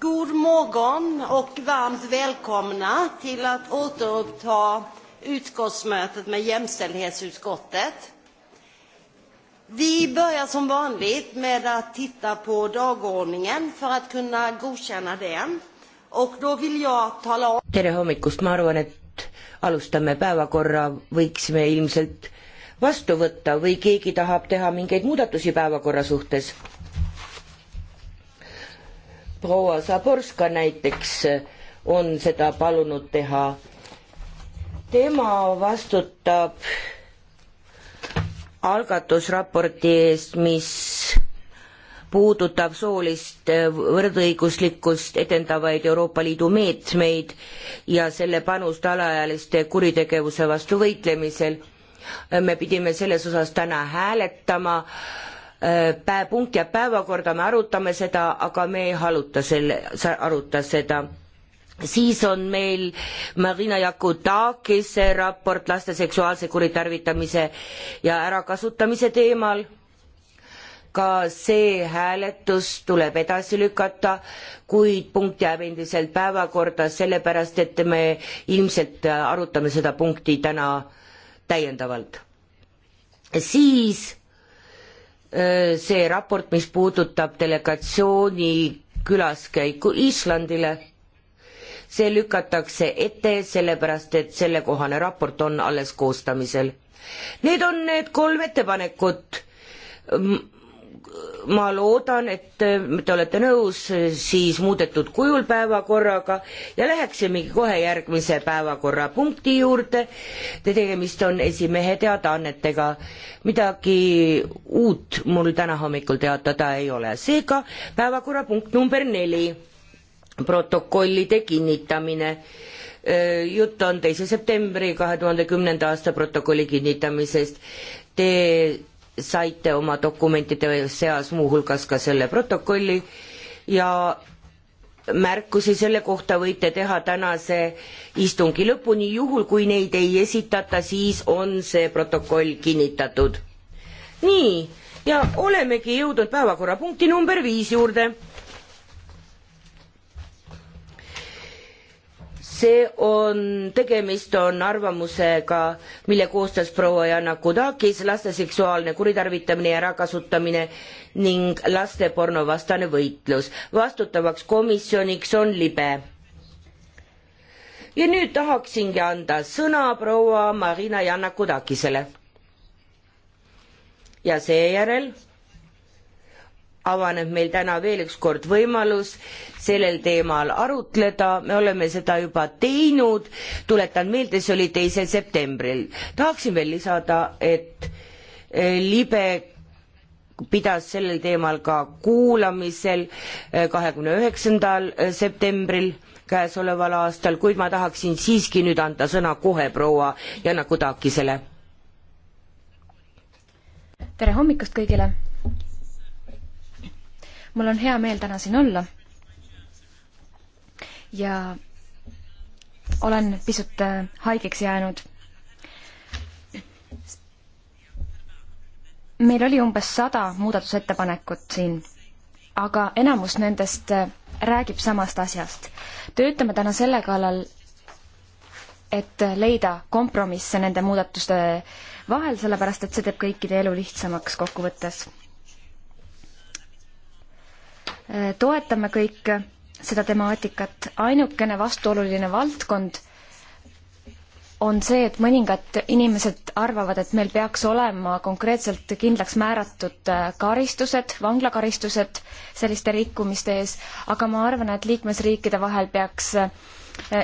God morgon och varmt välkomna till att återuppta utskottsmötet med jämställdhetsutskottet. Vi börjar som vanligt med att titta på dagordningen för att kunna godkänna den. Och då vill jag tala om... Tere hommikust, ma arvan, et alustame päevakorra, võiksime ilmselt vastu võtta või keegi tahab teha mingeid muudatusi päevakorra suhtes proua Zaborska näiteks äh, on seda palunud teha. tema vastutab algatusraporti eest, mis puudutab soolist äh, võrdõiguslikkust edendavaid Euroopa Liidu meetmeid ja selle panust alaealiste kuritegevuse vastu võitlemisel. Äh, me pidime selles osas täna hääletama äh, Äh, punkt jääb päevakorda, me arutame seda, aga me ei haluta selle, aruta seda siis on meil Marina Jakutakis raport laste seksuaalse kuritarvitamise ja ärakasutamise teemal. ka see hääletus tuleb edasi lükata, kuid punkt jääb endiselt päevakorda, sellepärast et me ilmselt arutame seda punkti täna täiendavalt. siis Äh, see raport, mis puudutab delegatsiooni külaskäiku Islandile, see lükatakse ette, sellepärast et sellekohane raport on alles koostamisel. Need on need kolm ettepanekut ma loodan, et äh, te olete nõus äh, siis muudetud kujul päevakorraga ja läheksimegi kohe järgmise päevakorrapunkti juurde. tegemist on esimehe teadaannetega. midagi uut mul täna hommikul teatada ei ole, seega päevakorrapunkt number neli, protokollide kinnitamine äh, jutt on teise septembri kahe tuhande kümnenda aasta protokolli kinnitamisest. Te saite oma dokumentide seas muuhulgas ka selle protokolli ja märkusi selle kohta võite teha tänase istungi lõpuni, juhul kui neid ei esitata, siis on see protokoll kinnitatud. nii, ja olemegi jõudnud päevakorrapunkti number viis juurde see on, tegemist on arvamusega, mille koostas proua Jana Kudakis, laste seksuaalne kuritarvitamine ja ärakasutamine ning laste pornovastane võitlus. vastutavaks komisjoniks on libe. ja nüüd tahaksingi anda sõna proua Marina Jana Kudakisele. ja seejärel avaneb meil täna veel üks kord võimalus sellel teemal arutleda, me oleme seda juba teinud, tuletan meelde, see oli teisel septembril. tahaksin veel lisada, et eh, libe pidas sellel teemal ka kuulamisel eh, kahekümne üheksandal eh, septembril käesoleval aastal, kuid ma tahaksin siiski nüüd anda sõna kohe proua Jana Kudakisele. tere hommikust kõigile mul on hea meel täna siin olla. ja olen pisut äh, haigeks jäänud. meil oli umbes sada muudatusettepanekut siin, aga enamus nendest äh, räägib samast asjast. töötame täna selle kallal, et leida kompromisse nende muudatuste vahel, sellepärast et see teeb kõikide elu lihtsamaks kokkuvõttes toetame kõik seda temaatikat, ainukene vastuoluline valdkond on see, et mõningad inimesed arvavad, et meil peaks olema konkreetselt kindlaks määratud karistused, vanglakaristused selliste rikkumiste ees, aga ma arvan, et liikmesriikide vahel peaks eh,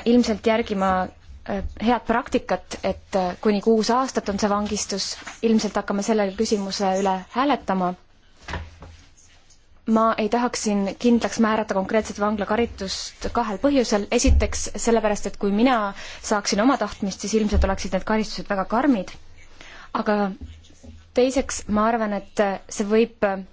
ilmselt järgima eh, head praktikat, et eh, kuni kuus aastat on see vangistus, ilmselt hakkame selle küsimuse üle hääletama ma ei tahaks siin kindlaks määrata konkreetset vanglakaristust kahel põhjusel. esiteks sellepärast, et kui mina saaksin oma tahtmist, siis ilmselt oleksid need karistused väga karmid. aga teiseks ma arvan, et see võib äh,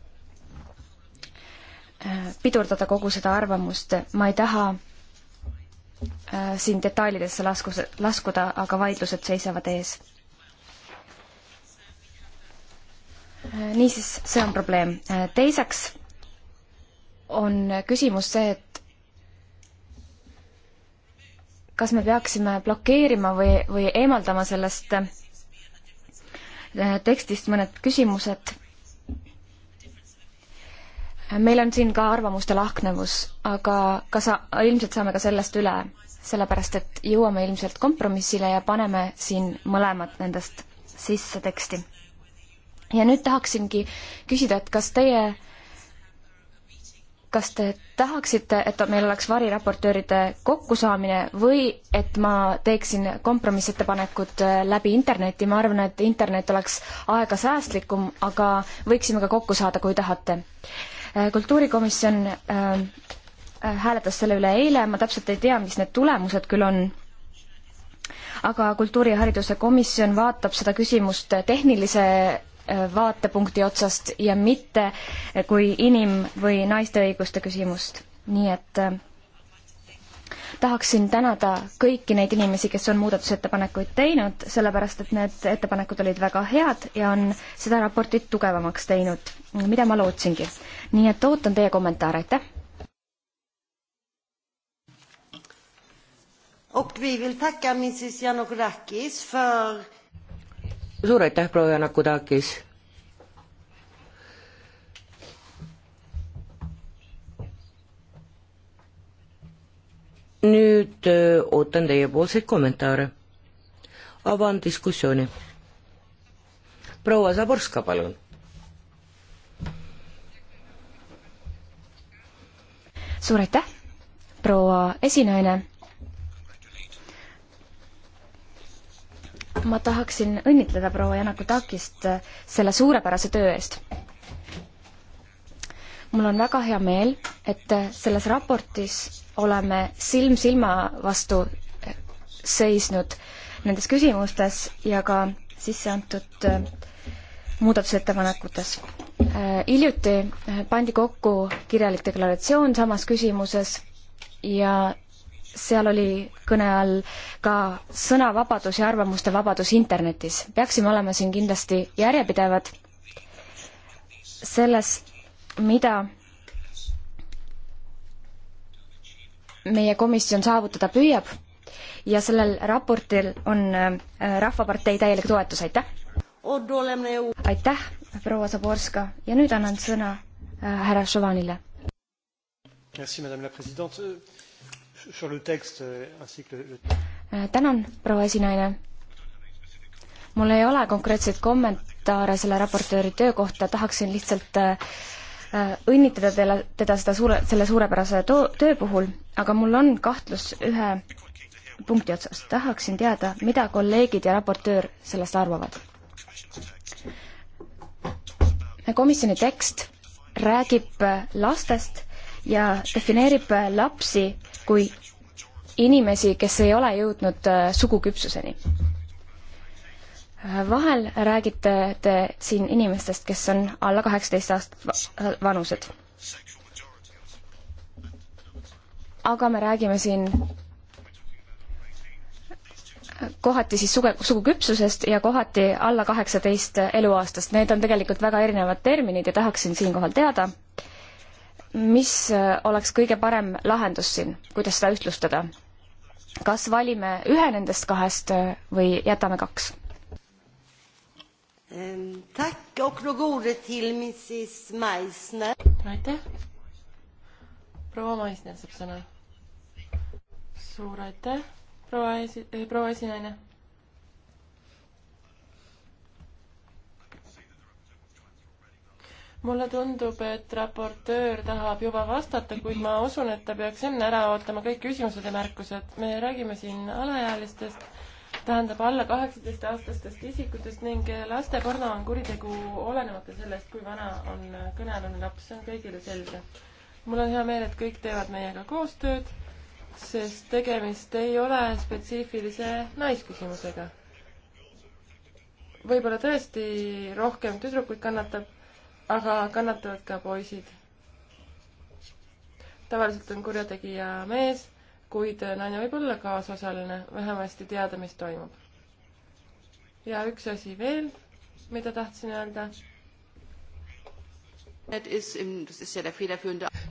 pidurdada kogu seda arvamust. ma ei taha äh, siin detailidesse laskus, laskuda, aga vaidlused seisavad ees. Äh, niisiis, see on probleem. teiseks on küsimus see, et kas me peaksime blokeerima või, või eemaldama sellest äh, tekstist mõned küsimused. meil on siin ka arvamuste lahknevus, aga ka sa, ilmselt saame ka sellest üle, sellepärast et jõuame ilmselt kompromissile ja paneme siin mõlemad nendest sisse teksti. ja nüüd tahaksingi küsida, et kas teie äh, kas te tahaksite, et meil oleks variraportööride kokkusaamine või et ma teeksin kompromissettepanekud äh, läbi interneti, ma arvan, et internet oleks aegasäästlikum, aga võiksime ka kokku saada, kui tahate. Äh, kultuurikomisjon äh, äh, hääletas selle üle eile, ma täpselt ei tea, mis need tulemused küll on aga kultuuri- ja hariduse komisjon vaatab seda küsimust tehnilise Äh, vaatepunkti otsast ja mitte äh, kui inim- või naiste õiguste küsimust. nii et äh, tahaksin tänada kõiki neid inimesi, kes on muudatusettepanekuid teinud, sellepärast et need ettepanekud olid väga head ja on seda raportit tugevamaks teinud, mida ma lootsingi. nii et ootan teie kommentaare, aitäh! Och vi vill tacka Mrs Janokorakis för suur aitäh, proua Janakudakis. nüüd äh, ootan teiepoolseid kommentaare. avan diskussiooni. proua Zaborska, palun. suur aitäh, proua esinaine ma tahaksin õnnitleda proua Janakutakist selle suurepärase töö eest. mul on väga hea meel, et selles raportis oleme silm silma vastu seisnud nendes küsimustes ja ka sisse antud muudatusettepanekutes. hiljuti pandi kokku kirjalik deklaratsioon samas küsimuses ja seal oli kõne all ka sõnavabadus ja arvamuste vabadus internetis. peaksime olema siin kindlasti järjepidevad selles, mida meie komisjon saavutada püüab ja sellel raportil on äh, Rahvapartei täielik toetus, aitäh! aitäh, proua Zaborska ja nüüd annan sõna äh, härra Šovanile. Merci, madame la présidente Euh, äh, tänan, proua esinaine. mul ei ole konkreetseid kommentaare selle raportööri töö kohta, tahaksin lihtsalt äh, äh, õnnitleda teile, teda seda suure, selle suurepärase töö puhul, aga mul on kahtlus ühe punkti otsas. tahaksin teada, mida kolleegid ja raportöör sellest arvavad. komisjoni tekst räägib lastest ja defineerib lapsi kui inimesi, kes ei ole jõudnud äh, suguküpsuseni. Äh, vahel räägite te siin inimestest, kes on alla kaheksateist aastat vanused. aga me räägime siin äh, kohati siis suge, suguküpsusest ja kohati alla kaheksateist eluaastast, need on tegelikult väga erinevad terminid ja tahaksin siinkohal teada äh,, mis äh, oleks kõige parem lahendus siin, kuidas seda ühtlustada? kas valime ühe nendest kahest äh, või jätame kaks? Ähm, aitäh. proua Maisner saab sõna. suur aitäh, proua esi-, eh, proua esinaine mulle tundub, et raportöör tahab juba vastata, kuid ma usun, et ta peaks enne ära ootama kõik küsimused ja märkused. me räägime siin alaealistest, tähendab alla kaheksateistaastastest isikutest ning laste porno on kuritegu olenemata sellest, kui vana on kõnealune laps, see on kõigile selge. mul on hea meel, et kõik teevad meiega koostööd, sest tegemist ei ole spetsiifilise naisküsimusega võib-olla tõesti rohkem tüdrukuid kannatab aga kannatavad ka poisid. tavaliselt on kurjategija mees, kuid naine võib olla kaasosaline, vähemasti teada, mis toimub. ja üks asi veel, mida tahtsin öelda.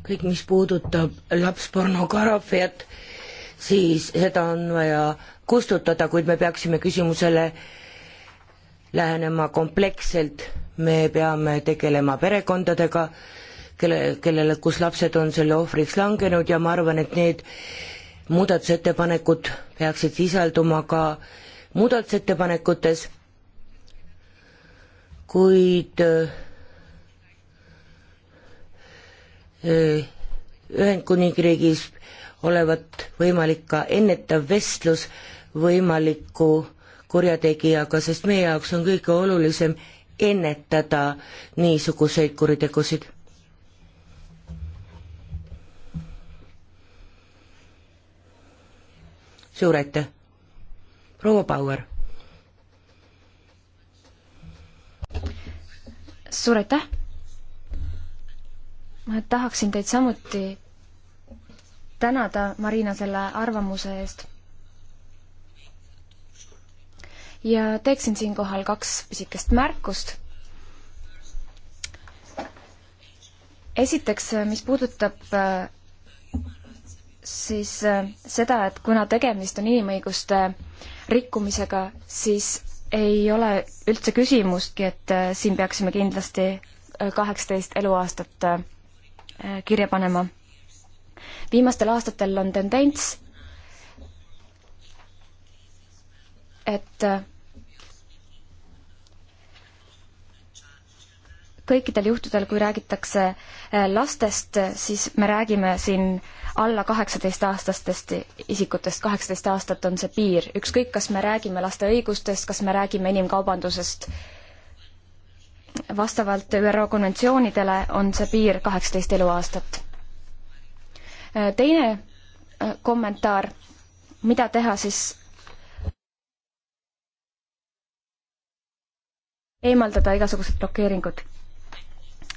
kõik, mis puudutab lapspornograafiat, siis seda on vaja kustutada, kuid me peaksime küsimusele lähenema kompleksselt, me peame tegelema perekondadega, kelle, kellele, kus lapsed on selle ohvriks langenud ja ma arvan, et need muudatusettepanekud peaksid sisalduma ka muudatusettepanekutes, kuid äh, Ühendkuningriigis olevat võimalik ka ennetav vestlus võimaliku kurjategijaga, sest meie jaoks on kõige olulisem ennetada niisuguseid kuritegusid. suur aitäh, proua Bauer. suur aitäh. ma tahaksin teid samuti tänada, Marina, selle arvamuse eest ja teeksin siinkohal kaks pisikest märkust. esiteks, mis puudutab äh, siis äh, seda, et kuna tegemist on inimõiguste rikkumisega, siis ei ole üldse küsimustki, et äh, siin peaksime kindlasti kaheksateist eluaastat kirja panema. viimastel aastatel on tendents, et kõikidel juhtudel, kui räägitakse äh, lastest, siis me räägime siin alla kaheksateistaastastest isikutest, kaheksateist aastat on see piir, ükskõik, kas me räägime laste õigustest, kas me räägime inimkaubandusest, vastavalt ÜRO konventsioonidele on see piir kaheksateist eluaastat. Äh, teine äh, kommentaar, mida teha siis eemaldada igasugused blokeeringud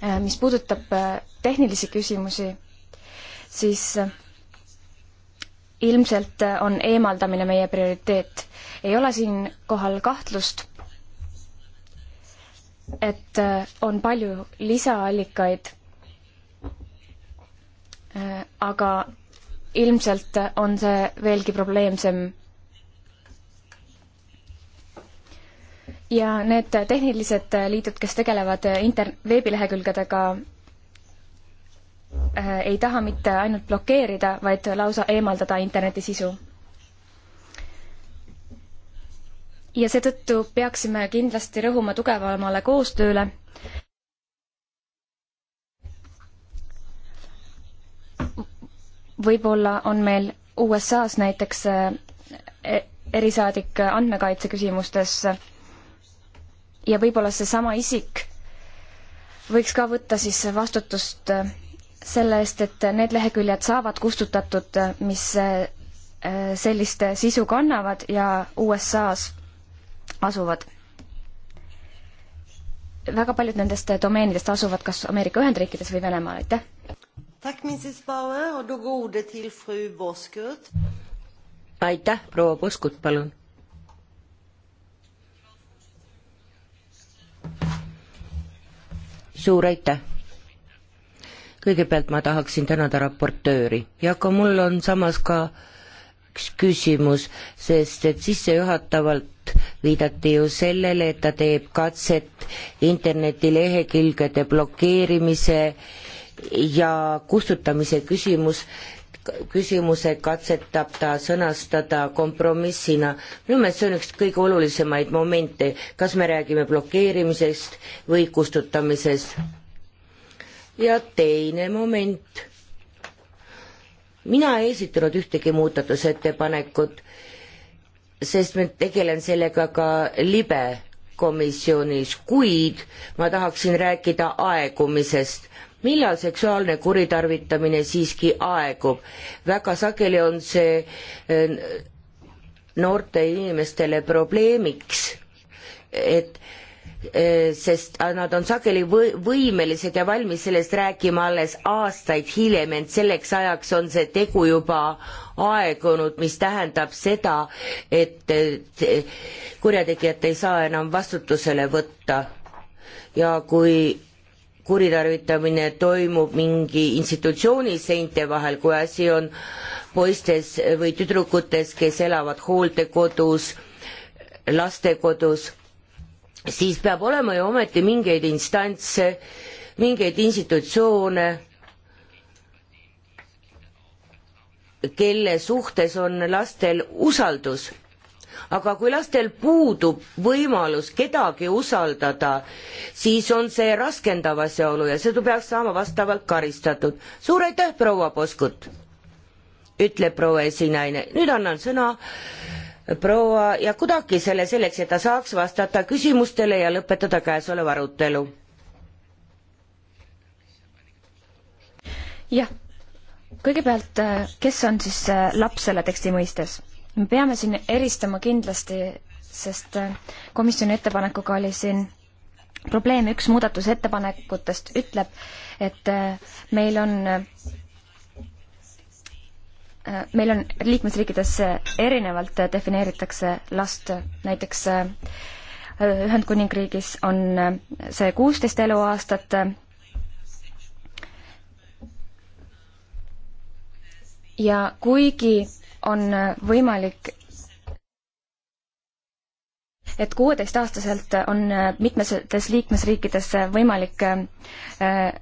Äh, mis puudutab äh, tehnilisi küsimusi, siis äh, ilmselt on eemaldamine meie prioriteet. ei ole siinkohal kahtlust, et on palju lisaallikaid, aga ilmselt on see veelgi probleemsem ja need tehnilised liidud, kes tegelevad inter-, veebilehekülgedega, äh, ei taha mitte ainult blokeerida, vaid lausa eemaldada interneti sisu. ja seetõttu peaksime kindlasti rõhuma tugevamale koostööle võib-olla on meil USA-s näiteks äh, e-, erisaadik andmekaitse küsimustes ja võib-olla seesama isik võiks ka võtta siis vastutust äh, selle eest, et need leheküljed saavad kustutatud, äh, mis äh, sellist sisu kannavad ja USA-s asuvad. väga paljud nendest domeenidest asuvad kas Ameerika Ühendriikides või Venemaal, aitäh! aitäh, proua Puskut, palun! suur aitäh! kõigepealt ma tahaksin tänada raportööri ja ka mul on samas ka üks küsimus, sest et sissejuhatavalt viidati ju sellele, et ta teeb katset internetilehekülgede blokeerimise ja kustutamise küsimus küsimused katsetab ta sõnastada kompromissina. minu meelest see on üks kõige olulisemaid momente, kas me räägime blokeerimisest või kustutamisest. ja teine moment. mina ei esitanud ühtegi muudatusettepanekut, sest ma tegelen sellega ka libe komisjonis, kuid ma tahaksin rääkida aegumisest millal seksuaalne kuritarvitamine siiski aegub? väga sageli on see äh, noorte inimestele probleemiks, et äh, sest nad on sageli või, võimelised ja valmis sellest rääkima alles aastaid hiljem, ent selleks ajaks on see tegu juba aegunud, mis tähendab seda, et kurjategijat ei saa enam vastutusele võtta. ja kui kuritarvitamine toimub mingi institutsiooni seinte vahel, kui asi on poistes või tüdrukutes, kes elavad hooldekodus, lastekodus, siis peab olema ju ometi mingeid instantse, mingeid institutsioone, kelle suhtes on lastel usaldus aga kui lastel puudub võimalus kedagi usaldada, siis on see raskendav asjaolu ja seda peaks saama vastavalt karistatud. suur aitäh, proua Poskut, ütleb proua esinaine, nüüd annan sõna proua Jakudakisele selleks, et ta saaks vastata küsimustele ja lõpetada käesolev arutelu. jah, kõigepealt, kes on siis äh, laps selle teksti mõistes? me peame siin eristama kindlasti, sest äh, komisjoni ettepanekuga oli siin probleem, üks muudatusettepanekutest ütleb, et äh, meil on äh, meil on liikmesriikides erinevalt defineeritakse last, näiteks Ühendkuningriigis on see kuusteist eluaastat, ja kuigi on võimalik et kuueteistaastaselt on mitmetes liikmesriikides võimalik äh,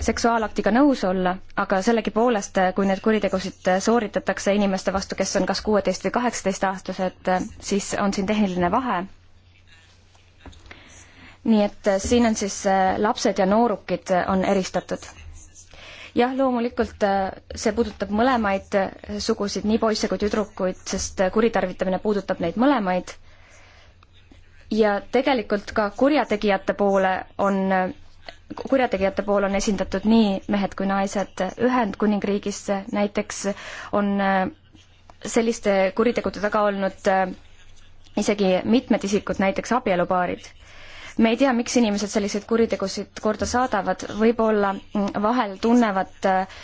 seksuaalaktiga nõus olla, aga sellegipoolest, äh, kui need kuritegusid äh, sooritatakse inimeste vastu, kes on kas kuueteist või kaheksateistaastased, siis on siin tehniline vahe. nii et siin on siis lapsed ja noorukid on eristatud jah, loomulikult äh, see puudutab mõlemaid äh, sugusid, nii poisse kui tüdrukuid, sest äh, kuritarvitamine puudutab neid mõlemaid. ja tegelikult ka kurjategijate poole on, kurjategijate pool on esindatud nii mehed kui naised. Ühendkuningriigis näiteks on selliste kuritegude taga olnud isegi mitmed isikud, näiteks abielupaarid me ei tea, miks inimesed selliseid kuritegusid korda saadavad, võib-olla mm, vahel tunnevad äh,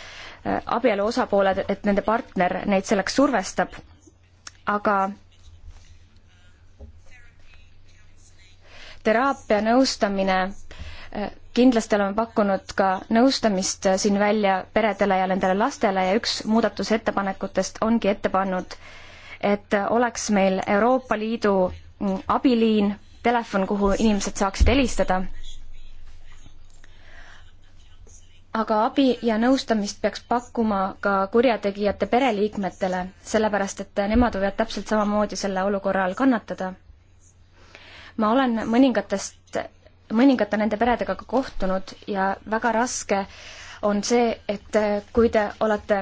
abielu osapooled, et nende partner neid selleks survestab, aga teraapia nõustamine, äh, kindlasti oleme pakkunud ka nõustamist äh, siin välja peredele ja nendele lastele ja üks muudatusettepanekutest ongi ette pannud, et oleks meil Euroopa Liidu mm, abiliin telefon, kuhu inimesed saaksid helistada. aga abi ja nõustamist peaks pakkuma ka kurjategijate pereliikmetele, sellepärast et nemad võivad täpselt samamoodi selle olukorra all kannatada. ma olen mõningatest, mõningate nende peredega ka kohtunud ja väga raske on see, et kui te olete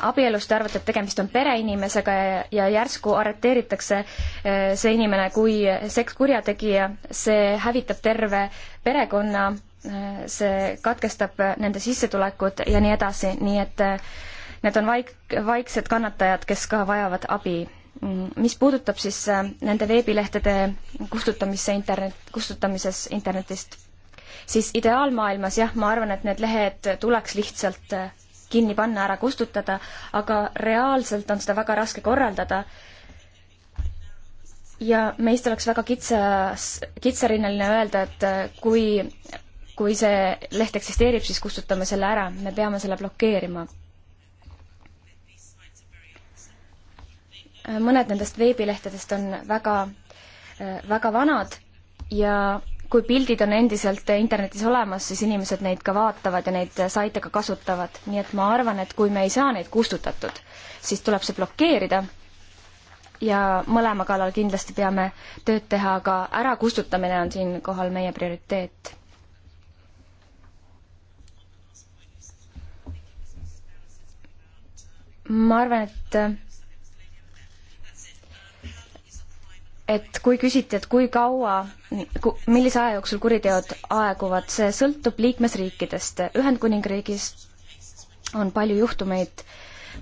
abielust ja arvata, et tegemist on pereinimesega ja, ja järsku arreteeritakse eh, see inimene kui sekskurjategija, see hävitab terve perekonna, eh, see katkestab nende sissetulekud ja nii edasi, nii et eh, need on vaik-, vaiksed kannatajad, kes ka vajavad abi mis puudutab siis nende veebilehtede kustutamisse internet, kustutamises internetist, siis ideaalmaailmas jah, ma arvan, et need lehed tuleks lihtsalt kinni panna, ära kustutada, aga reaalselt on seda väga raske korraldada. ja meist oleks väga kitsas, kitsarinnaline öelda, et äh, kui, kui see leht eksisteerib, siis kustutame selle ära, me peame selle blokeerima. Äh, mõned nendest veebilehtedest on väga, äh, väga vanad ja kui pildid on endiselt internetis olemas, siis inimesed neid ka vaatavad ja neid saite ka kasutavad. nii et ma arvan, et kui me ei saa neid kustutatud, siis tuleb see blokeerida ja mõlema kallal kindlasti peame tööd teha, aga ärakustutamine on siinkohal meie prioriteet. ma arvan, et et kui küsiti, et kui kaua, millise aja jooksul kuriteod aeguvad, see sõltub liikmesriikidest. Ühendkuningriigis on palju juhtumeid,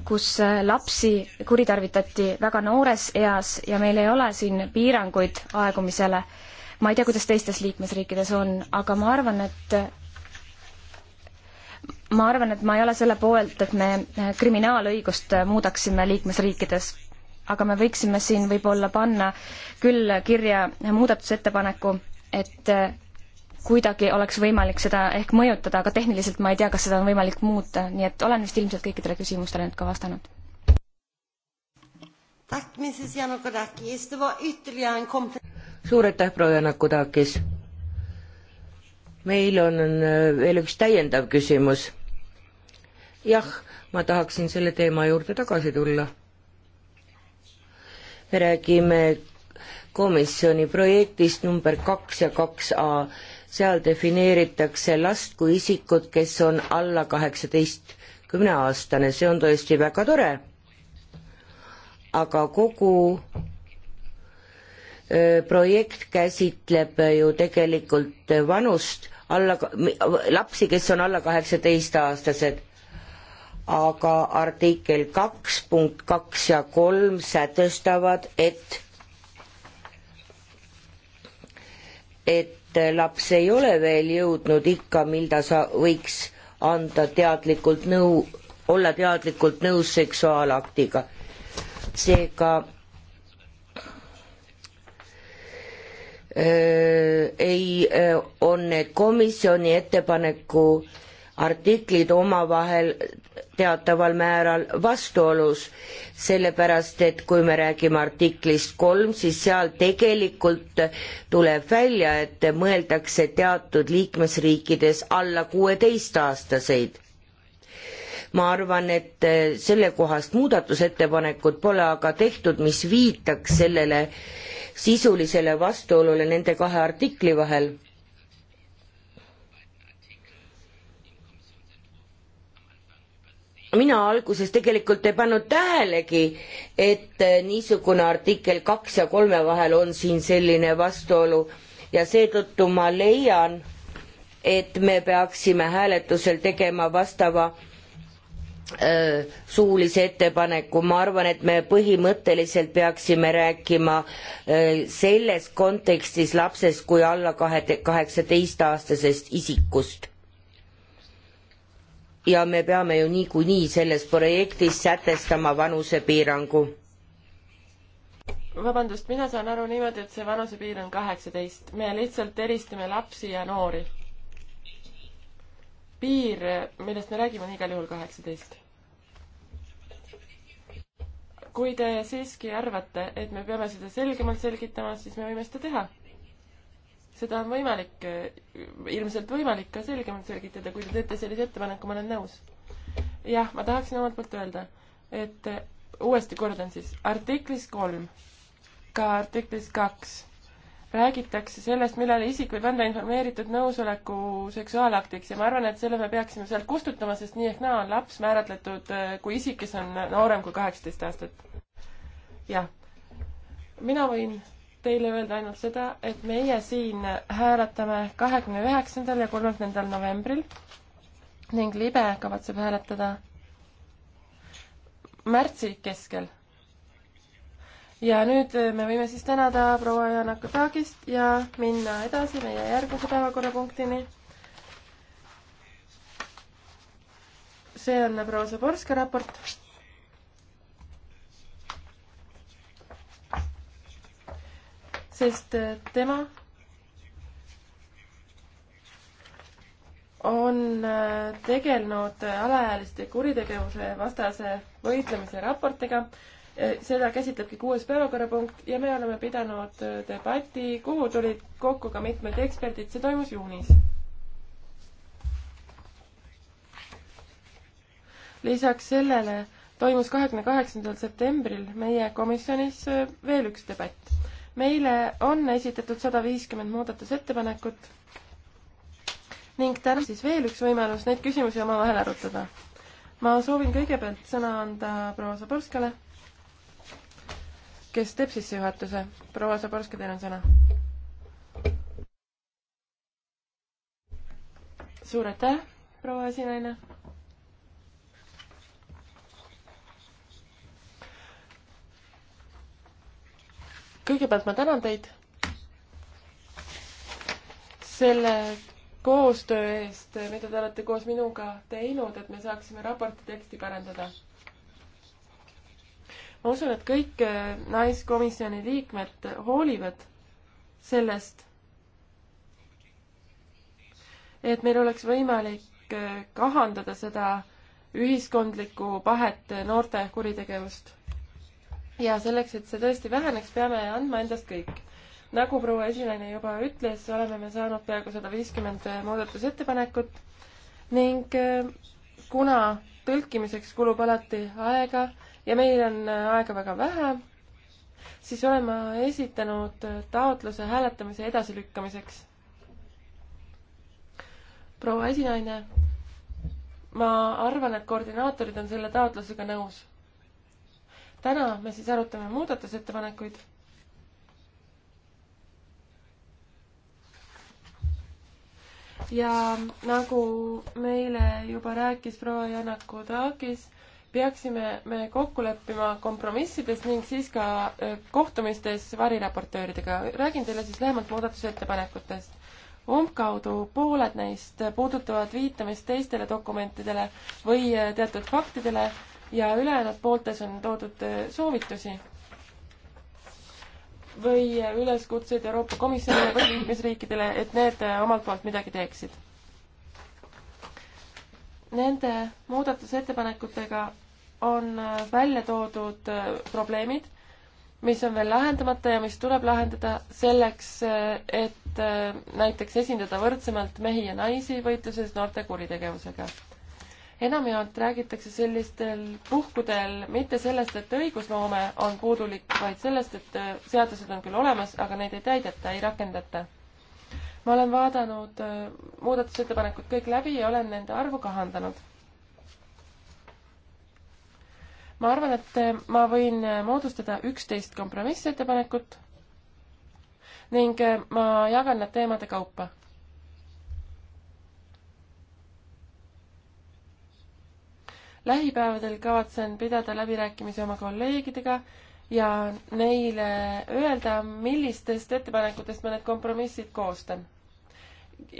kus äh, lapsi kuritarvitati väga noores eas ja meil ei ole siin piiranguid aegumisele. ma ei tea, kuidas teistes liikmesriikides on, aga ma arvan, et ma arvan, et ma ei ole selle poolelt, et me äh, kriminaalõigust äh, muudaksime liikmesriikides aga me võiksime siin võib-olla panna küll kirja muudatusettepaneku, et äh, kuidagi oleks võimalik seda ehk mõjutada, aga tehniliselt ma ei tea, kas seda on võimalik muuta, nii et olen vist ilmselt kõikidele küsimustele nüüd ka vastanud. suur aitäh, proua Janakudakis. meil on äh, veel üks täiendav küsimus. jah, ma tahaksin selle teema juurde tagasi tulla me räägime komisjoni projektist number kaks ja kaks A. seal defineeritakse last kui isikut, kes on alla kaheksateistkümne aastane, see on tõesti väga tore. aga kogu e, projekt käsitleb ju tegelikult vanust alla, lapsi, kes on alla kaheksateist aastased aga artikkel kaks punkt kaks ja kolm sätestavad, et et laps ei ole veel jõudnud ikka, mil ta sa-, võiks anda teadlikult nõu, olla teadlikult nõus seksuaalaktiga. seega äh, ei äh,, on need komisjoni ettepaneku äh, artiklid omavahel teataval määral vastuolus, sellepärast et kui me räägime artiklist kolm, siis seal tegelikult tuleb välja, et mõeldakse teatud liikmesriikides alla kuueteistaastaseid. ma arvan, et sellekohast muudatusettepanekut pole aga tehtud, mis viitaks sellele sisulisele vastuolule nende kahe artikli vahel mina alguses tegelikult ei pannud tähelegi, et eh, niisugune artikkel kaks ja kolme vahel on siin selline vastuolu ja seetõttu ma leian, et me peaksime hääletusel tegema vastava öö, eh, suulise ettepaneku, ma arvan, et me põhimõtteliselt peaksime rääkima öö, eh, selles kontekstis lapsest kui alla kahe, kaheksateist aastasest isikust ja me peame ju niikuinii selles projektis sätestama vanusepiirangu. vabandust, mina saan aru niimoodi, et see vanusepiir on kaheksateist, me lihtsalt eristame lapsi ja noori. piir, millest me räägime, on igal juhul kaheksateist kui te siiski arvate, et me peame seda selgemalt selgitama, siis me võime seda teha seda on võimalik, eh, ilmselt võimalik ka selgemalt selgitada, kui te teete sellise ettepaneku, ma olen nõus. jah, ma tahaksin omalt poolt öelda, et eh, uuesti kordan siis, artiklis kolm, ka artiklis kaks räägitakse sellest, millal isik võib anda informeeritud nõusoleku seksuaalaktiks ja ma arvan, et selle me peaksime sealt kustutama, sest nii ehk naa on laps määratletud eh, kui isik, kes on noorem kui kaheksateist aastat. jah, mina võin teile öelda ainult seda, et meie siin hääletame kahekümne üheksandal ja kolmekümnendal novembril ning libe kavatseb hääletada märtsi keskel. ja nüüd me võime siis tänada proua Janaka Taagist ja minna edasi meie järgmise päevakorrapunktini. see on proua Zaborska raport sest äh, tema on äh, tegelenud äh, alaealiste kuritegevuse vastase võitlemise raportiga. seda käsitlebki kuues päevakorrapunkt ja me oleme pidanud debati, kuhu tulid kokku ka mitmed eksperdid, see toimus juunis. lisaks sellele toimus kahekümne kaheksandal septembril meie komisjonis veel üks debatt meile on esitatud sada viiskümmend muudatusettepanekut ning täna siis veel üks võimalus neid küsimusi omavahel arutada. ma soovin kõigepealt sõna anda proua Zaborskale, kes teeb sissejuhatuse. proua Zaborska, teil on sõna. suur aitäh, proua esinaine kõigepealt ma tänan teid selle koostöö eest, mida te olete koos minuga teinud, et me saaksime raporti teksti parandada. ma usun, et kõik äh, naiskomisjoni liikmed hoolivad sellest, et meil oleks võimalik äh, kahandada seda ühiskondlikku pahet noorte kuritegevust ja selleks, et see tõesti väheneks, peame andma endast kõik. nagu proua esinaine juba ütles, oleme me saanud peaaegu sada viiskümmend äh, muudatusettepanekut ning äh, kuna tõlkimiseks kulub alati aega ja meil on äh, aega väga vähe, siis olen ma esitanud taotluse hääletamise edasilükkamiseks. proua esinaine, ma arvan, et koordinaatorid on selle taotlusega nõus täna me siis arutame muudatusettepanekuid. ja nagu meile juba rääkis proua Janaku Taagis, peaksime me kokku leppima kompromissides ning siis ka kohtumistes variraportööridega. räägin teile siis lähemalt muudatusettepanekutest. umbkaudu pooled neist puudutavad viitamist teistele dokumentidele või teatud faktidele ja ülejäänud pooltes on toodud äh, soovitusi või äh, üleskutseid Euroopa Komisjonile või liikmesriikidele, et need äh, omalt poolt midagi teeksid. Nende muudatusettepanekutega on välja toodud probleemid, mis on veel lahendamata ja mis tuleb lahendada selleks, et näiteks esindada võrdsemalt mehi ja naisi võitluses noorte kuritegevusega enamjaolt räägitakse sellistel puhkudel mitte sellest, et õigusloome on puudulik, vaid sellest, et äh, seadused on küll olemas, aga neid ei täideta, ei rakendata. ma olen vaadanud äh, muudatusettepanekud kõik läbi ja olen nende arvu kahandanud. ma arvan, et äh, ma võin moodustada üksteist kompromissettepanekut ning ma jagan nad teemade kaupa lähipäevadel kavatsen pidada läbirääkimisi oma kolleegidega ja neile öelda, millistest ettepanekutest ma need kompromissid koostan.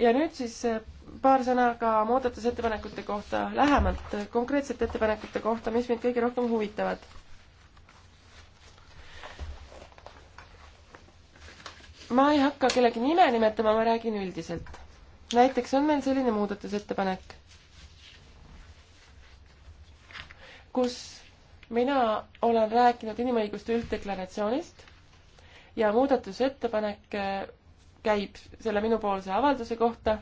ja nüüd siis äh, paar sõna ka muudatusettepanekute kohta lähemalt, konkreetsete ettepanekute kohta, mis mind kõige rohkem huvitavad ma ei hakka kellegi nime nimetama, ma räägin üldiselt. näiteks on meil selline muudatusettepanek, kus mina olen rääkinud inimõiguste ülddeklaratsioonist ja muudatusettepanek äh, käib selle minupoolse avalduse kohta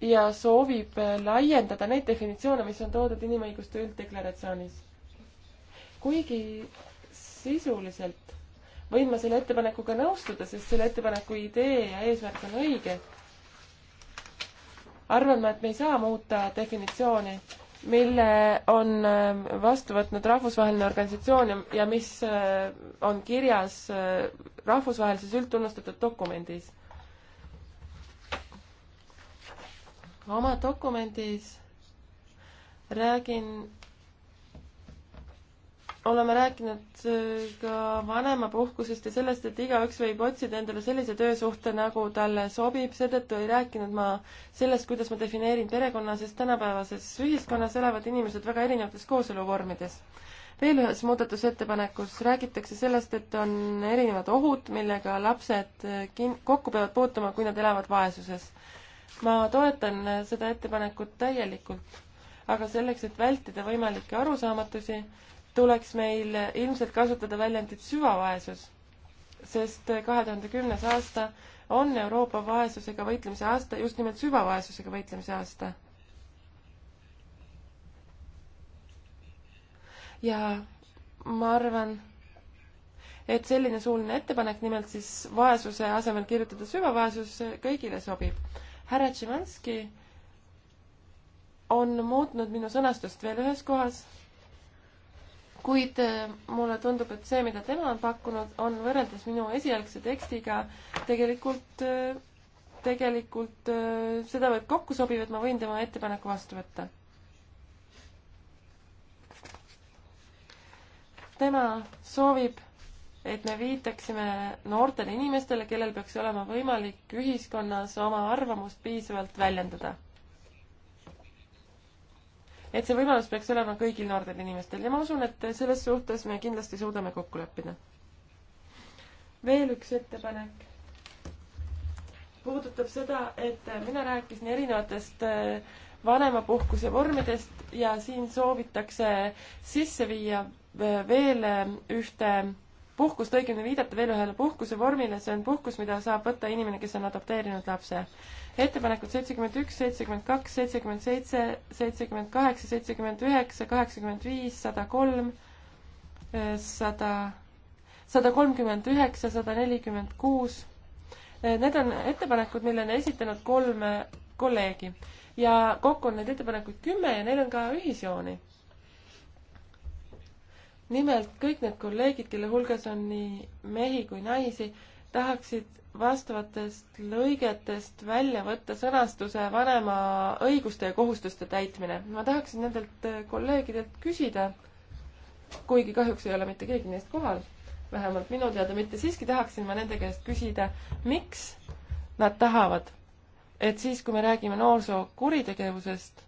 ja soovib äh, laiendada neid definitsioone, mis on toodud inimõiguste ülddeklaratsioonis. kuigi sisuliselt võin ma selle ettepanekuga nõustuda, sest selle ettepaneku idee ja eesmärk on õige arvan ma, et me ei saa muuta definitsiooni, mille on äh, vastu võtnud rahvusvaheline organisatsioon ja, ja mis äh, on kirjas äh, rahvusvahelises üldtunnustatud dokumendis. oma dokumendis räägin oleme rääkinud äh, ka vanemapuhkusest ja sellest, et igaüks võib otsida endale sellise töösuhte, nagu talle sobib, seetõttu ei rääkinud ma sellest, kuidas ma defineerin perekonna, sest tänapäevases ühiskonnas elavad inimesed väga erinevates kooseluvormides. veel ühes muudatusettepanekus räägitakse sellest, et on erinevad ohud, millega lapsed äh, kin-, kokku peavad puutuma, kui nad elavad vaesuses. ma toetan äh, seda ettepanekut täielikult, aga selleks, et vältida võimalikke arusaamatusi, tuleks meil ilmselt kasutada väljendit süvavaesus, sest kahe tuhande kümnes aasta on Euroopa vaesusega võitlemise aasta, just nimelt süvavaesusega võitlemise aasta. ja ma arvan, et selline suuline ettepanek, nimelt siis vaesuse asemel kirjutada süvavaesus, kõigile sobib. härra Tšimanski on muutnud minu sõnastust veel ühes kohas kuid äh, mulle tundub, et see, mida tema on pakkunud, on võrreldes minu esialgse tekstiga tegelikult, äh, tegelikult äh, sedavõrd kokku sobiv, et ma võin tema ettepaneku vastu võtta. tema soovib, et me viitaksime noortele inimestele, kellel peaks olema võimalik ühiskonnas oma arvamust piisavalt väljendada et see võimalus peaks olema kõigil noortel inimestel ja ma usun, et selles suhtes me kindlasti suudame kokku leppida. veel üks ettepanek puudutab seda, et mina rääkisin erinevatest äh, vanemapuhkuse vormidest ja siin soovitakse sisse viia äh, veel äh, ühte puhkust, õigemini viidata veel ühele puhkuse vormile, see on puhkus, mida saab võtta inimene, kes on adopteerinud lapse ettepanekud seitsekümmend üks, seitsekümmend kaks, seitsekümmend seitse, seitsekümmend kaheksa, seitsekümmend üheksa, kaheksakümmend viis, sada kolm, eh, sada, sada kolmkümmend üheksa, sada nelikümmend kuus. Eh, need on ettepanekud, mille on esitanud kolm eh, kolleegi ja kokku on neid ettepanekuid kümme ja neil on ka ühisjooni. nimelt kõik need kolleegid, kelle hulgas on nii mehi kui naisi, tahaksid vastavatest lõigetest välja võtta sõnastuse vanema õiguste ja kohustuste täitmine. ma tahaksin nendelt äh, kolleegidelt küsida, kuigi kahjuks ei ole mitte keegi neist kohal, vähemalt minu teada mitte, siiski tahaksin ma nende käest küsida, miks nad tahavad, et siis, kui me räägime noorsoo kuritegevusest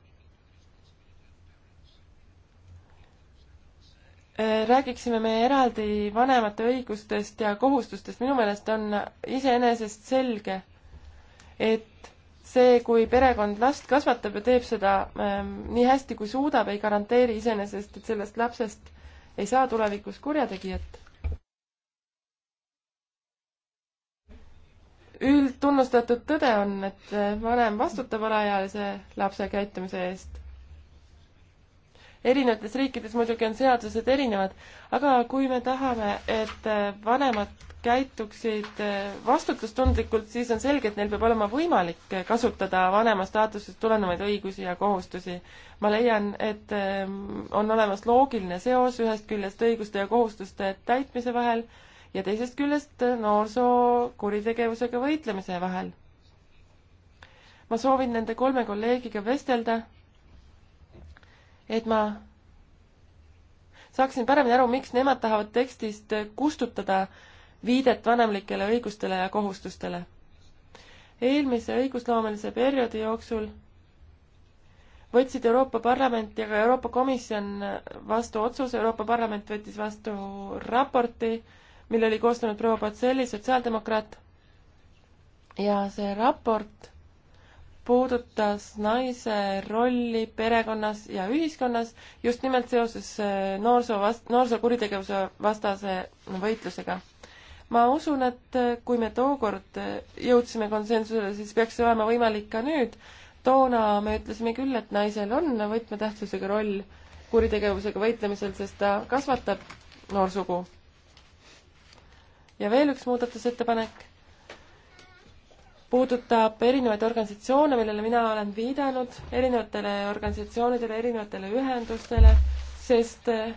räägiksime me eraldi vanemate õigustest ja kohustustest, minu meelest on iseenesest selge, et see, kui perekond last kasvatab ja teeb seda ähm, nii hästi, kui suudab, ei garanteeri iseenesest, et sellest lapsest ei saa tulevikus kurjategijat. üldtunnustatud tõde on, et äh, vanem vastutab alaealise lapse käitumise eest erinevates riikides muidugi on seadused erinevad, aga kui me tahame, et äh, vanemad käituksid äh, vastutustundlikult, siis on selge, et neil peab olema võimalik kasutada vanema staatusest tulenevaid õigusi ja kohustusi. ma leian, et ähm, on olemas loogiline seos ühest küljest õiguste ja kohustuste täitmise vahel ja teisest küljest noorsoo kuritegevusega võitlemise vahel. ma soovin nende kolme kolleegiga vestelda et ma saaksin paremini aru, miks nemad tahavad tekstist kustutada viidet vanemlikele õigustele ja kohustustele. eelmise õigusloomelise perioodi jooksul võtsid Euroopa Parlament ja ka Euroopa Komisjon vastu otsuse, Euroopa Parlament võttis vastu raporti, mille oli koostanud proua Patseli, sotsiaaldemokraat, ja see raport puudutas naise rolli perekonnas ja ühiskonnas just nimelt seoses äh, noorsoo vast-, noorsookuritegevuse vastase võitlusega. ma usun, et äh, kui me tookord äh, jõudsime konsensusele, siis peaks see olema võimalik ka nüüd. toona me ütlesime küll, et naisel on võtmetähtsusega roll kuritegevusega võitlemisel, sest ta kasvatab noorsugu. ja veel üks muudatusettepanek puudutab erinevaid organisatsioone, millele mina olen viidanud, erinevatele organisatsioonidele, erinevatele ühendustele, sest eh,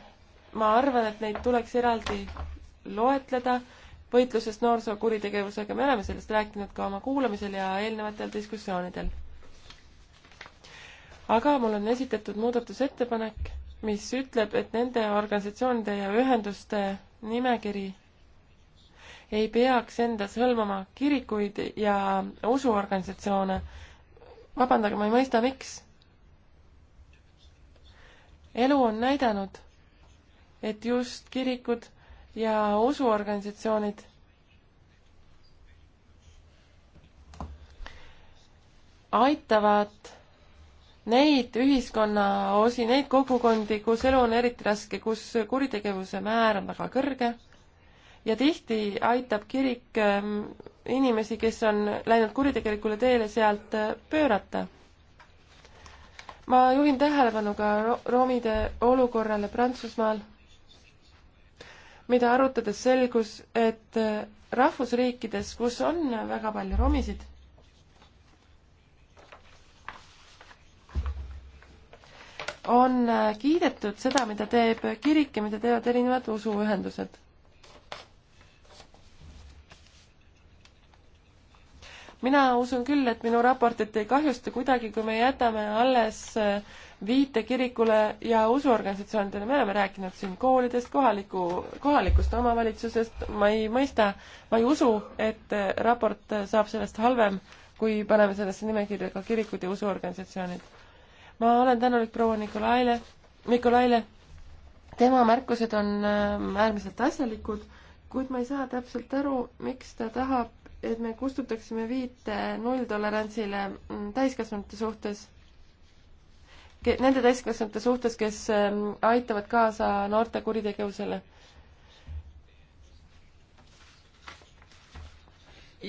ma arvan, et neid tuleks eraldi loetleda võitlusest noorsookuritegevusega, me oleme sellest rääkinud ka oma kuulamisel ja eelnevatel diskussioonidel. aga mul on esitatud muudatusettepanek, mis ütleb, et nende organisatsioonide ja ühenduste nimekiri ei peaks endas hõlmama kirikuid ja usuorganisatsioone. vabandage, ma ei mõista, miks. elu on näidanud, et just kirikud ja usuorganisatsioonid aitavad neid ühiskonnaosi, neid kogukondi, kus elu on eriti raske, kus kuritegevuse määr on väga kõrge ja tihti aitab kirik ähm, inimesi, kes on läinud kuritegelikule teele, sealt äh, pöörata. ma juhin tähelepanu ka romide olukorrale Prantsusmaal, mida arutades selgus, et äh, rahvusriikides, kus on väga palju romisid, on äh, kiidetud seda, mida teeb kirik ja mida teevad erinevad usuühendused mina usun küll, et minu raportit ei kahjusta kuidagi, kui me jätame alles äh, viite kirikule ja usuorganisatsioonidele, me oleme rääkinud siin koolidest, kohaliku, kohalikust omavalitsusest, ma ei mõista, ma ei usu, et äh, raport saab sellest halvem, kui paneme sellesse nimekirja ka kirikud ja usuorganisatsioonid. ma olen tänulik proua Nikolaile, Nikolaile, tema märkused on äh, äärmiselt asjalikud, kuid ma ei saa täpselt aru, miks ta tahab et me kustutaksime viite nulltolerantsile mm, täiskasvanute suhtes, nende täiskasvanute suhtes, kes mm, aitavad kaasa noorte kuritegevusele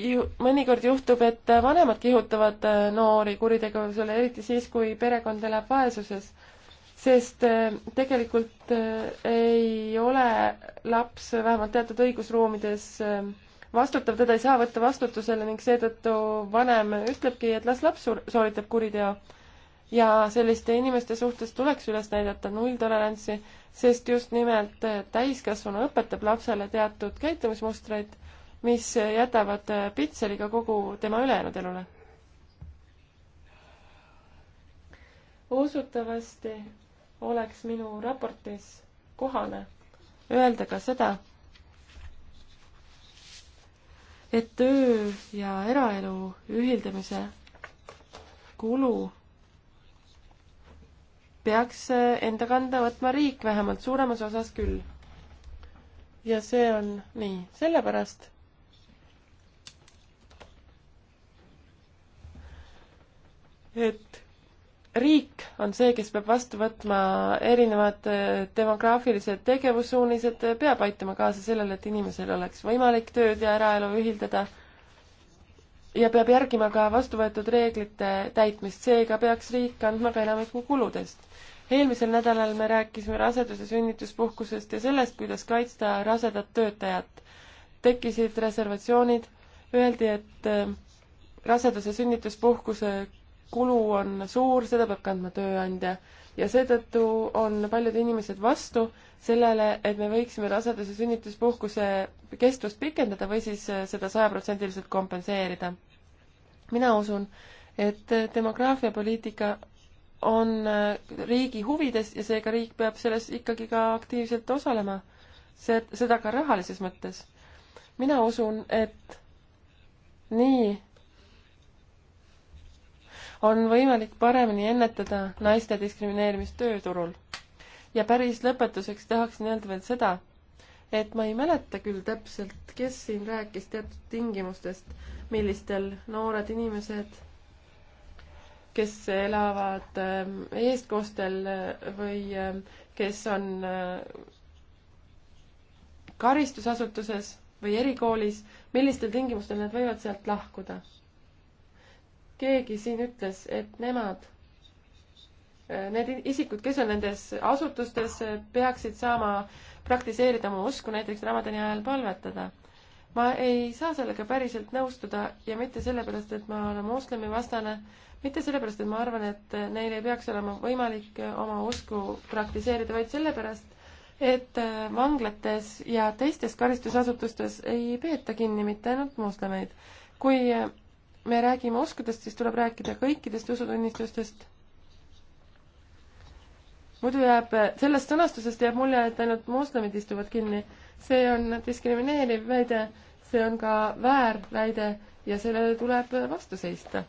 ju-, mõnikord juhtub, et vanemad kihutavad äh, noori kuritegevusele, eriti siis, kui perekond elab vaesuses. sest äh, tegelikult äh, ei ole laps vähemalt teatud õigusruumides vastutav teda ei saa võtta vastutusele ning seetõttu vanem ütlebki, et las laps sooritab kuriteo. ja selliste inimeste suhtes tuleks üles näidata nulltolerantsi, sest just nimelt täiskasvanu õpetab lapsele teatud käitumismustreid, mis jätavad pitseliga kogu tema ülejäänud elule. usutavasti oleks minu raportis kohane öelda ka seda, et töö ja eraelu ühildamise kulu peaks enda kanda võtma riik, vähemalt suuremas osas küll. ja see on nii, sellepärast et riik on see, kes peab vastu võtma erinevad äh, demograafilised tegevussuunised, äh, peab aitama kaasa sellele, et inimesel oleks võimalik tööd ja eraelu ühildada ja peab järgima ka vastuvõetud reeglite täitmist, seega peaks riik andma ka enamiku kuludest. eelmisel nädalal me rääkisime raseduse sünnituspuhkusest ja sellest, kuidas kaitsta rasedat töötajat. tekkisid reservatsioonid, öeldi, et äh, raseduse sünnituspuhkuse kulu on suur, seda peab kandma tööandja ja seetõttu on paljud inimesed vastu sellele, et me võiksime rasedus- ja sünnituspuhkuse kestvust pikendada või siis äh, seda sajaprotsendiliselt kompenseerida. mina usun, et demograafiapoliitika on äh, riigi huvides ja seega riik peab selles ikkagi ka aktiivselt osalema, see, seda ka rahalises mõttes. mina usun, et nii on võimalik paremini ennetada naiste diskrimineerimist tööturul. ja päris lõpetuseks tahaksin öelda veel seda, et ma ei mäleta küll täpselt, kes siin rääkis teatud tingimustest, millistel noored inimesed, kes elavad ähm, eestkostel äh, või ähm, kes on äh, karistusasutuses või erikoolis, millistel tingimustel nad võivad sealt lahkuda keegi siin ütles, et nemad, äh, need isikud, kes on nendes asutustes, äh, peaksid saama praktiseerida oma usku, näiteks Ramadani ajal palvetada. ma ei saa sellega päriselt nõustuda ja mitte sellepärast, et ma olen moslemi vastane, mitte sellepärast, et ma arvan, et äh, neil ei peaks olema võimalik oma usku praktiseerida, vaid sellepärast, et vanglates ja teistes karistusasutustes ei peeta kinni mitte ainult moslemeid. kui me räägime oskudest, siis tuleb rääkida kõikidest usutunnistustest. muidu jääb, sellest sõnastusest jääb mulje, et ainult moslemid istuvad kinni. see on diskrimineeriv väide, see on ka väärväide ja sellele tuleb vastu seista.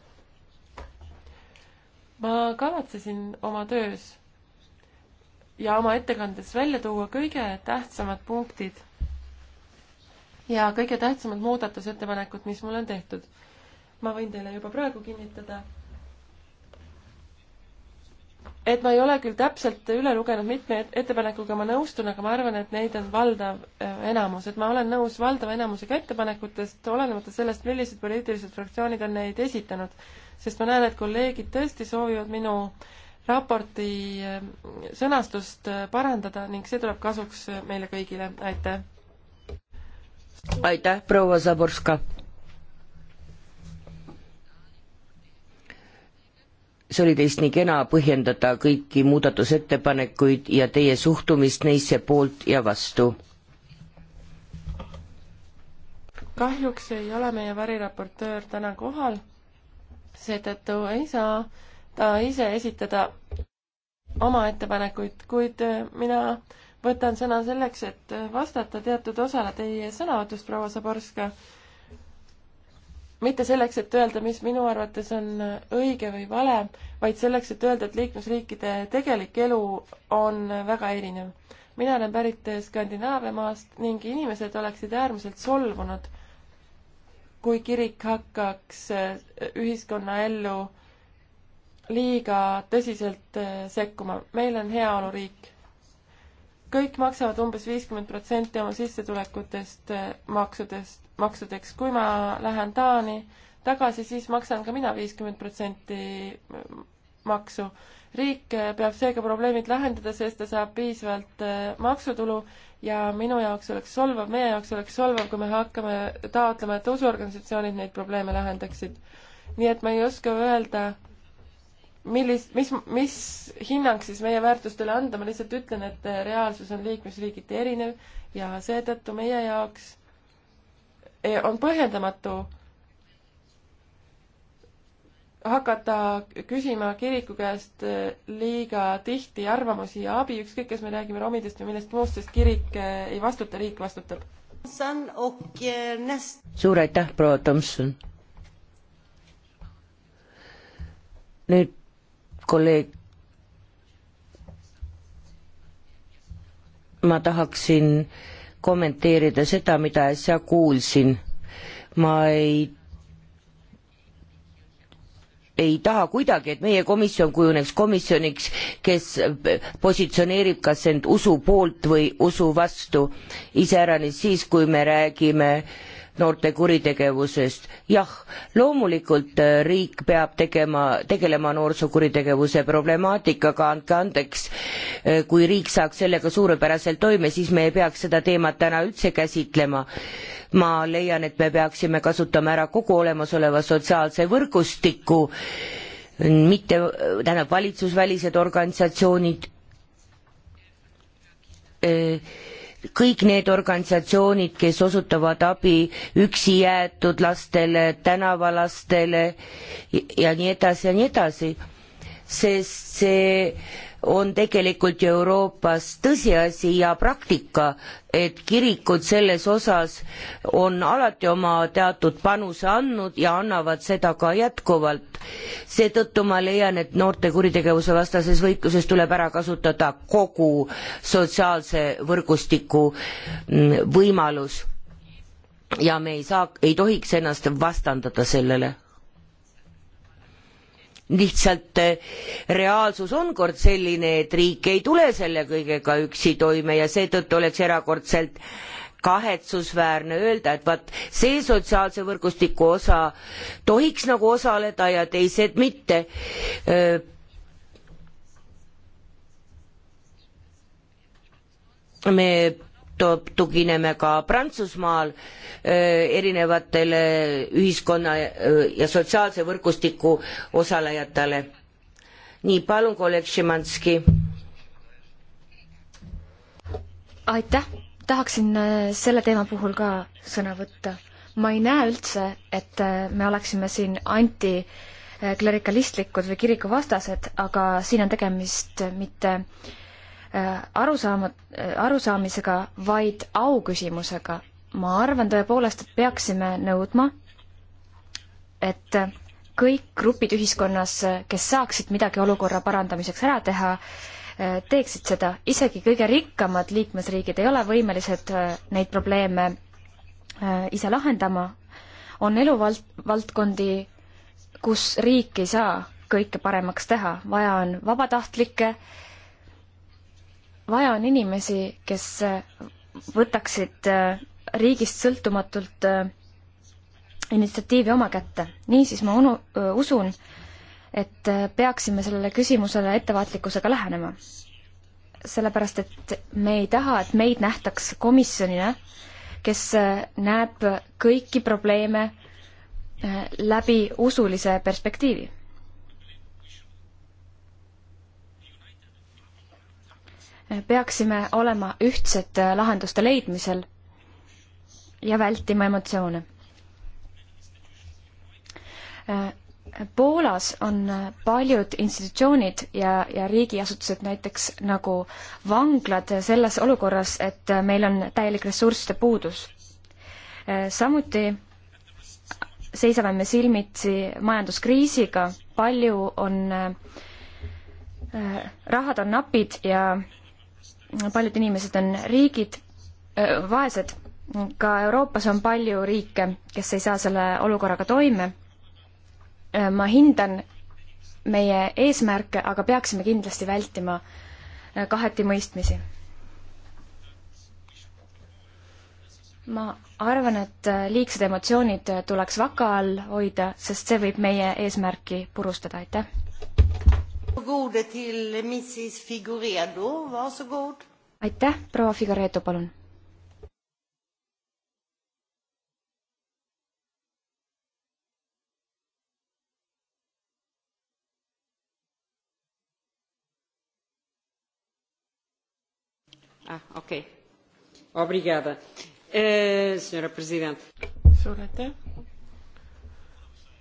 ma kavatsesin oma töös ja oma ettekandes välja tuua kõige tähtsamad punktid ja kõige tähtsamad muudatusettepanekud, mis mul on tehtud ma võin teile juba praegu kinnitada, et ma ei ole küll täpselt üle lugenud mitme ettepanekuga, ma nõustun, aga ma arvan, et neid on valdav äh, enamus, et ma olen nõus valdava enamusega ettepanekutest, olenemata sellest, millised poliitilised fraktsioonid on neid esitanud. sest ma näen, et kolleegid tõesti soovivad minu raporti äh, sõnastust äh, parandada ning see tuleb kasuks meile kõigile, aitäh! aitäh, proua Zaborska! see oli teist nii kena põhjendada kõiki muudatusettepanekuid ja teie suhtumist neisse poolt ja vastu. kahjuks ei ole meie variraportöör täna kohal, seetõttu ei saa ta ise esitada oma ettepanekuid, kuid äh, mina võtan sõna selleks, et vastata teatud osale teie sõnavõtust, proua Zaborska mitte selleks, et öelda, mis minu arvates on õige või vale, vaid selleks, et öelda, et liikmesriikide tegelik elu on väga erinev. mina olen pärit Skandinaavia maast ning inimesed oleksid äärmiselt solvunud, kui kirik hakkaks ühiskonnaellu liiga tõsiselt sekkuma. meil on heaoluriik kõik maksavad umbes viiskümmend protsenti oma sissetulekutest eh, maksudest, maksudeks. kui ma lähen Taani tagasi, siis maksan ka mina viiskümmend protsenti eh, maksu. riik eh, peab seega probleemid lahendada, sest ta saab piisavalt maksutulu ja minu jaoks oleks solvav, meie jaoks oleks solvav, kui me hakkame taotlema, et usuorganisatsioonid neid probleeme lahendaksid. nii et ma ei oska öelda, millist, mis, mis hinnang siis meie väärtustele anda, ma lihtsalt ütlen, et reaalsus on liikmesriigiti erinev ja seetõttu meie jaoks e, on põhjendamatu hakata küsima kiriku käest e, liiga tihti arvamusi ja abi, ükskõik, kas me räägime romidest või millest muust, sest kirik e, ei vastuta, riik vastutab. suur aitäh, proua Tomson! nüüd kolleeg. ma tahaksin kommenteerida seda, mida äsja kuulsin. ma ei ei taha kuidagi, et meie komisjon kujuneks komisjoniks, kes positsioneerib kas end usu poolt või usu vastu, iseäranis siis, kui me räägime äh, noorte kuritegevusest. jah, loomulikult äh, riik peab tegema, tegelema noorsookuritegevuse problemaatikaga, andke andeks, äh, kui riik saaks sellega suurepäraselt toime, siis me ei peaks seda teemat täna üldse käsitlema. ma leian, et me peaksime kasutama ära kogu olemasoleva sotsiaalse võrgustiku, mitte, äh, tähendab, valitsusvälised organisatsioonid, kõik need organisatsioonid, kes osutavad abi üksi jäetud lastele, tänavalastele ja nii edasi ja nii edasi, sest see on tegelikult ju Euroopas tõsiasi ja praktika, et kirikud selles osas on alati oma teatud panuse andnud ja annavad seda ka jätkuvalt. seetõttu ma leian, et noorte kuritegevuse vastases võitluses tuleb ära kasutada kogu sotsiaalse võrgustiku mm, võimalus ja me ei saa, ei tohiks ennast vastandada sellele lihtsalt eh, reaalsus on kord selline, et riik ei tule selle kõigega üksi toime ja seetõttu oleks erakordselt kahetsusväärne öelda, et vaat see sotsiaalse võrgustiku osa tohiks nagu osaleda ja teised mitte. me tugineme ka Prantsusmaal äh, erinevatele ühiskonna äh, ja sotsiaalse võrgustiku osalejatele. nii, palun, kolleeg Šimanski. aitäh, tahaksin äh, selle teema puhul ka sõna võtta. ma ei näe üldse, et me oleksime siin anti klerikalistlikud või kirikuvastased, aga siin on tegemist mitte äh, Äh, arusaama, äh, arusaamisega, vaid auküsimusega. ma arvan tõepoolest, et peaksime nõudma, et kõik grupid ühiskonnas, kes saaksid midagi olukorra parandamiseks ära teha, äh, teeksid seda. isegi kõige rikkamad liikmesriigid ei ole võimelised neid probleeme ise lahendama. on eluvald-, valdkondi, kus riik ei saa kõike paremaks teha, vaja on vabatahtlikke äh, vaja on inimesi, kes võtaksid äh, riigist sõltumatult äh, initsiatiivi oma kätte. niisiis ma unu-, äh, usun, et peaksime sellele küsimusele ettevaatlikkusega lähenema. sellepärast, et me ei taha, et meid nähtaks komisjonina, kes näeb kõiki probleeme läbi usulise perspektiivi peaksime olema ühtsed lahenduste leidmisel ja vältima emotsioone. Poolas on paljud institutsioonid ja, ja riigiasutused näiteks nagu vanglad selles olukorras, et meil on täielik ressursside puudus. samuti seisame me silmitsi majanduskriisiga, palju on, äh, rahad on napid ja paljud inimesed on riigid, äh, vaesed. ka Euroopas on palju riike, kes ei saa selle olukorraga toime. Äh, ma hindan meie eesmärke, aga peaksime kindlasti vältima äh, kahetimõistmisi. ma arvan, et liigsed emotsioonid tuleks vaka all hoida, sest see võib meie eesmärki purustada, aitäh aitäh, proua Figueredo, palun. Ah, okei okay.. Obrigada eh,, senhora president. suur aitäh.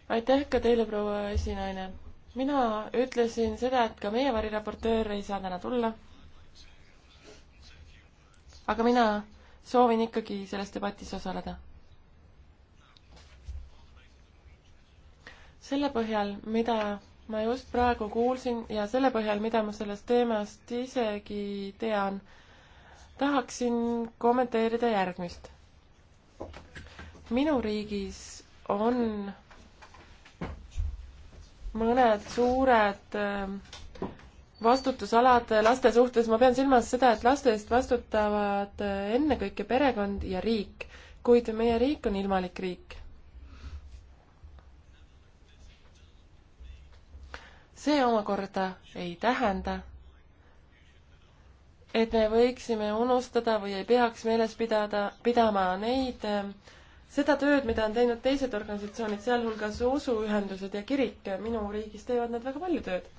aitäh ka teile, proua esinaine mina ütlesin seda, et ka meie variraportöör ei saa täna tulla. aga mina soovin ikkagi selles debatis osaleda. selle põhjal, mida ma just praegu kuulsin ja selle põhjal, mida ma sellest teemast isegi tean, tahaksin kommenteerida järgmist. minu riigis on mõned suured ähm, vastutusalad laste suhtes, ma pean silmas seda, et laste eest vastutavad äh, ennekõike perekond ja riik, kuid meie riik on ilmalik riik. see omakorda ei tähenda, et me võiksime unustada või ei peaks meeles pidada, pidama neid äh, seda tööd, mida on teinud teised organisatsioonid, sealhulgas usuühendused ja kirik, minu riigis teevad nad väga palju tööd.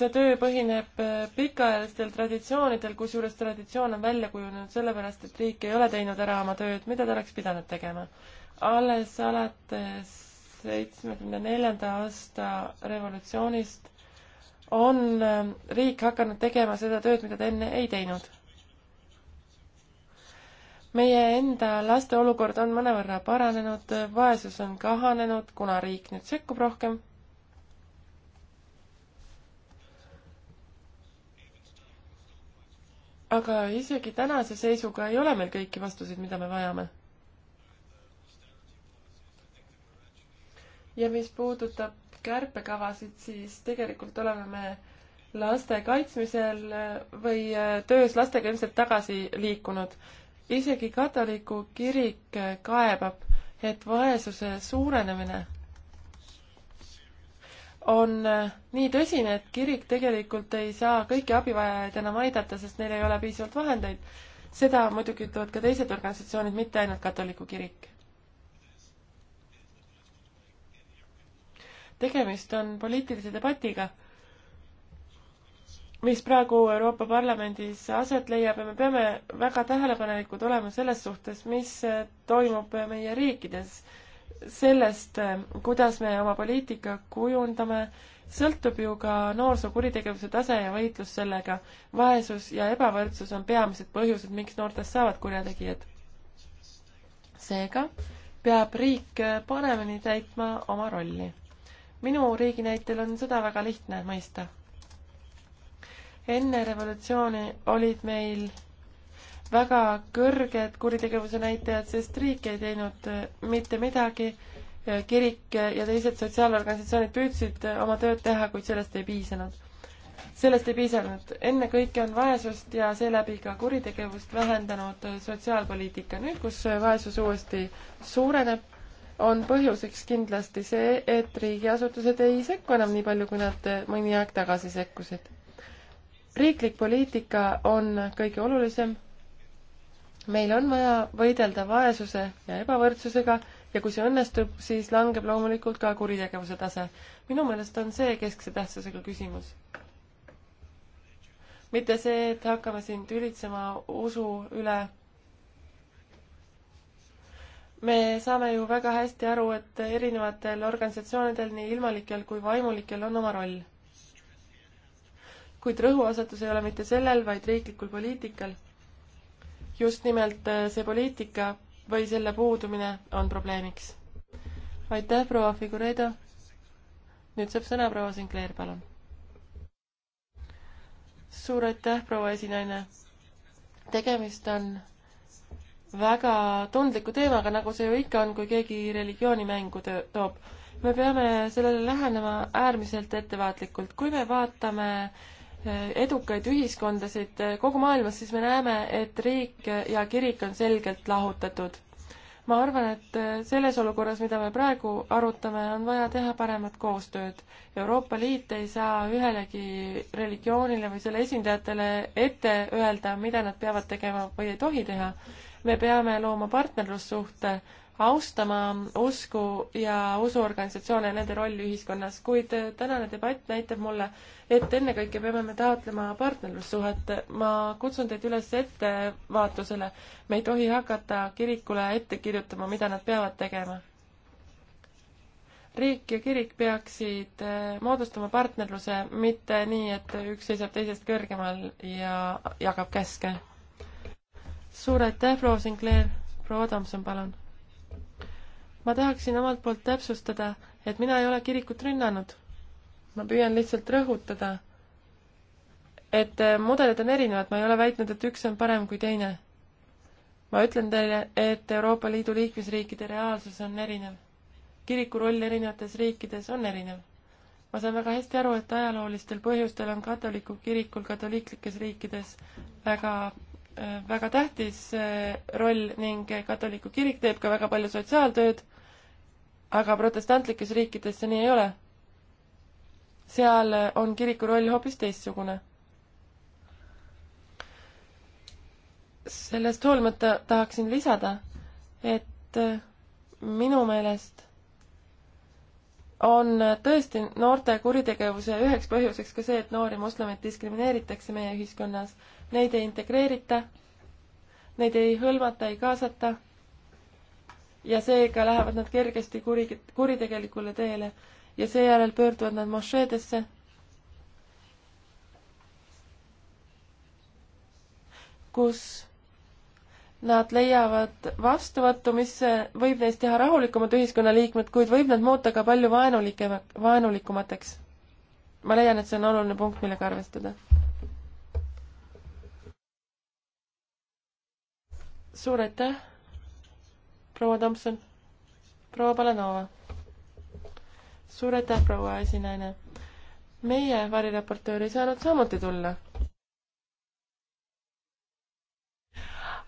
see töö põhineb äh, pikaajalistel traditsioonidel, kusjuures traditsioon on välja kujunenud sellepärast, et riik ei ole teinud ära oma tööd, mida ta oleks pidanud tegema. alles alates seitsmekümne neljanda aasta revolutsioonist on äh, riik hakanud tegema seda tööd, mida ta enne ei teinud meie enda laste olukord on mõnevõrra paranenud, vaesus on kahanenud, kuna riik nüüd sekkub rohkem. aga isegi tänase seisuga ei ole meil kõiki vastuseid, mida me vajame ja mis puudutab kärpekavasid, siis tegelikult oleme me laste kaitsmisel või töös lastega ilmselt tagasi liikunud isegi katoliku kirik kaebab, et vaesuse suurenemine on äh, nii tõsine, et kirik tegelikult ei saa kõiki abivajajaid enam aidata, sest neil ei ole piisavalt vahendeid. seda muidugi ütlevad ka teised organisatsioonid, mitte ainult katoliku kirik. tegemist on poliitilise debatiga mis praegu Euroopa Parlamendis aset leiab ja me peame väga tähelepanelikud olema selles suhtes, mis toimub meie riikides. sellest, kuidas me oma poliitika kujundame, sõltub ju ka noorsoo kuritegevuse tase ja võitlus sellega. vaesus ja ebavõrdsus on peamised põhjused, miks noortest saavad kurjategijad. seega peab riik paremini täitma oma rolli. minu riigi näitel on seda väga lihtne mõista enne revolutsiooni olid meil väga kõrged kuritegevuse näitajad, sest riik ei teinud äh, mitte midagi. Äh, kirik äh, ja teised sotsiaalorganisatsioonid püüdsid oma tööd teha, kuid sellest ei piisanud. sellest ei piisanud. ennekõike on vaesust ja seeläbi ka kuritegevust vähendanud sotsiaalpoliitika. nüüd, kus vaesus uuesti suureneb, on põhjuseks kindlasti see, et riigiasutused ei sekku enam nii palju, kui nad mõni aeg tagasi sekkusid riiklik poliitika on kõige olulisem. meil on vaja võidelda vaesuse ja ebavõrdsusega ja kui see õnnestub, siis langeb loomulikult ka kuritegevuse tase. minu meelest on see keskse tähtsusega küsimus. mitte see, et hakkame siin tülitsema usu üle. me saame ju väga hästi aru, et erinevatel organisatsioonidel, nii ilmalikel kui vaimulikel, on oma roll kuid rõhuasetus ei ole mitte sellel, vaid riiklikul poliitikal. just nimelt äh, see poliitika või selle puudumine on probleemiks. aitäh, proua Figuredo. nüüd saab sõna proua Sinclair, palun. suur aitäh, proua esinaine. tegemist on väga tundliku teemaga, nagu see ju ikka on, kui keegi religiooni mängu toob. me peame sellele lähenema äärmiselt ettevaatlikult. kui me vaatame äh, edukaid ühiskondasid kogu maailmas, siis me näeme, et riik ja kirik on selgelt lahutatud. ma arvan, et selles olukorras, mida me praegu arutame, on vaja teha paremat koostööd. Euroopa Liit ei saa ühelegi religioonile või selle esindajatele ette öelda, mida nad peavad tegema või ei tohi teha. me peame looma partnerlussuhte austama usku ja usuorganisatsioone ja nende rolli ühiskonnas, kuid tänane debatt näitab mulle, et ennekõike peame me taotlema partnerlussuhet. ma kutsun teid üles ettevaatusele. me ei tohi hakata kirikule ette kirjutama, mida nad peavad tegema riik ja kirik peaksid eh, moodustama partnerluse, mitte nii, et üks seisab teisest kõrgemal ja jagab käske. suur aitäh, proua Sinclair, proua Tomson, palun ma tahaksin omalt poolt täpsustada, et mina ei ole kirikut rünnanud. ma püüan lihtsalt rõhutada, et eh, mudelid on erinevad, ma ei ole väitnud, et üks on parem kui teine. ma ütlen teile, et Euroopa Liidu liikmesriikide reaalsus on erinev. kiriku roll erinevates riikides on erinev. ma saan väga hästi aru, et ajaloolistel põhjustel on katoliku kirikul katoliiklikes riikides väga väga tähtis äh, roll ning katoliku kirik teeb ka väga palju sotsiaaltööd, aga protestantlikes riikides see nii ei ole. seal äh, on kiriku roll hoopis teistsugune. sellest hoolimata tahaksin lisada, et äh, minu meelest on tõesti noorte kuritegevuse üheks põhjuseks ka see, et noori moslemeid diskrimineeritakse meie ühiskonnas neid ei integreerita, neid ei hõlmata, ei kaasata ja seega lähevad nad kergesti kuri, kuritegelikule teele ja seejärel pöörduvad nad mošeedesse. kus nad leiavad vastuvõttu, mis võib neist teha rahulikumad ühiskonnaliikmed, kuid võib nad muuta ka palju vaenulike, vaenulikumateks. ma leian, et see on oluline punkt, millega arvestada suur aitäh, proua Tomson, proua Palenova. suur aitäh, proua esinaine. meie variraportöör ei saanud samuti tulla.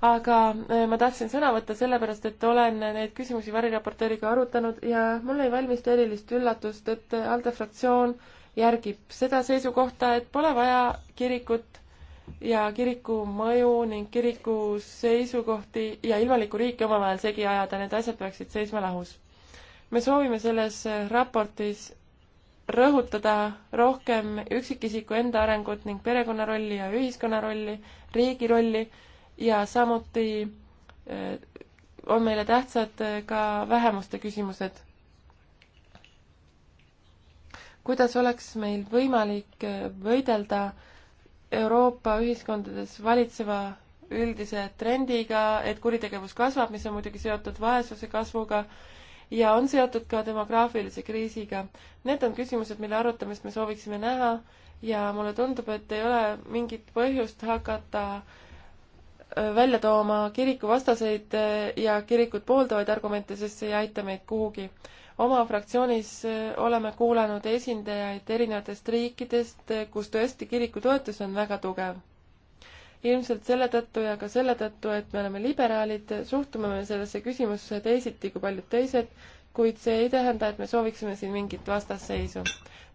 aga eh, ma tahtsin sõna võtta sellepärast, et olen neid küsimusi variraportööriga arutanud ja mul ei valmista erilist üllatust, et ALDE fraktsioon järgib seda seisukohta, et pole vaja kirikut ja kiriku mõju ning kiriku seisukohti ja ilmalikku riiki omavahel segi ajada, need asjad peaksid seisma lahus. me soovime selles raportis rõhutada rohkem üksikisiku enda arengut ning perekonna rolli ja ühiskonna rolli, riigi rolli ja samuti eh, on meile tähtsad eh, ka vähemuste küsimused. kuidas oleks meil võimalik eh, võidelda äh, Euroopa ühiskondades valitseva üldise trendiga, et kuritegevus kasvab, mis on muidugi seotud vaesuse kasvuga ja on seotud ka demograafilise kriisiga. Need on küsimused, mille arutamist me sooviksime näha ja mulle tundub, et ei ole mingit põhjust hakata äh, välja tooma kiriku vastaseid äh, ja kirikut pooldavaid argumente, sest see ei aita meid kuhugi oma fraktsioonis äh, oleme kuulanud esindajaid erinevatest riikidest, äh, kus tõesti kiriku toetus on väga tugev. ilmselt selle tõttu ja ka selle tõttu, et me oleme liberaalid, suhtume me sellesse küsimusse teisiti kui paljud teised, kuid see ei tähenda, et me sooviksime siin mingit vastasseisu.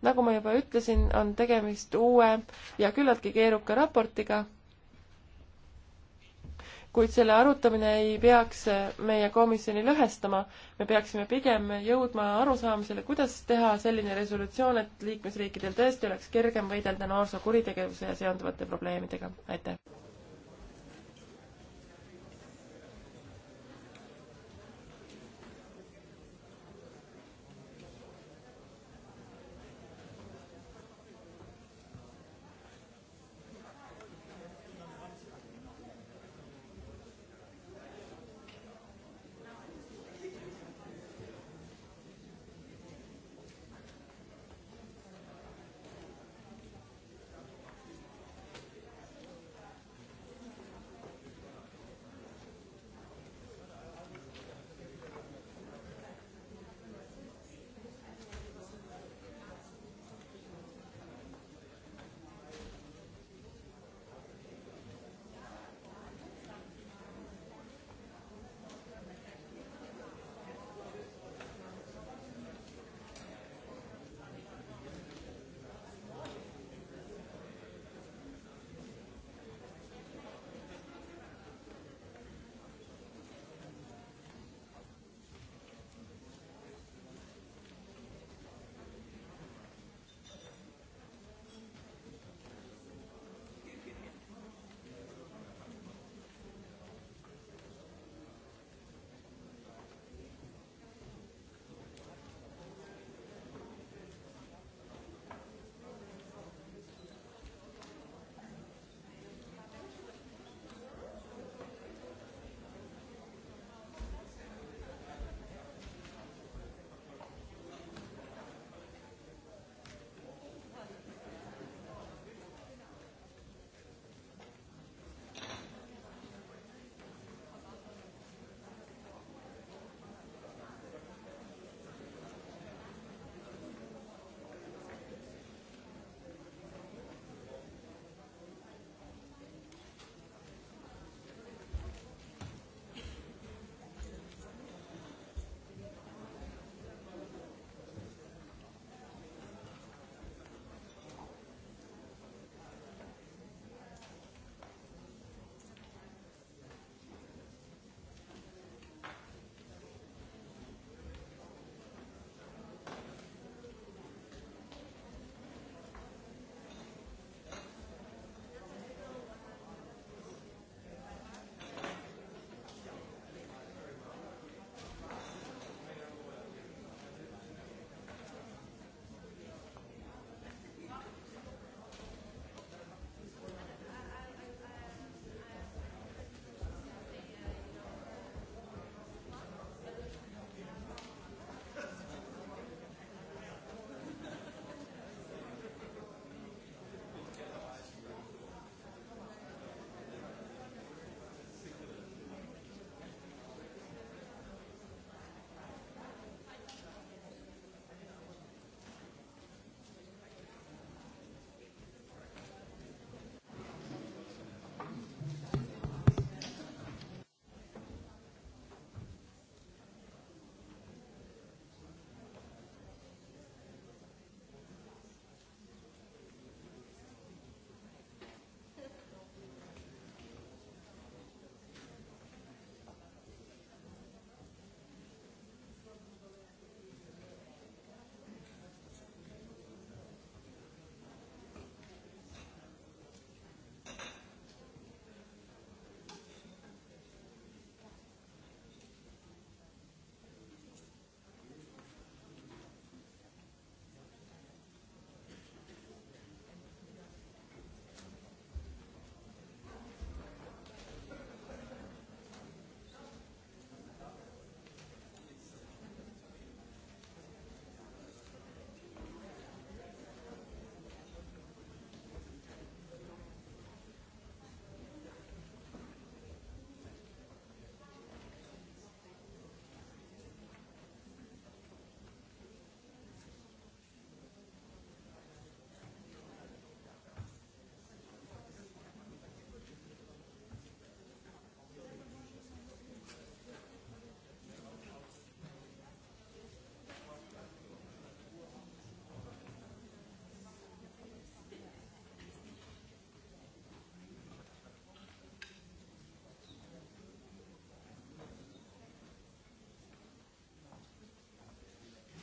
nagu ma juba ütlesin, on tegemist uue ja küllaltki keeruka raportiga kuid selle arutamine ei peaks meie komisjoni lõhestama. me peaksime pigem jõudma arusaamisele, kuidas teha selline resolutsioon, et liikmesriikidel tõesti oleks kergem võidelda noorsoo kuritegevuse ja seonduvate probleemidega. aitäh!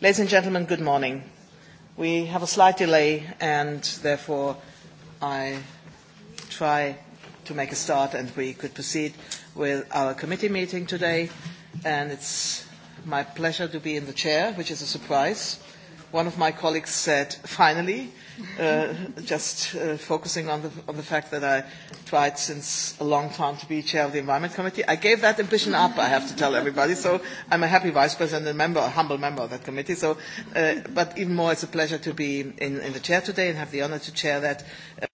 Ladies and gentlemen, good morning. We have a slight delay, and therefore I try to make a start, and we could proceed with our committee meeting today. And it's my pleasure to be in the chair, which is a surprise one of my colleagues said, finally, uh, just uh, focusing on the, on the fact that I tried since a long time to be chair of the Environment Committee. I gave that ambition up, I have to tell everybody. So I'm a happy vice president and member, a humble member of that committee. So, uh, but even more, it's a pleasure to be in, in the chair today and have the honor to chair that. Uh,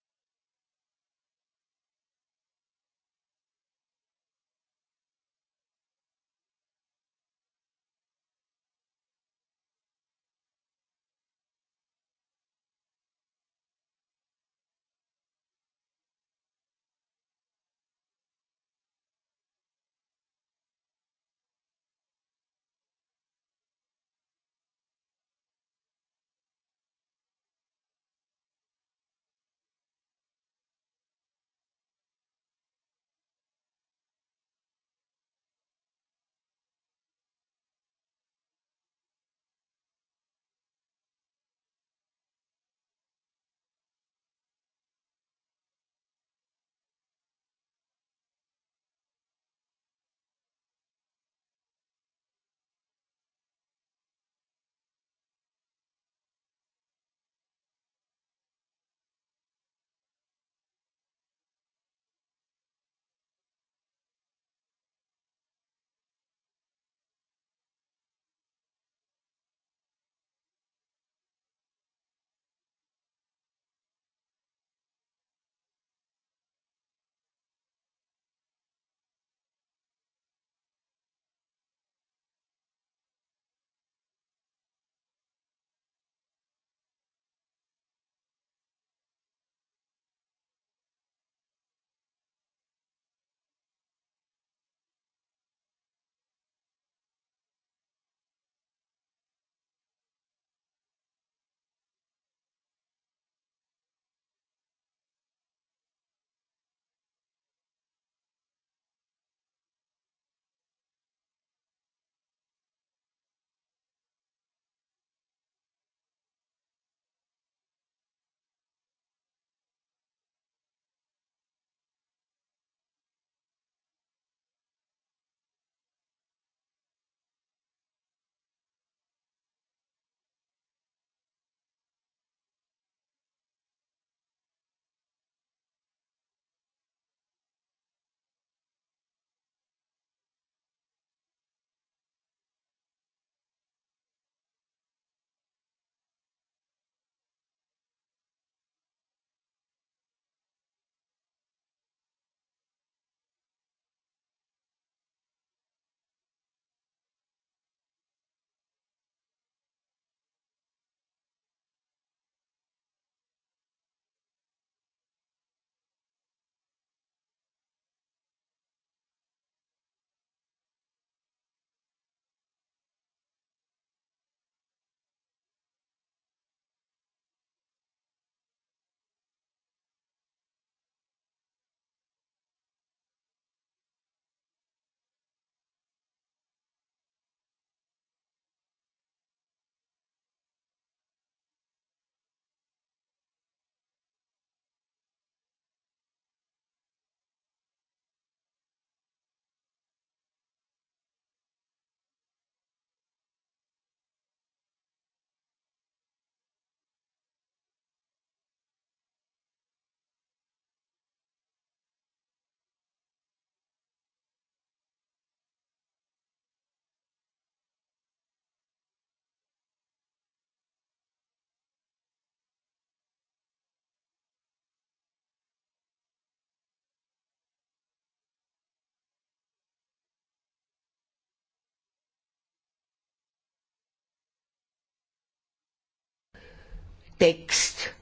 tekst.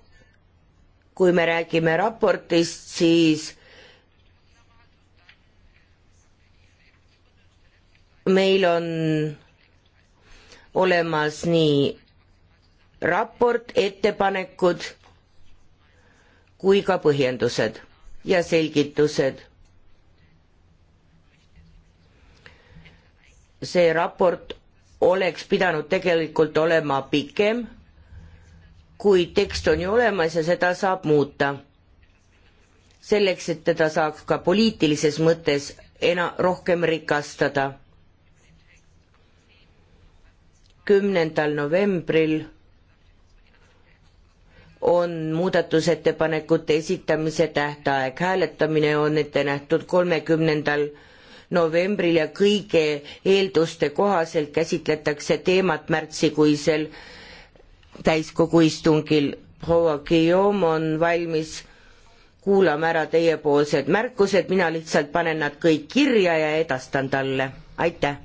kui me räägime raportist, siis meil on olemas nii raport, ettepanekud kui ka põhjendused ja selgitused. see raport oleks pidanud tegelikult olema pikem kuid tekst on ju olemas ja seda saab muuta. selleks, et teda saaks ka poliitilises mõttes ena-, rohkem rikastada. kümnendal novembril on muudatusettepanekute esitamise tähtaeg, hääletamine on ette nähtud kolmekümnendal novembril ja kõige eelduste kohaselt käsitletakse teemat märtsikuisel täiskogu istungil. proua Guillaume on valmis kuulame ära teiepoolsed märkused, mina lihtsalt panen nad kõik kirja ja edastan talle, aitäh.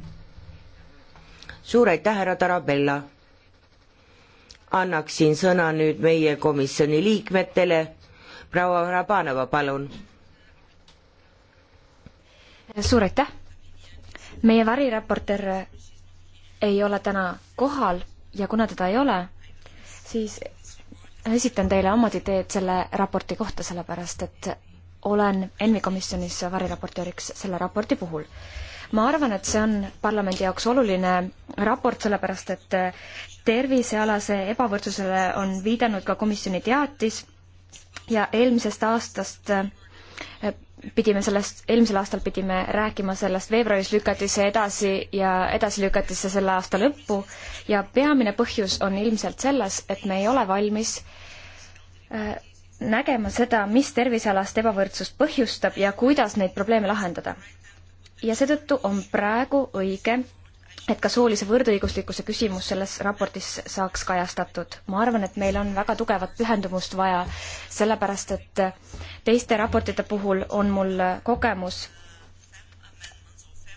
suur aitäh, härra Tarabella. annaksin sõna nüüd meie komisjoni liikmetele. proua Rabanova, palun. suur aitäh. meie variraporter ei ole täna kohal ja kuna teda ei ole, siis esitan teile omanditeed selle raporti kohta, sellepärast et olen ENMi komisjonis variraportööriks selle raporti puhul. ma arvan, et see on parlamendi jaoks oluline raport, sellepärast et tervisealase ebavõrdsusele on viidanud ka komisjoni teatis ja eelmisest aastast pidime sellest, eelmisel aastal pidime rääkima sellest, veebruaris lükati see edasi ja edasi lükati see selle aasta lõppu ja peamine põhjus on ilmselt selles, et me ei ole valmis äh, nägema seda, mis tervisealast ebavõrdsust põhjustab ja kuidas neid probleeme lahendada. ja seetõttu on praegu õige et ka soolise võrdõiguslikkuse küsimus selles raportis saaks kajastatud. ma arvan, et meil on väga tugevat pühendumust vaja, sellepärast et teiste raportite puhul on mul kogemus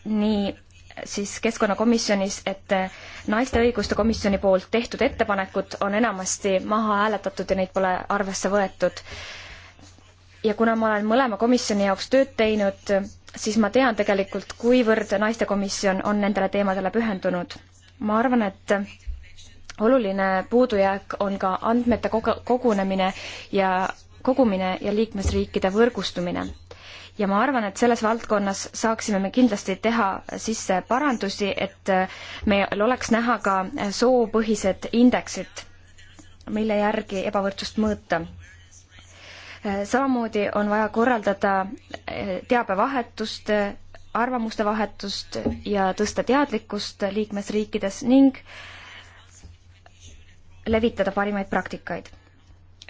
nii siis Keskkonnakomisjonis, et naiste õiguste komisjoni poolt tehtud ettepanekud on enamasti maha hääletatud ja neid pole arvesse võetud. ja kuna ma olen mõlema komisjoni jaoks tööd teinud, siis ma tean tegelikult, kuivõrd naistekomisjon on nendele teemadele pühendunud. ma arvan, et oluline puudujääk on ka andmete kogunemine ja kogumine ja liikmesriikide võrgustumine. ja ma arvan, et selles valdkonnas saaksime me kindlasti teha sisse parandusi, et meil oleks näha ka soopõhised indeksid, mille järgi ebavõrdsust mõõta Äh, samamoodi on vaja korraldada äh, teabevahetust, äh, arvamuste vahetust ja tõsta teadlikkust liikmesriikides ning levitada parimaid praktikaid.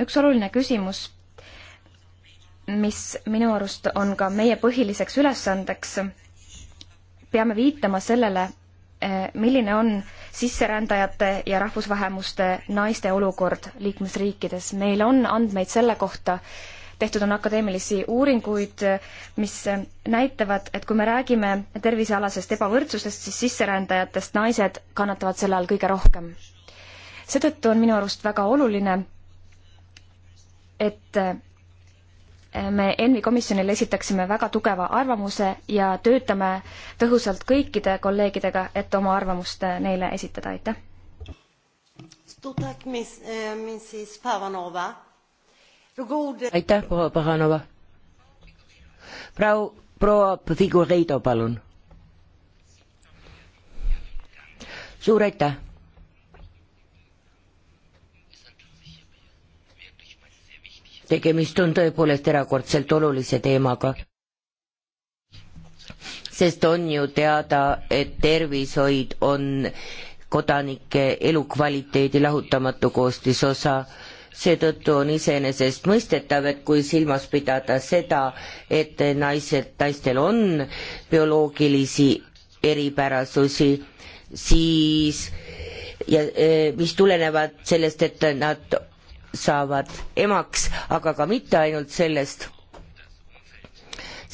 üks oluline küsimus, mis minu arust on ka meie põhiliseks ülesandeks, peame viitama sellele, Eh, milline on sisserändajate ja rahvusvähemuste naiste olukord liikmesriikides. meil on andmeid selle kohta, tehtud on akadeemilisi uuringuid, mis näitavad, et kui me räägime tervisealasest ebavõrdsusest, siis sisserändajatest naised kannatavad selle all kõige rohkem. seetõttu on minu arust väga oluline, et me ENVI komisjonile esitaksime väga tugeva arvamuse ja töötame tõhusalt kõikide kolleegidega, et oma arvamust neile esitada, aitäh. Eh, aitäh, proua Pahanova. Prou-, proua Figureido, palun. suur aitäh tegemist on tõepoolest erakordselt olulise teemaga. sest on ju teada, et tervishoid on kodanike elukvaliteedi lahutamatu koostisosa seetõttu on iseenesestmõistetav, et kui silmas pidada seda, et naised, naistel on bioloogilisi eripärasusi, siis ja eh, mis tulenevad sellest, et nad saavad emaks, aga ka mitte ainult sellest.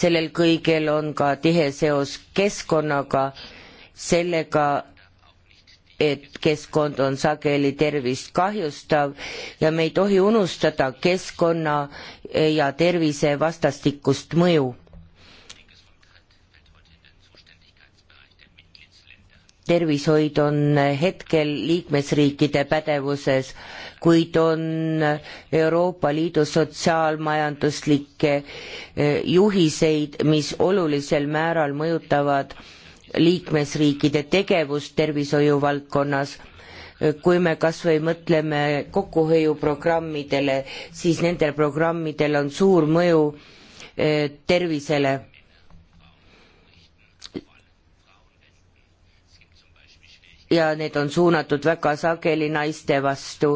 sellel kõigel on ka tihe seos keskkonnaga, sellega, et keskkond on sageli tervist kahjustav ja me ei tohi unustada keskkonna ja tervise vastastikust mõju tervishoid on hetkel liikmesriikide pädevuses, kuid on Euroopa Liidu sotsiaalmajanduslikke eh, juhiseid, mis olulisel määral mõjutavad liikmesriikide tegevust tervishoiu valdkonnas. Eh, kui me kas või mõtleme kokkuhoiuprogrammidele, siis nendel programmidel on suur mõju eh, tervisele ja need on suunatud väga sageli naiste vastu.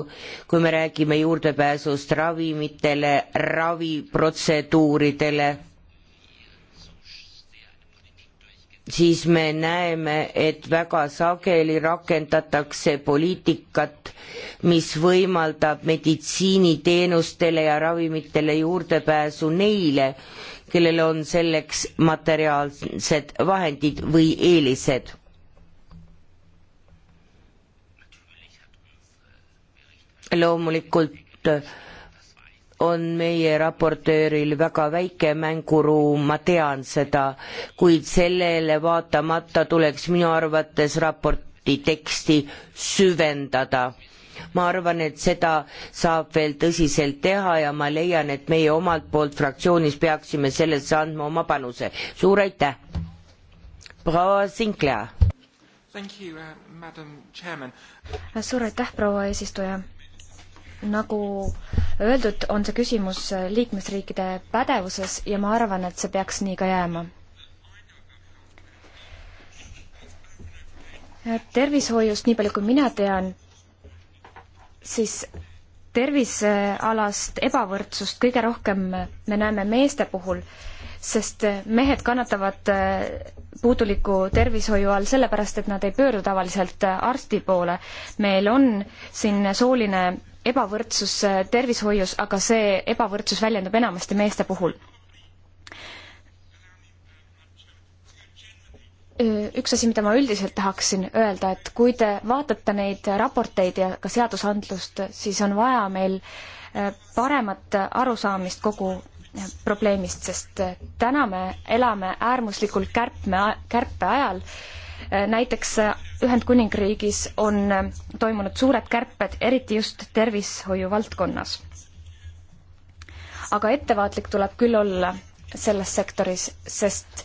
kui me räägime juurdepääsust ravimitele, raviprotseduuridele, siis me näeme, et väga sageli rakendatakse poliitikat, mis võimaldab meditsiiniteenustele ja ravimitele juurdepääsu neile, kellel on selleks materiaalsed vahendid või eelised loomulikult on meie raportööril väga väike mänguruum, ma tean seda, kuid sellele vaatamata tuleks minu arvates raporti teksti süvendada ma arvan, et seda saab veel tõsiselt teha ja ma leian, et meie omalt poolt fraktsioonis peaksime sellesse andma oma panuse. suur aitäh! proua Sinkla. Uh, suur aitäh, proua eesistuja nagu öeldud, on see küsimus liikmesriikide pädevuses ja ma arvan, et see peaks nii ka jääma. tervishoiust, nii palju kui mina tean, siis tervisealast ebavõrdsust kõige rohkem me näeme meeste puhul, sest mehed kannatavad äh, puuduliku tervishoiu all sellepärast, et nad ei pöördu tavaliselt äh, arsti poole. meil on siin sooline ebavõrdsus äh, tervishoius, aga see ebavõrdsus väljendub enamasti meeste puhul. Äh, üks asi, mida ma üldiselt tahaksin öelda, et kui te vaatate neid raporteid ja ka seadusandlust, siis on vaja meil äh, paremat arusaamist kogu probleemist, sest täna me elame äärmuslikul kärpme, kärpe ajal näiteks äh, Ühendkuningriigis on äh, toimunud suured kärped, eriti just tervishoiu valdkonnas. aga ettevaatlik tuleb küll olla selles sektoris, sest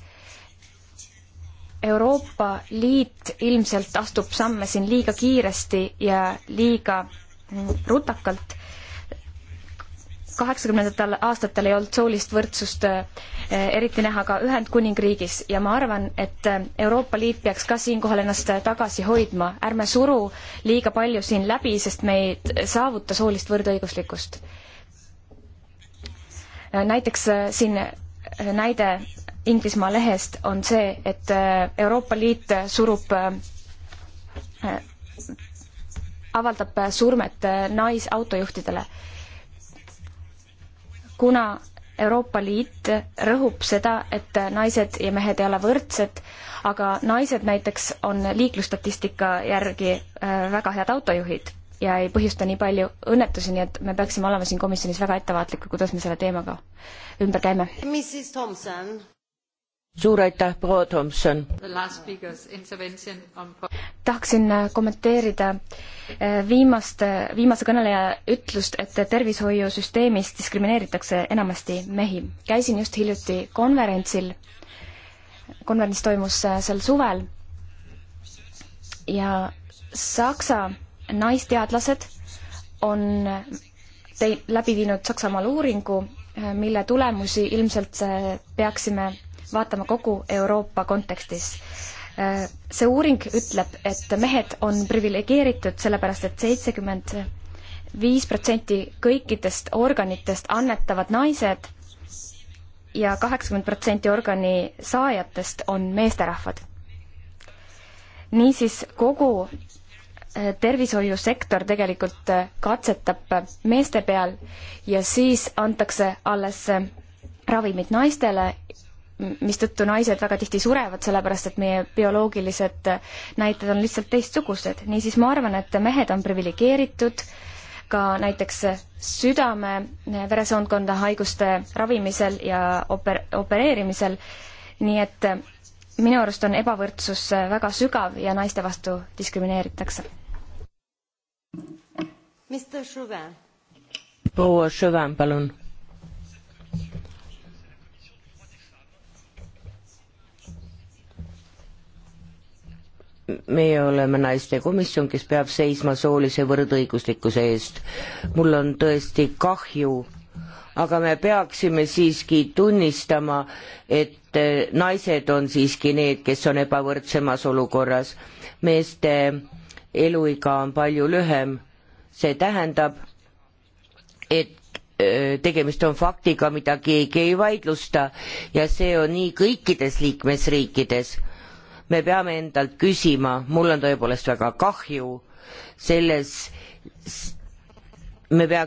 Euroopa Liit ilmselt astub samme siin liiga kiiresti ja liiga mm, rutakalt kaheksakümnendatel aastatel ei olnud soolist võrdsust eh, eriti näha ka Ühendkuningriigis ja ma arvan, et eh, Euroopa Liit peaks ka siinkohal ennast tagasi hoidma, ärme suru liiga palju siin läbi, sest me ei saavuta soolist võrdõiguslikkust. Eh, näiteks siin näide Inglismaa lehest on see, et Euroopa Liit surub avaldab surmet naisautojuhtidele nice kuna Euroopa Liit rõhub seda, et naised ja mehed ei ole võrdsed, aga naised näiteks on liiklusstatistika järgi äh, väga head autojuhid ja ei põhjusta nii palju õnnetusi, nii et me peaksime olema siin komisjonis väga ettevaatlikud, kuidas me selle teemaga ümber käime suur aitäh, proua Tomson! tahaksin äh, kommenteerida äh, viimast, äh, viimase kõneleja ütlust, et tervishoiusüsteemis diskrimineeritakse enamasti mehi. käisin just hiljuti konverentsil, konverents toimus sel suvel ja Saksa naisteadlased on tei-, läbi viinud Saksamaal uuringu, mille tulemusi ilmselt peaksime vaatama kogu Euroopa kontekstis. see uuring ütleb, et mehed on priviligeeritud sellepärast et, et seitsekümmend viis protsenti kõikidest organitest annetavad naised ja kaheksakümmend protsenti organi saajatest on meesterahvad. niisiis kogu eh, tervishoiusektor tegelikult eh, katsetab meeste peal ja siis antakse alles eh, ravimid naistele mistõttu naised väga tihti surevad, sellepärast et meie bioloogilised näited on lihtsalt teistsugused. niisiis ma arvan, et mehed on priviligeeritud, ka näiteks südame veresoonkonda haiguste ravimisel ja oper-, opereerimisel, nii et minu arust on ebavõrdsus väga sügav ja naiste vastu diskrimineeritakse. proua Chauvin, palun meie oleme naistekomisjon, kes peab seisma soolise võrdõiguslikkuse eest. mul on tõesti kahju, aga me peaksime siiski tunnistama, et naised on siiski need, kes on ebavõrdsemas olukorras. meeste eluiga on palju lühem, see tähendab, et tegemist on faktiga, mida keegi ei vaidlusta ja see on nii kõikides liikmesriikides me peame endalt küsima, mul on tõepoolest väga kahju selles, me pea,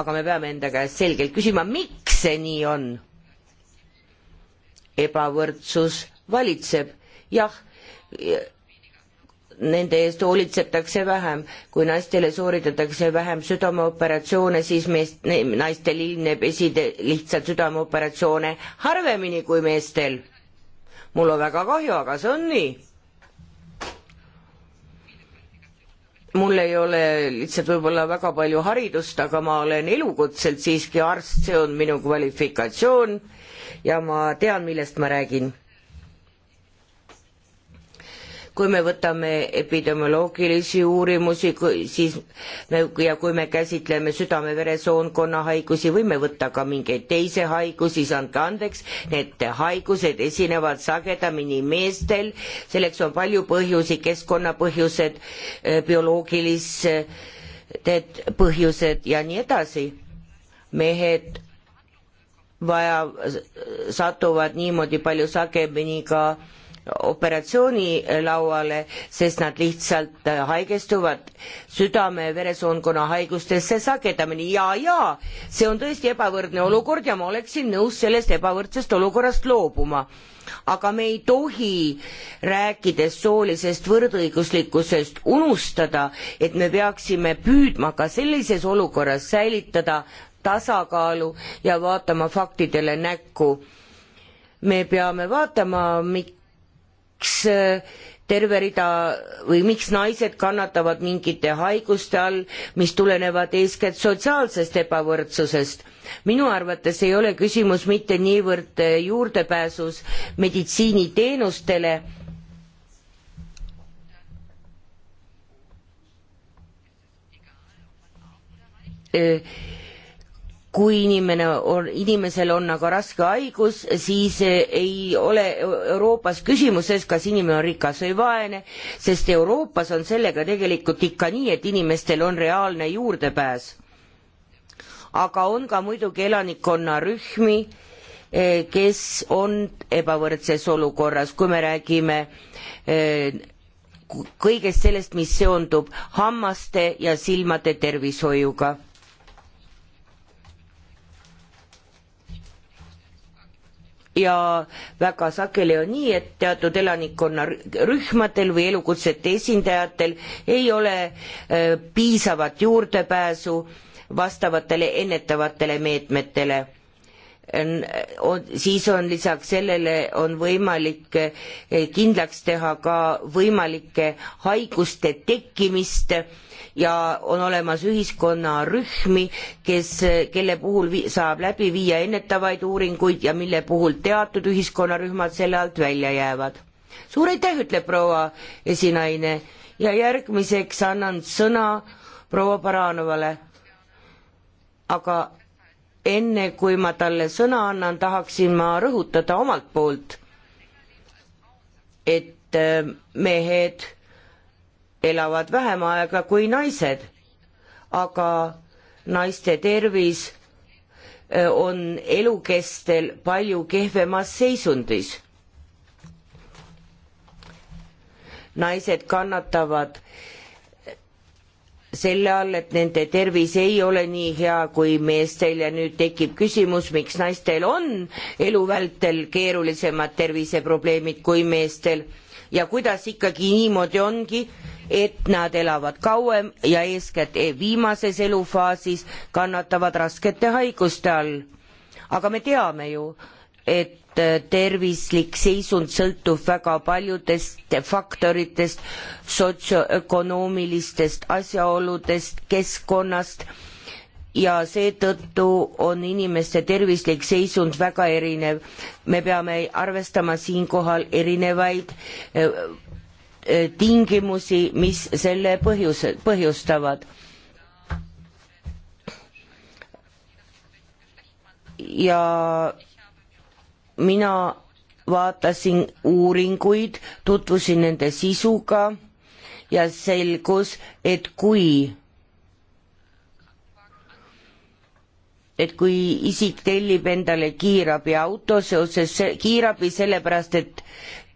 aga me peame enda käest selgelt küsima, miks see nii on. ebavõrdsus valitseb, jah nende eest hoolitsetakse vähem, kui naistele sooritatakse vähem südameoperatsioone, siis meest, naistel ilmneb eside lihtsalt südameoperatsioone harvemini kui meestel mul on väga kahju, aga see on nii. mul ei ole lihtsalt võib-olla väga palju haridust, aga ma olen elukutselt siiski arst, see on minu kvalifikatsioon ja ma tean, millest ma räägin kui me võtame epidemioloogilisi uurimusi, siis me ja kui me käsitleme südame-veresoonkonna haigusi, võime võtta ka mingeid teisi haigusi, siis andke andeks, need haigused esinevad sagedamini meestel, selleks on palju põhjusi, keskkonnapõhjused, eh, bioloogilised põhjused ja nii edasi. mehed vaja, satuvad niimoodi palju sagedamini ka äh, operatsioonilauale, sest nad lihtsalt äh, haigestuvad südame-veresoonkonna haigustesse sagedamini ja, ja see on tõesti ebavõrdne olukord ja ma oleksin nõus sellest ebavõrdsest olukorrast loobuma. aga me ei tohi, rääkides soolisest võrdõiguslikkusest, unustada, et me peaksime püüdma ka sellises olukorras säilitada tasakaalu ja vaatama faktidele näkku me peame vaatama, miks äh, terve rida või miks naised kannatavad mingite haiguste all, mis tulenevad eeskätt sotsiaalsest ebavõrdsusest. minu arvates ei ole küsimus mitte niivõrd äh, juurdepääsus meditsiiniteenustele, äh, kui inimene on, inimesel on aga raske haigus, siis eh, ei ole Euroopas küsimuses, kas inimene on rikas või vaene, sest Euroopas on sellega tegelikult ikka nii, et inimestel on reaalne juurdepääs. aga on ka muidugi elanikkonnarühmi, eh, kes on ebavõrdses olukorras, kui me räägime eh, kõigest sellest, mis seondub hammaste ja silmade tervishoiuga ja väga sageli on nii, et teatud elanikkonnarühmadel või elukutsete esindajatel ei ole äh, piisavat juurdepääsu vastavatele ennetavatele meetmetele. On, siis on lisaks sellele, on võimalik äh, kindlaks teha ka võimalike haiguste tekkimist äh, ja on olemas ühiskonnarühmi, kes, kelle puhul vi-, saab läbi viia ennetavaid uuringuid ja mille puhul teatud ühiskonnarühmad selle alt välja jäävad. suur aitäh, ütleb proua esinaine ja järgmiseks annan sõna proua Baranovale. aga enne kui ma talle sõna annan, tahaksin ma rõhutada omalt poolt, et äh, mehed elavad vähem aega kui naised, aga naiste tervis äh, on elukestel palju kehvemas seisundis. naised kannatavad selle all, et nende tervis ei ole nii hea kui meestel ja nüüd tekib küsimus, miks naistel on elu vältel keerulisemad terviseprobleemid kui meestel ja kuidas ikkagi niimoodi ongi, et nad elavad kauem ja eeskätt viimases elufaasis kannatavad raskete haiguste all. aga me teame ju, et tervislik seisund sõltub väga paljudest faktoritest, sotsioökonoomilistest asjaoludest, keskkonnast ja seetõttu on inimeste tervislik seisund väga erinev. me peame arvestama siinkohal erinevaid Eh, tingimusi, mis selle põhjus, põhjustavad. ja mina vaatasin uuringuid, tutvusin nende sisuga ja selgus, et kui, et kui isik tellib endale kiirabiauto seoses kiirabi sellepärast, et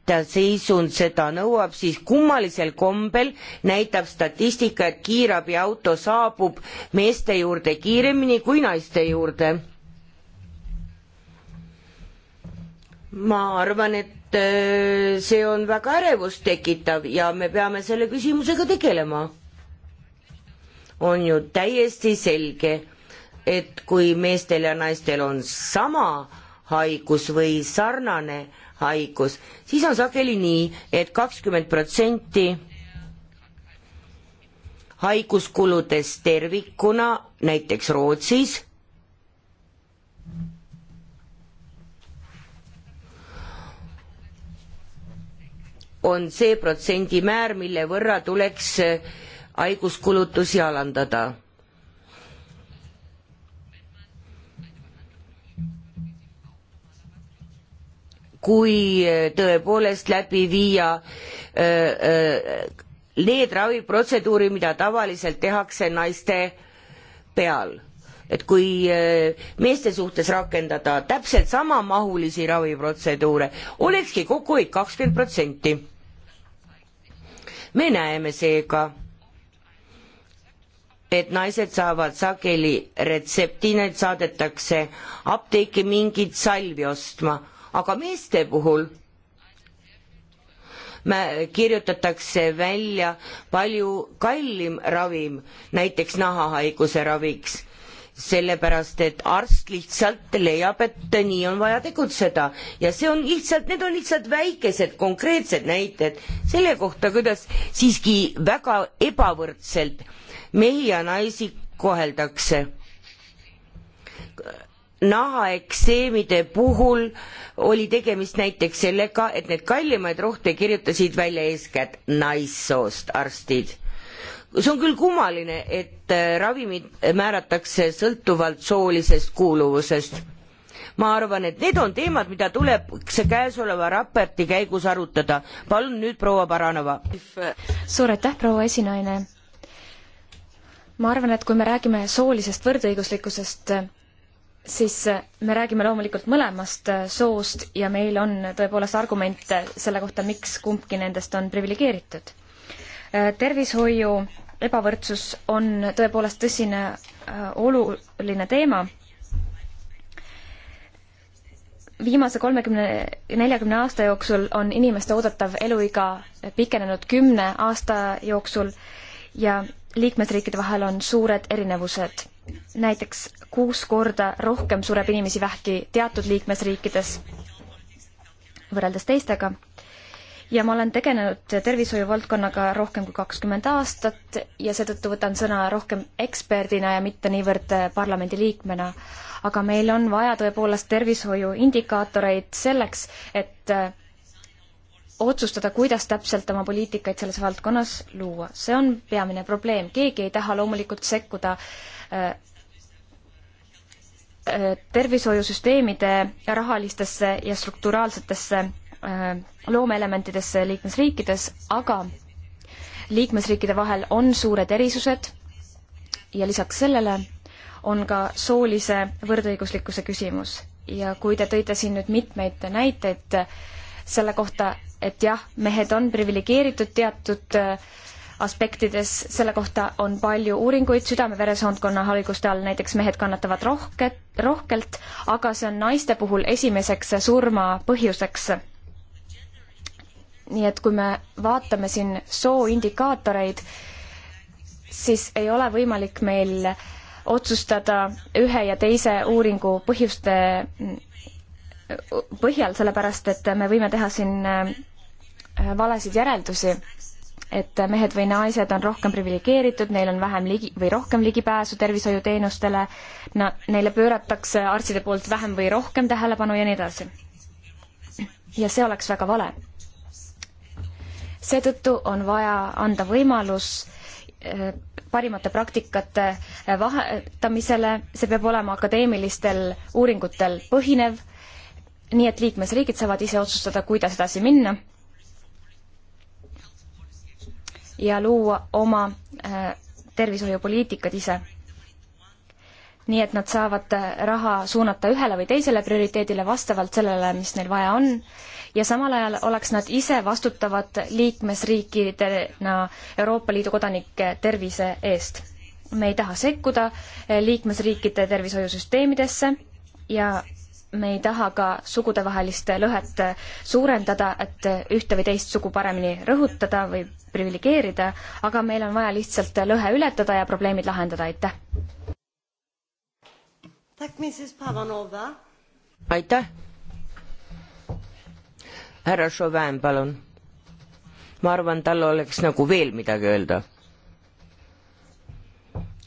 ta seisund seda nõuab, siis kummalisel kombel näitab statistika, et kiirabiauto saabub meeste juurde kiiremini kui naiste juurde. ma arvan, et äh, see on väga ärevust tekitav ja me peame selle küsimusega tegelema. on ju täiesti selge, et kui meestel ja naistel on sama haigus või sarnane haigus, siis on sageli nii et, et kakskümmend protsenti haiguskuludest tervikuna, näiteks Rootsis, on see protsendimäär, mille võrra tuleks haiguskulutusi alandada kui äh, tõepoolest läbi viia äh, äh, need raviprotseduurid, mida tavaliselt tehakse naiste peal. et kui meeste suhtes rakendada täpselt samamahulisi raviprotseduure, olekski kokkuhoid kakskümmend protsenti. me näeme seega, et naised saavad sageli retsepti, neid saadetakse apteeki mingit salvi ostma aga meeste puhul me kirjutatakse välja palju kallim ravim, näiteks nahahaiguse raviks, sellepärast et arst lihtsalt leiab, et nii on vaja tegutseda ja see on lihtsalt, need on lihtsalt väikesed konkreetsed näited selle kohta, kuidas siiski väga ebavõrdselt mehi ja naisi koheldakse nahaekseemide puhul oli tegemist näiteks sellega, et need kallimaid rohte kirjutasid välja eeskätt naissoost arstid. see on küll kummaline, et äh, ravimid määratakse sõltuvalt soolisest kuuluvusest. ma arvan, et need on teemad, mida tuleb see käesoleva raporti käigus arutada. palun nüüd proua Baranova. suur aitäh, proua esinaine ma arvan, et kui me räägime soolisest võrdõiguslikkusest, siis äh, me räägime loomulikult mõlemast äh, soost ja meil on tõepoolest argumente selle kohta, miks kumbki nendest on priviligeeritud. Äh, tervishoiu ebavõrdsus on tõepoolest tõsine oluline teema. viimase kolmekümne, neljakümne aasta jooksul on inimeste oodatav eluiga pikenenud kümne aasta jooksul ja liikmesriikide vahel on suured erinevused näiteks kuus korda rohkem sureb inimesi vähki teatud liikmesriikides võrreldes teistega. ja ma olen tegelenud tervishoiuvaldkonnaga rohkem kui kakskümmend aastat ja seetõttu võtan sõna rohkem eksperdina ja mitte niivõrd parlamendiliikmena. aga meil on vaja tõepoolest tervishoiu indikaatoreid selleks, et otsustada, kuidas täpselt oma poliitikaid selles valdkonnas luua. see on peamine probleem, keegi ei taha loomulikult sekkuda äh, tervishoiusüsteemide rahalistesse ja strukturaalsetesse äh, loomeelementidesse liikmesriikides, aga liikmesriikide vahel on suured erisused ja lisaks sellele on ka soolise võrdõiguslikkuse küsimus. ja kui te tõite siin nüüd mitmeid näiteid selle kohta, et jah, mehed on priviligeeritud teatud äh, aspektides, selle kohta on palju uuringuid, südame-veresoonkonna haiguste all näiteks mehed kannatavad rohke, rohkelt, aga see on naiste puhul esimeseks surma põhjuseks. nii et kui me vaatame siin sooindikaatoreid, siis ei ole võimalik meil otsustada ühe ja teise uuringu põhjuste põhjal, sellepärast et me võime teha siin äh, valesid järeldusi et mehed või naised on rohkem priviligeeritud, neil on vähem ligi või rohkem ligipääsu tervishoiuteenustele, na-, neile pööratakse arstide poolt vähem või rohkem tähelepanu ja nii edasi. ja see oleks väga vale. seetõttu on vaja anda võimalus eh, parimate praktikate eh, vahetamisele, see peab olema akadeemilistel uuringutel põhinev, nii et liikmesriigid saavad ise otsustada, kuidas edasi minna ja luua oma äh, tervishoiupoliitikad ise. nii et nad saavad äh, raha suunata ühele või teisele prioriteedile vastavalt sellele, mis neil vaja on ja samal ajal oleks nad ise vastutavad liikmesriikidena Euroopa Liidu kodanike tervise eest. me ei taha sekkuda äh, liikmesriikide tervishoiusüsteemidesse ja me ei taha ka sugudevahelist lõhet suurendada, et ühte või teist sugu paremini rõhutada või priviligeerida, aga meil on vaja lihtsalt lõhe ületada ja probleemid lahendada, aitäh! aitäh! härra Chauvin, palun. ma arvan, tal oleks nagu veel midagi öelda.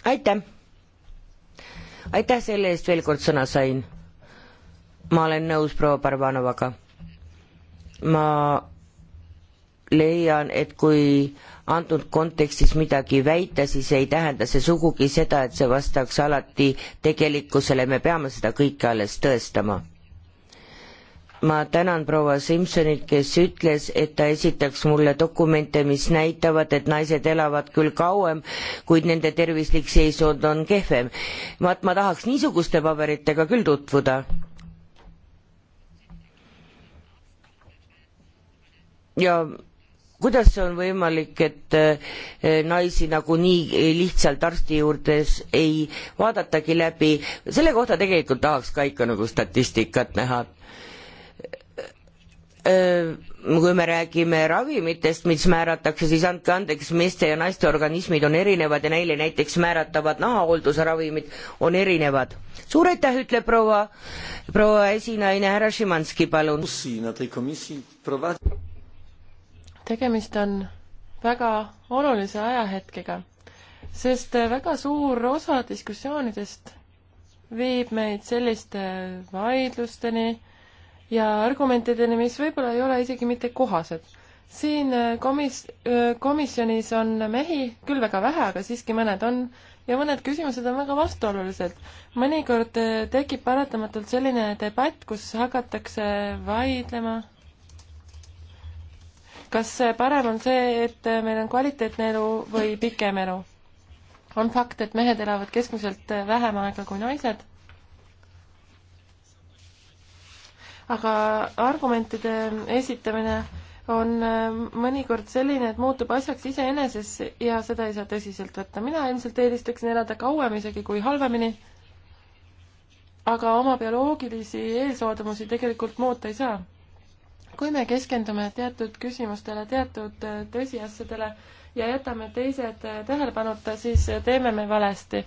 aitäh! aitäh selle eest, veel kord sõna sain ma olen nõus proua Barbanovaga. ma leian, et kui antud kontekstis midagi väita, siis ei tähenda see sugugi seda, et see vastaks alati tegelikkusele, me peame seda kõike alles tõestama. ma tänan proua Simsonit, kes ütles, et ta esitaks mulle dokumente, mis näitavad, et naised elavad küll kauem, kuid nende tervislik seisund on kehvem. vaat ma tahaks niisuguste paberitega küll tutvuda ja kuidas on võimalik, et eh, naisi nagunii lihtsalt arsti juurdes ei vaadatagi läbi, selle kohta tegelikult tahaks ka ikka nagu statistikat näha. Eh, kui me räägime ravimitest, mis määratakse, siis andke andeks, meeste ja naiste organismid on erinevad ja neile näiteks määratavad nahahooldusravimid on erinevad. suur aitäh, ütleb proua, proua esinaine, härra Šimanski, palun tegemist on väga olulise ajahetkega, sest väga suur osa diskussioonidest viib meid selliste vaidlusteni ja argumentideni, mis võib-olla ei ole isegi mitte kohased. siin äh, komis-, äh, komisjonis on mehi küll väga vähe, aga siiski mõned on ja mõned küsimused on väga vastuolulised. mõnikord äh, tekib paratamatult selline debatt, kus hakatakse vaidlema kas parem on see, et meil on kvaliteetne elu või pikem elu? on fakt, et mehed elavad keskmiselt vähem aega kui naised. aga argumentide esitamine on äh, mõnikord selline, et muutub asjaks iseeneses ja seda ei saa tõsiselt võtta. mina ilmselt eelistaksin elada kauem isegi kui halvemini. aga oma bioloogilisi eesoodamusi tegelikult muuta ei saa kui me keskendume teatud küsimustele, teatud äh, tõsiasjadele ja jätame teised äh, tähelepanuta, siis äh, teeme me valesti.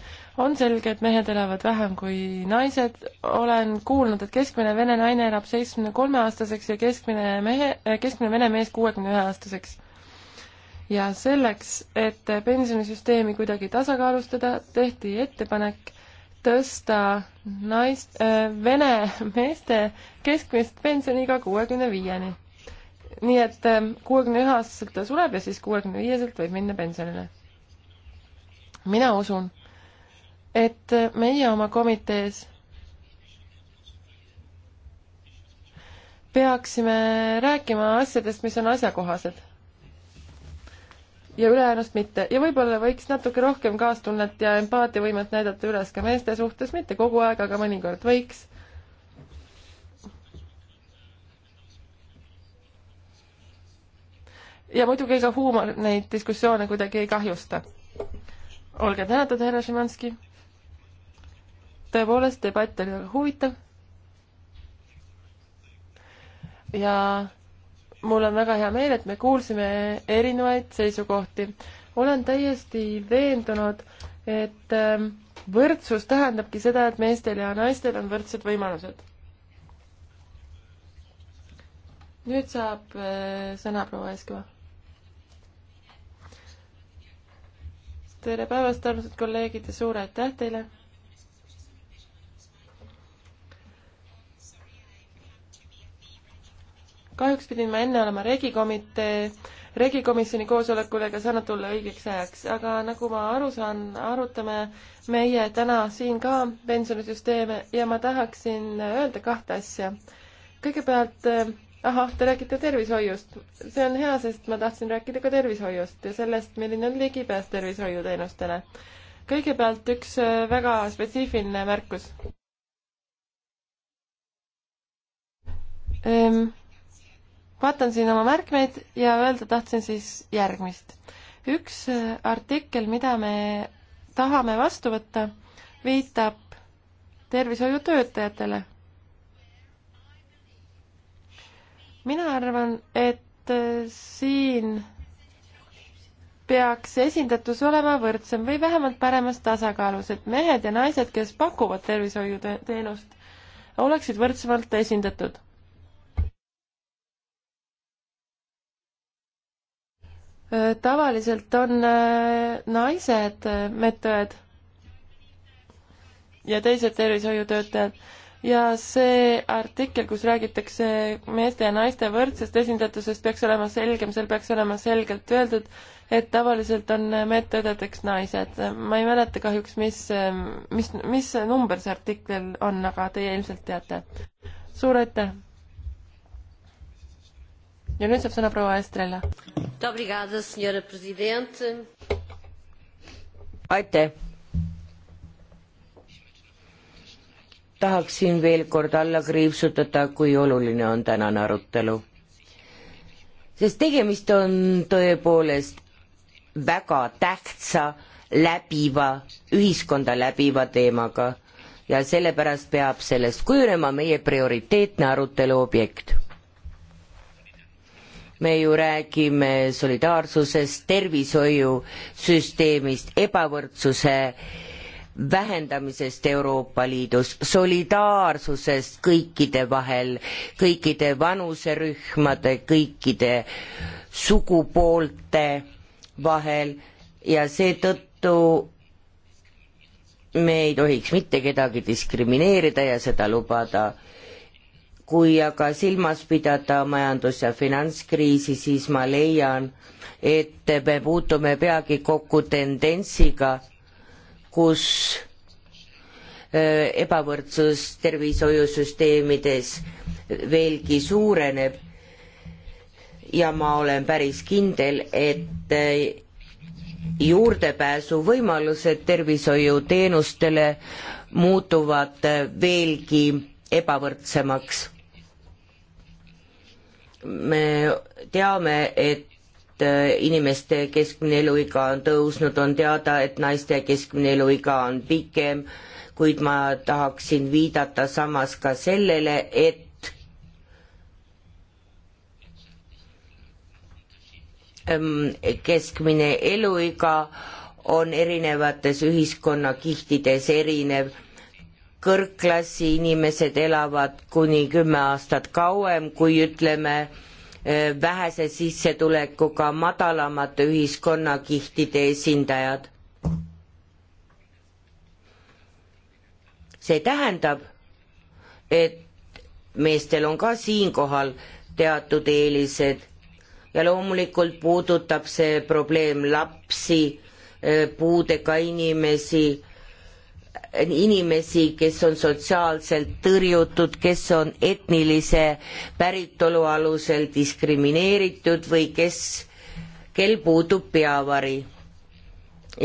on selge, et mehed elavad vähem kui naised, olen kuulnud, et keskmine vene naine elab seitsmekümne kolme aastaseks ja keskmine mehe, keskmine vene mees kuuekümne ühe aastaseks ja selleks, et pensionisüsteemi kuidagi tasakaalustada, tehti ettepanek tõsta naist äh,, vene meeste keskmist pensioniiga kuuekümne viieni. nii et ähm, kuuekümne ühe aastaselt ta sureb ja siis kuuekümne viieselt võib minna pensionile. mina usun, et äh, meie oma komitees peaksime rääkima asjadest, mis on asjakohased ja ülejäänust mitte. ja võib-olla võiks natuke rohkem kaastunnet ja empaatiavõimet näidata üles ka meeste suhtes, mitte kogu aeg, aga mõnikord võiks. ja muidugi ka huumor neid diskussioone kuidagi ei kahjusta. olge tänatud, härra Šimanski. tõepoolest, debatt oli väga huvitav. ja mul on väga hea meel, et me kuulsime erinevaid seisukohti. olen täiesti veendunud, et ähm, võrdsus tähendabki seda, et meestel ja naistel on võrdsed võimalused. nüüd saab äh, sõna proua Eskiva. tere päevast, armsad kolleegid ja suur aitäh teile kahjuks pidin ma enne olema regikomitee, regikomisjoni koosolekul ega saanud tulla õigeks ajaks, aga nagu ma aru saan, arutame meie täna siin ka pensionisüsteeme ja ma tahaksin öelda kahte asja. kõigepealt, äh, ahah, te räägite tervishoiust. see on hea, sest ma tahtsin rääkida ka tervishoiust ja sellest, milline on ligipääs tervishoiuteenustele. kõigepealt üks äh, väga spetsiifiline märkus ähm vaatan siin oma märkmeid ja öelda tahtsin siis järgmist. üks äh, artikkel, mida me tahame vastu võtta, viitab tervishoiutöötajatele. mina arvan, et äh, siin peaks esindatus olema võrdsem või vähemalt paremas tasakaalus, et mehed ja naised, kes pakuvad tervishoiuteenust, oleksid võrdsemalt esindatud Äh, tavaliselt on äh, naised äh, medõed ja teised tervishoiutöötajad ja see artikkel, kus räägitakse meeste ja naiste võrdsest esindatusest, peaks olema selgem, seal peaks olema selgelt öeldud, et tavaliselt on medõdedeks naised. ma ei mäleta kahjuks, mis, mis, mis number see artikkel on, aga teie ilmselt teate. suur aitäh! ja nüüd saab sõna proua Estrela. aitäh. tahaksin veel kord alla kriipsutada, kui oluline on tänane arutelu. sest tegemist on tõepoolest väga tähtsa läbiva, ühiskonda läbiva teemaga ja sellepärast peab sellest kujunema meie prioriteetne arutelu objekt me ju räägime solidaarsusest, tervishoiusüsteemist, ebavõrdsuse vähendamisest Euroopa Liidus, solidaarsusest kõikide vahel, kõikide vanuserühmade, kõikide sugupoolte vahel ja seetõttu me ei tohiks mitte kedagi diskrimineerida ja seda lubada kui aga silmas pidada majandus- ja finantskriisi, siis ma leian, et me puutume peagi kokku tendentsiga, kus ebavõrdsus tervishoiusüsteemides veelgi suureneb ja ma olen päris kindel, et juurdepääsuvõimalused tervishoiuteenustele muutuvad veelgi ebavõrdsemaks me teame, et äh, inimeste keskmine eluiga on tõusnud, on teada, et naiste keskmine eluiga on pikem, kuid ma tahaksin viidata samas ka sellele, et ähm, keskmine eluiga on erinevates ühiskonnakihtides erinev kõrgklassi inimesed elavad kuni kümme aastat kauem kui ütleme, e, vähese sissetulekuga madalamate ühiskonnakihtide esindajad. see tähendab, et meestel on ka siinkohal teatud eelised ja loomulikult puudutab see probleem lapsi, e, puudega inimesi inimesi, kes on sotsiaalselt tõrjutud, kes on etnilise päritolu alusel diskrimineeritud või kes, kel puudub peavari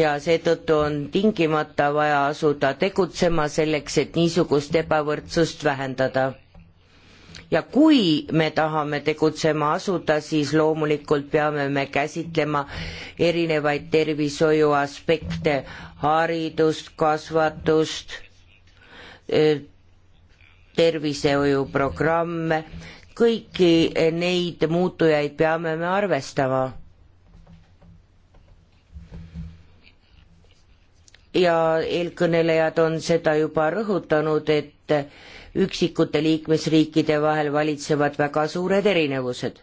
ja seetõttu on tingimata vaja asuda tegutsema selleks, et niisugust ebavõrdsust vähendada ja kui me tahame tegutsema asuda, siis loomulikult peame me käsitlema erinevaid tervishoiu aspekte, haridust, kasvatust, e, tervishoiuprogramme, kõiki neid muutujaid peame me arvestama ja eelkõnelejad on seda juba rõhutanud, et üksikute liikmesriikide vahel valitsevad väga suured erinevused.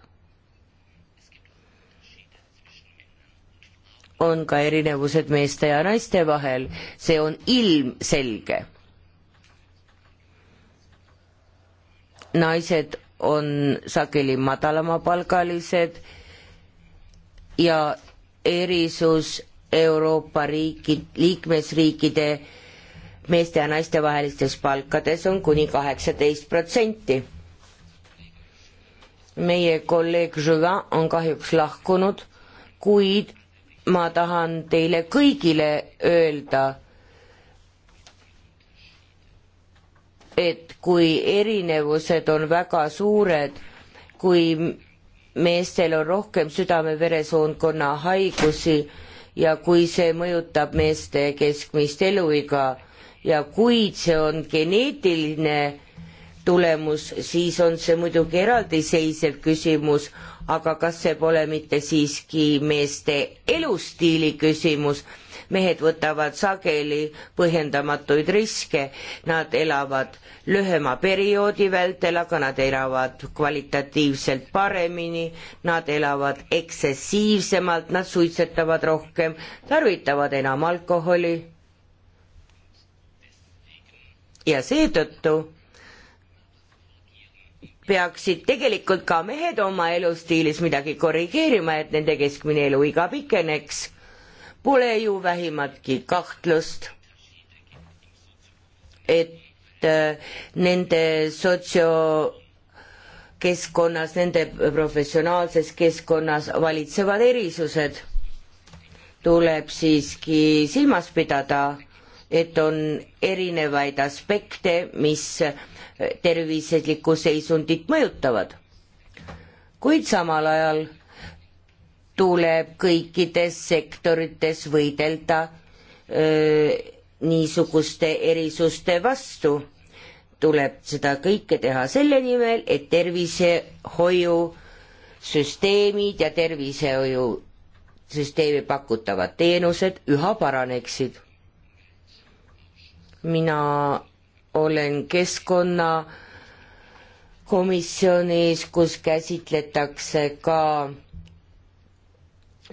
on ka erinevused meeste ja naiste vahel, see on ilmselge. naised on sageli madalamapalgalised ja erisus Euroopa riikid, liikmesriikide meeste ja naiste vahelistes palkades on kuni kaheksateist protsenti. meie kolleeg Juvin on kahjuks lahkunud, kuid ma tahan teile kõigile öelda, et kui erinevused on väga suured, kui meestel on rohkem südame-veresoonkonna haigusi ja kui see mõjutab meeste keskmist eluiga, ja kuid see on geneetiline tulemus, siis on see muidugi eraldiseisev küsimus, aga kas see pole mitte siiski meeste elustiili küsimus? mehed võtavad sageli põhjendamatuid riske, nad elavad lühema perioodi vältel, aga nad elavad kvalitatiivselt paremini, nad elavad eksessiivsemalt, nad suitsetavad rohkem, tarvitavad enam alkoholi ja seetõttu peaksid tegelikult ka mehed oma elustiilis midagi korrigeerima, et nende keskmine eluiga pikeneks. Pole ju vähimatki kahtlust, et äh, nende sotsiokeskkonnas, nende professionaalses keskkonnas valitsevad erisused tuleb siiski silmas pidada et on erinevaid aspekte, mis tervislikku seisundit mõjutavad. kuid samal ajal tuleb kõikides sektorites võidelda öö, niisuguste erisuste vastu. tuleb seda kõike teha selle nimel, et tervishoiusüsteemid ja tervishoiusüsteemi pakutavad teenused üha paraneksid mina olen keskkonnakomisjonis, kus käsitletakse ka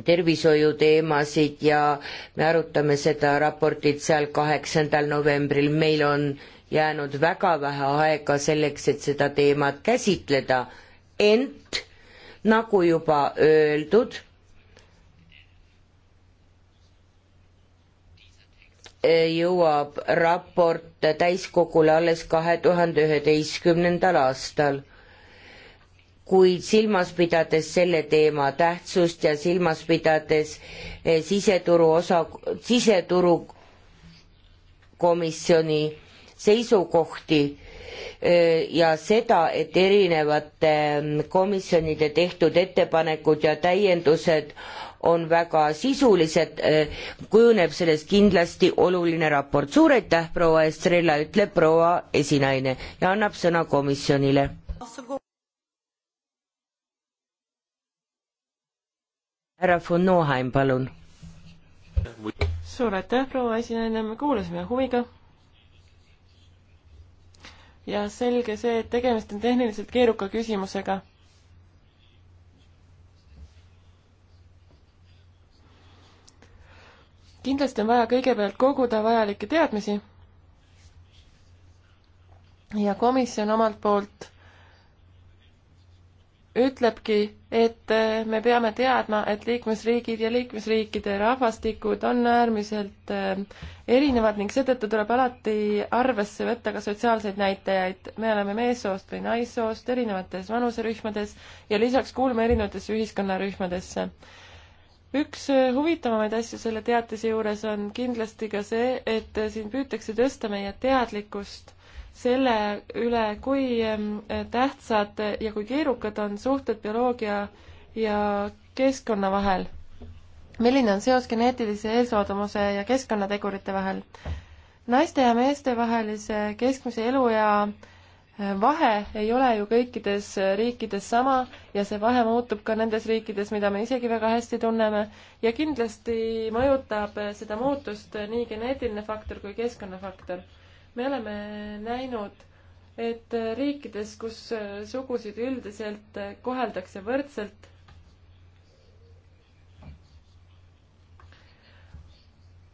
tervishoiuteemasid ja me arutame seda raportit seal kaheksandal novembril, meil on jäänud väga vähe aega selleks, et seda teemat käsitleda, ent nagu juba öeldud, jõuab raport täiskogule alles kahe tuhande üheteistkümnendal aastal. kuid silmas pidades selle teema tähtsust ja silmas pidades eh, siseturu osa, siseturu komisjoni seisukohti eh, ja seda, et erinevate mm, komisjonide tehtud ettepanekud ja täiendused on väga sisulised, eh, kujuneb sellest kindlasti oluline raport. suur aitäh, proua Estrella, ütleb proua esinaine ja annab sõna komisjonile. härra von Noheim, palun. suur aitäh, proua esinaine, me kuulasime huviga ja selge see, et tegemist on tehniliselt keeruka küsimusega kindlasti on vaja kõigepealt koguda vajalikke teadmisi ja komisjon omalt poolt ütlebki, et äh, me peame teadma, et liikmesriigid ja liikmesriikide rahvastikud on äärmiselt äh, erinevad ning seetõttu tuleb alati arvesse võtta ka sotsiaalseid näitajaid. me oleme meessoost või naissoost, erinevates vanuserühmades ja lisaks kuulume erinevatesse ühiskonnarühmadesse üks äh, huvitavamaid asju selle teatise juures on kindlasti ka see, et äh, siin püütakse tõsta meie teadlikkust selle üle, kui ähm, tähtsad ja kui keerukad on suhted bioloogia ja keskkonna vahel. milline on seos geneetilise eelsoodumuse ja keskkonnategurite vahel? naiste ja meeste vahelise keskmise eluea vahe ei ole ju kõikides riikides sama ja see vahe muutub ka nendes riikides, mida me isegi väga hästi tunneme ja kindlasti mõjutab seda muutust nii geneetiline faktor kui keskkonnafaktor. me oleme näinud, et riikides, kus sugusid üldiselt koheldakse võrdselt,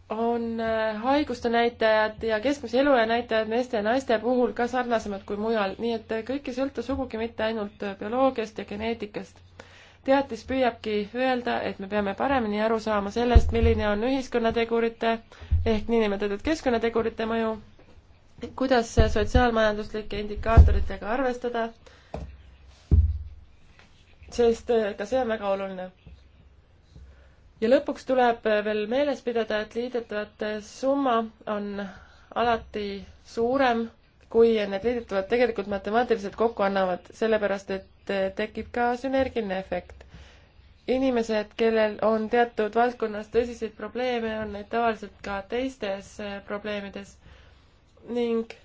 on äh, haiguste näitajad ja keskmise eluea näitajad meeste ja naiste puhul ka sarnasemad kui mujal, nii et äh, kõik ei sõltu sugugi mitte ainult äh, bioloogiast ja geneetikast. teatis püüabki öelda, et me peame paremini aru saama sellest, milline on ühiskonnategurite ehk niinimetatud keskkonnategurite mõju, kuidas sotsiaalmajanduslike indikaatoritega arvestada, sest ka see on väga oluline ja lõpuks tuleb veel meeles pidada, et liidetavate summa on alati suurem, kui need liidetavad tegelikult matemaatiliselt kokku annavad, sellepärast et tekib ka sünergiline efekt. inimesed, kellel on teatud valdkonnas tõsiseid probleeme, on neid tavaliselt ka teistes probleemides ning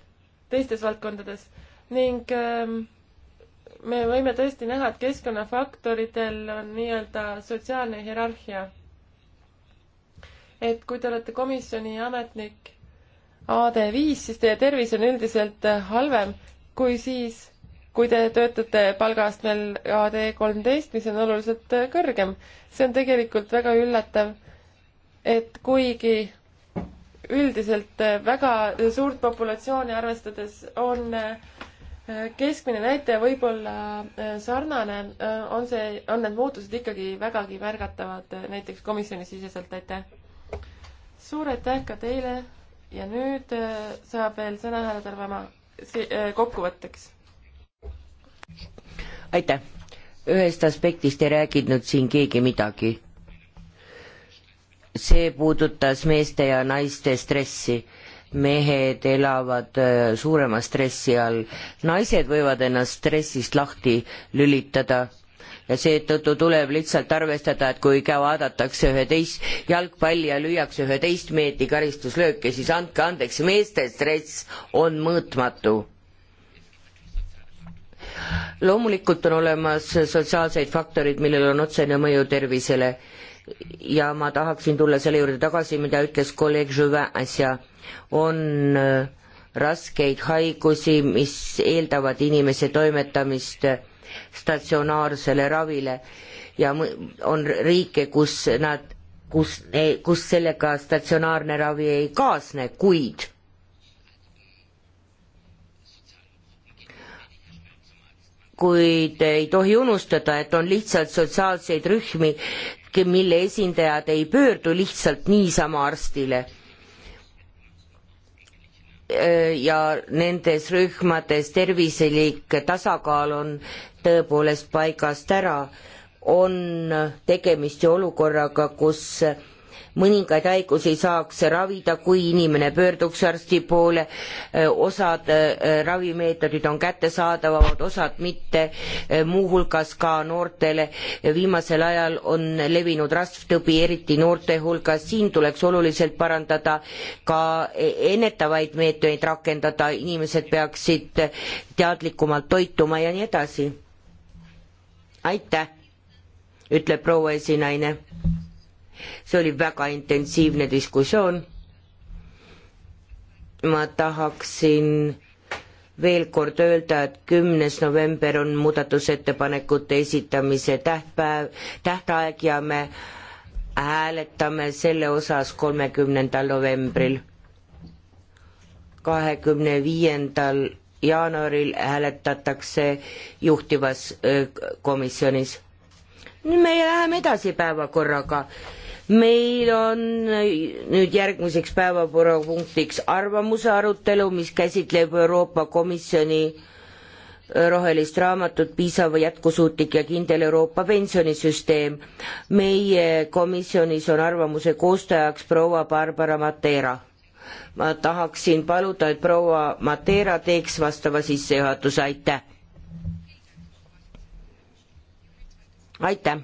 teistes valdkondades ning ähm, me võime tõesti näha, et keskkonnafaktoritel on nii-öelda sotsiaalne hierarhia et kui te olete komisjoni ametnik AD5, siis teie tervis on üldiselt äh, halvem kui siis, kui te töötate palgaastmel AD13, mis on oluliselt äh, kõrgem. see on tegelikult väga üllatav, et kuigi üldiselt äh, väga suurt populatsiooni arvestades on keskmine näitaja võib-olla sarnane, on see, on need muutused ikkagi vägagi märgatavad näiteks komisjonisiseselt, aitäh? suur aitäh ka teile ja nüüd äh, saab veel sõna härra Tarvemaa äh, kokkuvõtteks. aitäh, ühest aspektist ei rääkinud siin keegi midagi. see puudutas meeste ja naiste stressi mehed elavad äh, suurema stressi all, naised võivad ennast stressist lahti lülitada ja seetõttu tuleb lihtsalt arvestada, et kui ikka vaadatakse üheteist jalgpalli ja lüüakse üheteist meetri karistuslööke, siis andke andeks, meeste stress on mõõtmatu loomulikult on olemas sotsiaalseid faktoreid, millel on otsene mõju tervisele ja ma tahaksin tulla selle juurde tagasi, mida ütles kolleeg Juvin äsja, on äh, raskeid haigusi, mis eeldavad inimese toimetamist äh, statsionaarsele ravile ja on riike, kus nad, kus, kus sellega statsionaarne ravi ei kaasne, kuid kuid ei tohi unustada, et on lihtsalt sotsiaalseid rühmi, mille esindajad ei pöördu lihtsalt niisama arstile Äh, ja nendes rühmades terviselik tasakaal on tõepoolest paigast ära, on tegemist ju olukorraga, kus mõningaid haigusi saaks ravida, kui inimene pöörduks arsti poole, osad ravimeetodid on kättesaadavad, osad mitte, muuhulgas ka noortele. viimasel ajal on levinud rasvtõbi, eriti noorte hulgas, siin tuleks oluliselt parandada ka e-, ennetavaid meetmeid rakendada, inimesed peaksid teadlikumalt toituma ja nii edasi. aitäh, ütleb proua esinaine see oli väga intensiivne diskussioon. ma tahaksin veel kord öelda, et kümnes november on muudatusettepanekute esitamise tähtpäev, tähtaeg ja me hääletame selle osas kolmekümnendal novembril. kahekümne viiendal jaanuaril hääletatakse juhtivas komisjonis. nüüd me läheme edasi päevakorraga meil on nüüd järgmiseks päevakorrapunktiks arvamuse arutelu, mis käsitleb Euroopa Komisjoni äh, rohelist raamatut Piisav, jätkusuutlik ja kindel Euroopa pensionisüsteem. meie komisjonis on arvamuse koostajaks proua Barbara Matera. ma tahaksin paluda, et proua Matera teeks vastava sissejuhatuse, aitäh. aitäh.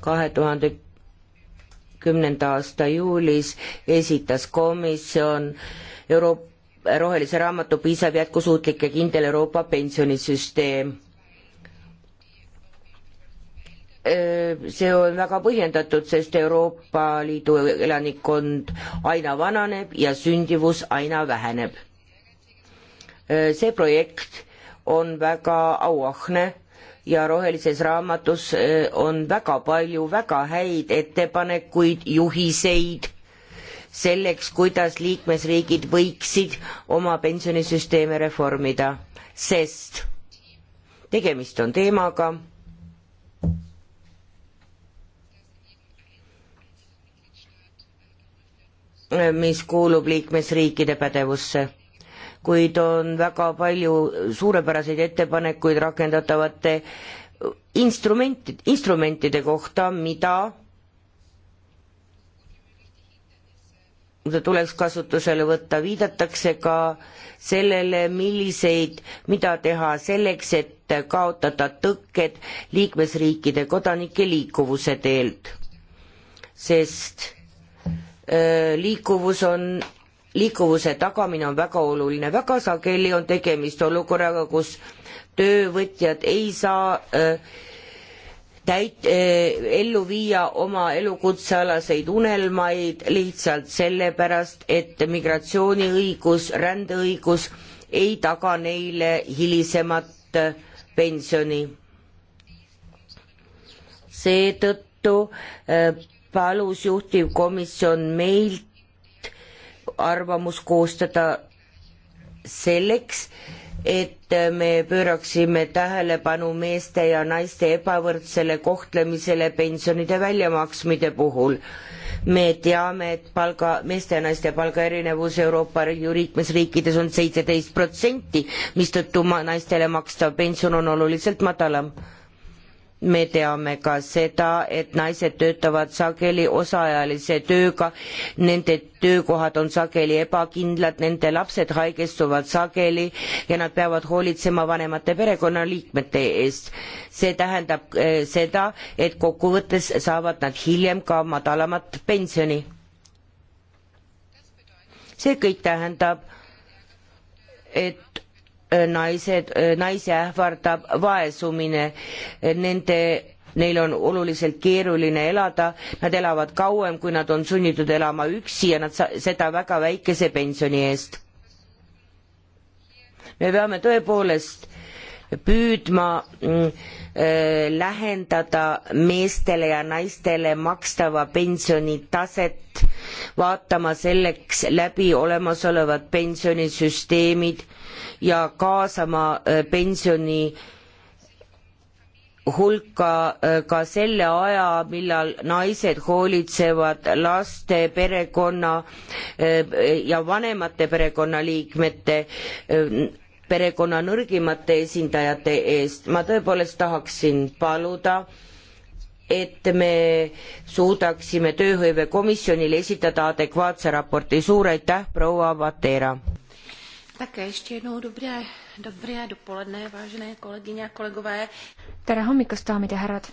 kahe tuhande kümnenda aasta juulis esitas komisjon Euroopa rohelise raamatu piisav jätkusuutlik ja kindel Euroopa pensionisüsteem. see on väga põhjendatud, sest Euroopa Liidu elanikkond aina vananeb ja sündivus aina väheneb. see projekt on väga auahne ja rohelises raamatus äh, on väga palju väga häid ettepanekuid, juhiseid selleks, kuidas liikmesriigid võiksid oma pensionisüsteeme reformida, sest tegemist on teemaga, mis kuulub liikmesriikide pädevusse kuid on väga palju suurepäraseid ettepanekuid rakendatavate instrumentid, instrumentide kohta, mida mida tuleks kasutusele võtta, viidatakse ka sellele, milliseid, mida teha selleks, et kaotada tõkked liikmesriikide kodanike liikuvuse teelt. sest öö, äh, liikuvus on liikuvuse tagamine on väga oluline, väga sageli on tegemist olukorraga, kus töövõtjad ei saa äh, täit- äh,, ellu viia oma elukutsealaseid unelmaid lihtsalt sellepärast, et migratsiooniõigus, rändeõigus ei taga neile hilisemat äh, pensioni. seetõttu äh, palus juhtivkomisjon meilt arvamus koostada selleks, et me pööraksime tähelepanu meeste ja naiste ebavõrdsele kohtlemisele pensionide väljamaksmine puhul. me teame, et palga, meeste ja naiste palgaerinevus Euroopa Liidu liikmesriikides on seitseteist protsenti, mistõttu naistele makstav pension on oluliselt madalam me teame ka seda, et naised töötavad sageli osaajalise tööga, nende töökohad on sageli ebakindlad, nende lapsed haigestuvad sageli ja nad peavad hoolitsema vanemate perekonnaliikmete eest. see tähendab eh, seda, et kokkuvõttes saavad nad hiljem ka madalamat pensioni. see kõik tähendab, et naised, naisi ähvardab vaesumine, nende neil on oluliselt keeruline elada, nad elavad kauem, kui nad on sunnitud elama üksi ja nad sa-, seda väga väikese pensioni eest. me peame tõepoolest püüdma mm, äh, lähendada meestele ja naistele makstava pensioni taset vaatama selleks läbi olemasolevad pensionisüsteemid ja kaasama äh, pensioni hulka äh, ka selle aja, millal naised hoolitsevad laste, perekonna äh, ja vanemate perekonnaliikmete, perekonna nõrgemate esindajate eest. ma tõepoolest tahaksin paluda äh, et me suudaksime tööhõivekomisjonile esitada adekvaatse raporti. suur aitäh, proua Matera! Také ještě jednou dobré, dobré dopoledne, vážené kolegyně a kolegové. Tere hommikust, daamid ja härrad!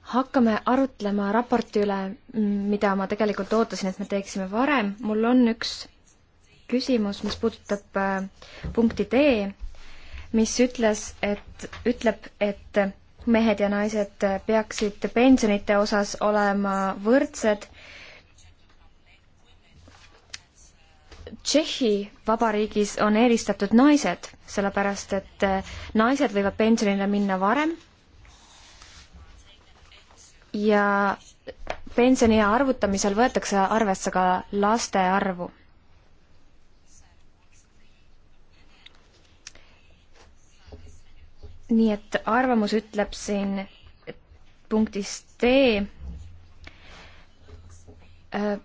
hakkame arutlema raporti üle, mida ma tegelikult ootasin, et me teeksime varem. mul on üks küsimus, mis puudutab äh, punkti D mis ütles, et, ütleb, et mehed ja naised peaksid pensionite osas olema võrdsed. Tšehhi Vabariigis on eelistatud naised, sellepärast et naised võivad pensionile minna varem ja pensioniea arvutamisel võetakse arvesse ka laste arvu nii et arvamus ütleb siin punktis D. Äh,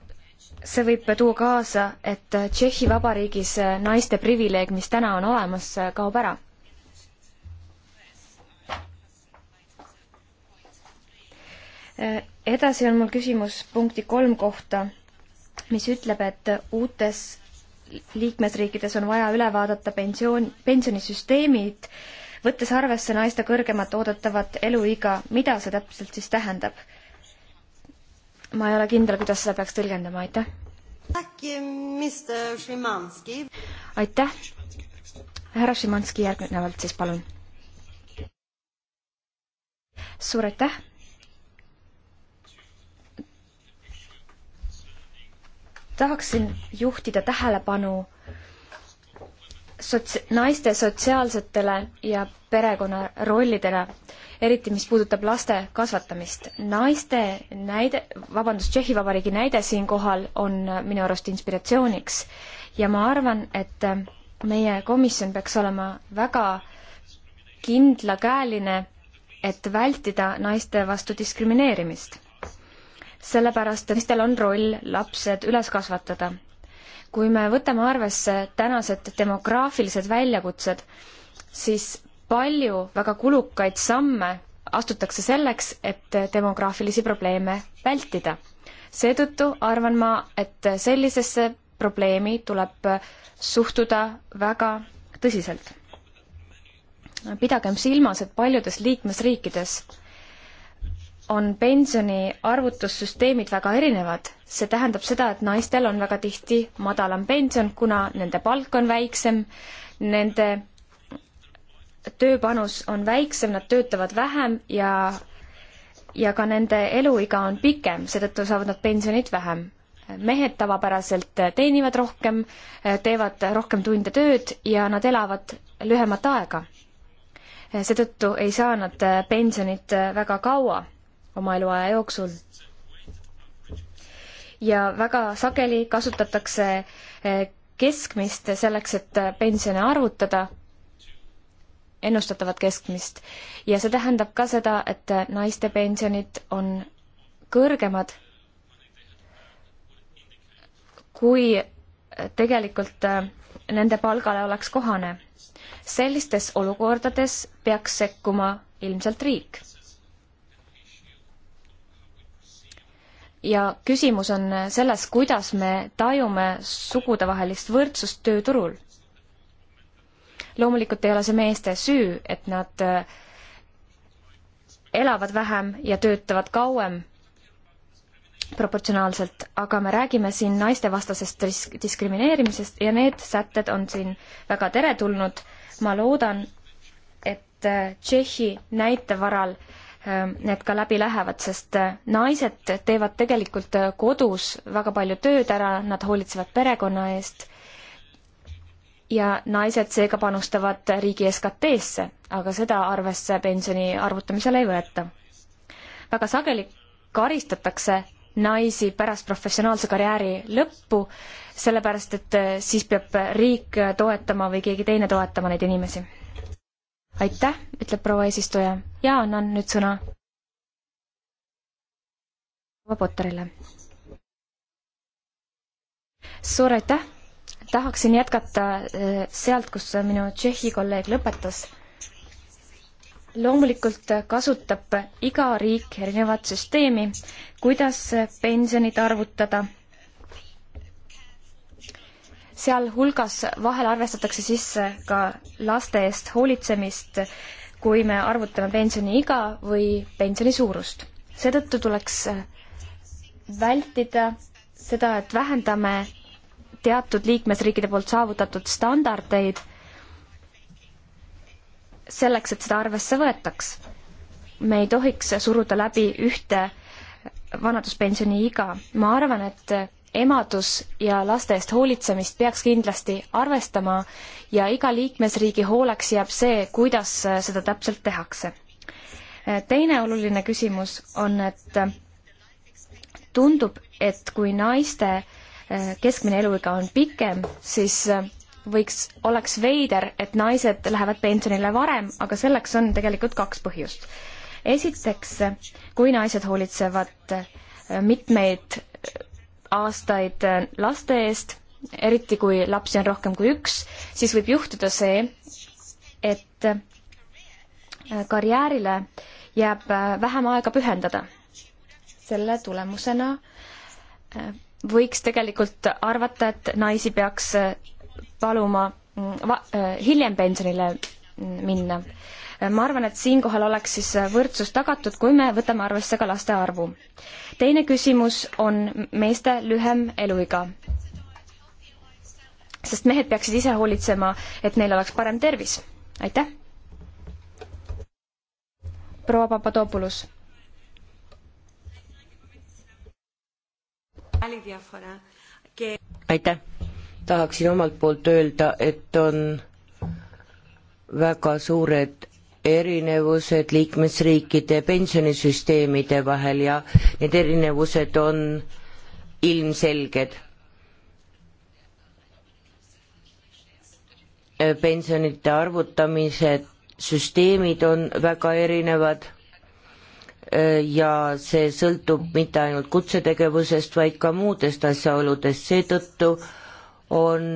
see võib tuua kaasa, et Tšehhi Vabariigis naiste privileeg, mis täna on olemas, kaob ära. Äh, edasi on mul küsimus punkti kolm kohta, mis ütleb, et uutes liikmesriikides on vaja üle vaadata pensioon, pensionisüsteemid äh, võttes arvesse naiste kõrgemat oodatavat eluiga, mida see täpselt siis tähendab? ma ei ole kindel, kuidas seda peaks tõlgendama, aitäh. aitäh. härra Šimanski järgnevalt siis palun. suur aitäh tahaksin juhtida tähelepanu sots-, naiste sotsiaalsetele ja perekonna rollidele, eriti mis puudutab laste kasvatamist. naiste näide, vabandust, Tšehhi Vabariigi näide siinkohal on minu arust inspiratsiooniks ja ma arvan, et meie komisjon peaks olema väga kindlakäeline, et vältida naiste vastu diskrimineerimist. sellepärast, et naistel on roll lapsed üles kasvatada kui me võtame arvesse tänased demograafilised väljakutsed, siis palju väga kulukaid samme astutakse selleks, et demograafilisi probleeme vältida. seetõttu arvan ma, et sellisesse probleemi tuleb suhtuda väga tõsiselt. pidagem silmas, et paljudes liikmesriikides on pensioni arvutussüsteemid väga erinevad. see tähendab seda, et naistel on väga tihti madalam pension, kuna nende palk on väiksem, nende tööpanus on väiksem, nad töötavad vähem ja ja ka nende eluiga on pikem, seetõttu saavad nad pensionit vähem. mehed tavapäraselt teenivad rohkem, teevad rohkem tunde tööd ja nad elavad lühemat aega. seetõttu ei saa nad pensionit väga kaua oma eluaja jooksul. ja väga sageli kasutatakse eh, keskmist selleks, et pensione arvutada, ennustatavat keskmist, ja see tähendab ka seda, et naiste pensionid on kõrgemad kui tegelikult eh, nende palgale oleks kohane. sellistes olukordades peaks sekkuma ilmselt riik ja küsimus on selles, kuidas me tajume sugudevahelist võrdsust tööturul. loomulikult ei ole see meeste süü, et nad äh, elavad vähem ja töötavad kauem proportsionaalselt, aga me räägime siin naistevastasest diskrimineerimisest ja need sätted on siin väga teretulnud. ma loodan, et äh, Tšehhi näite varal äh, Ehm, need ka läbi lähevad, sest äh, naised teevad tegelikult äh, kodus väga palju tööd ära, nad hoolitsevad perekonna eest ja naised seega panustavad riigi SKT-sse, aga seda arvesse pensioni arvutamisel ei võeta. väga sageli karistatakse naisi pärast professionaalse karjääri lõppu, sellepärast et äh, siis peab riik toetama või keegi teine toetama neid inimesi aitäh, ütleb proua eesistuja ja annan nüüd sõna proua Potterile. suur aitäh, tahaksin jätkata äh, sealt, kus minu Tšehhi kolleeg lõpetas loomulikult kasutab iga riik erinevat süsteemi, kuidas pensionid arvutada sealhulgas vahel arvestatakse sisse ka laste eest hoolitsemist, kui me arvutame pensioniiga või pensioni suurust. seetõttu tuleks vältida seda, et vähendame teatud liikmesriikide poolt saavutatud standardeid selleks, et seda arvesse võetaks. me ei tohiks suruda läbi ühte vanaduspensioniiga. ma arvan, et emadus ja laste eest hoolitsemist peaks kindlasti arvestama ja iga liikmesriigi hooleks jääb see, kuidas äh, seda täpselt tehakse. Äh, teine oluline küsimus on, et äh, tundub, et kui naiste keskmine eluiga on pikem, siis võiks, oleks veider, et naised lähevad pensionile varem, aga selleks on tegelikult kaks põhjust. esiteks, kui naised hoolitsevad mitmeid aastaid äh, laste eest, eriti kui lapsi on rohkem kui üks, siis võib juhtuda see, et äh, karjäärile jääb äh, vähem aega pühendada. selle tulemusena võiks tegelikult arvata, et naisi peaks paluma mm, va-, hiljem pensionile minna ma arvan, et siinkohal oleks siis võrdsus tagatud, kui me võtame arvesse ka laste arvu. teine küsimus on meeste lühem eluiga. sest mehed peaksid ise hoolitsema, et neil oleks parem tervis. aitäh! proua Papadopoulos. aitäh! tahaksin omalt poolt öelda, et on väga suured erinevused liikmesriikide pensionisüsteemide vahel ja need erinevused on ilmselged. pensionite arvutamise süsteemid on väga erinevad ja see sõltub mitte ainult kutsetegevusest, vaid ka muudest asjaoludest, seetõttu on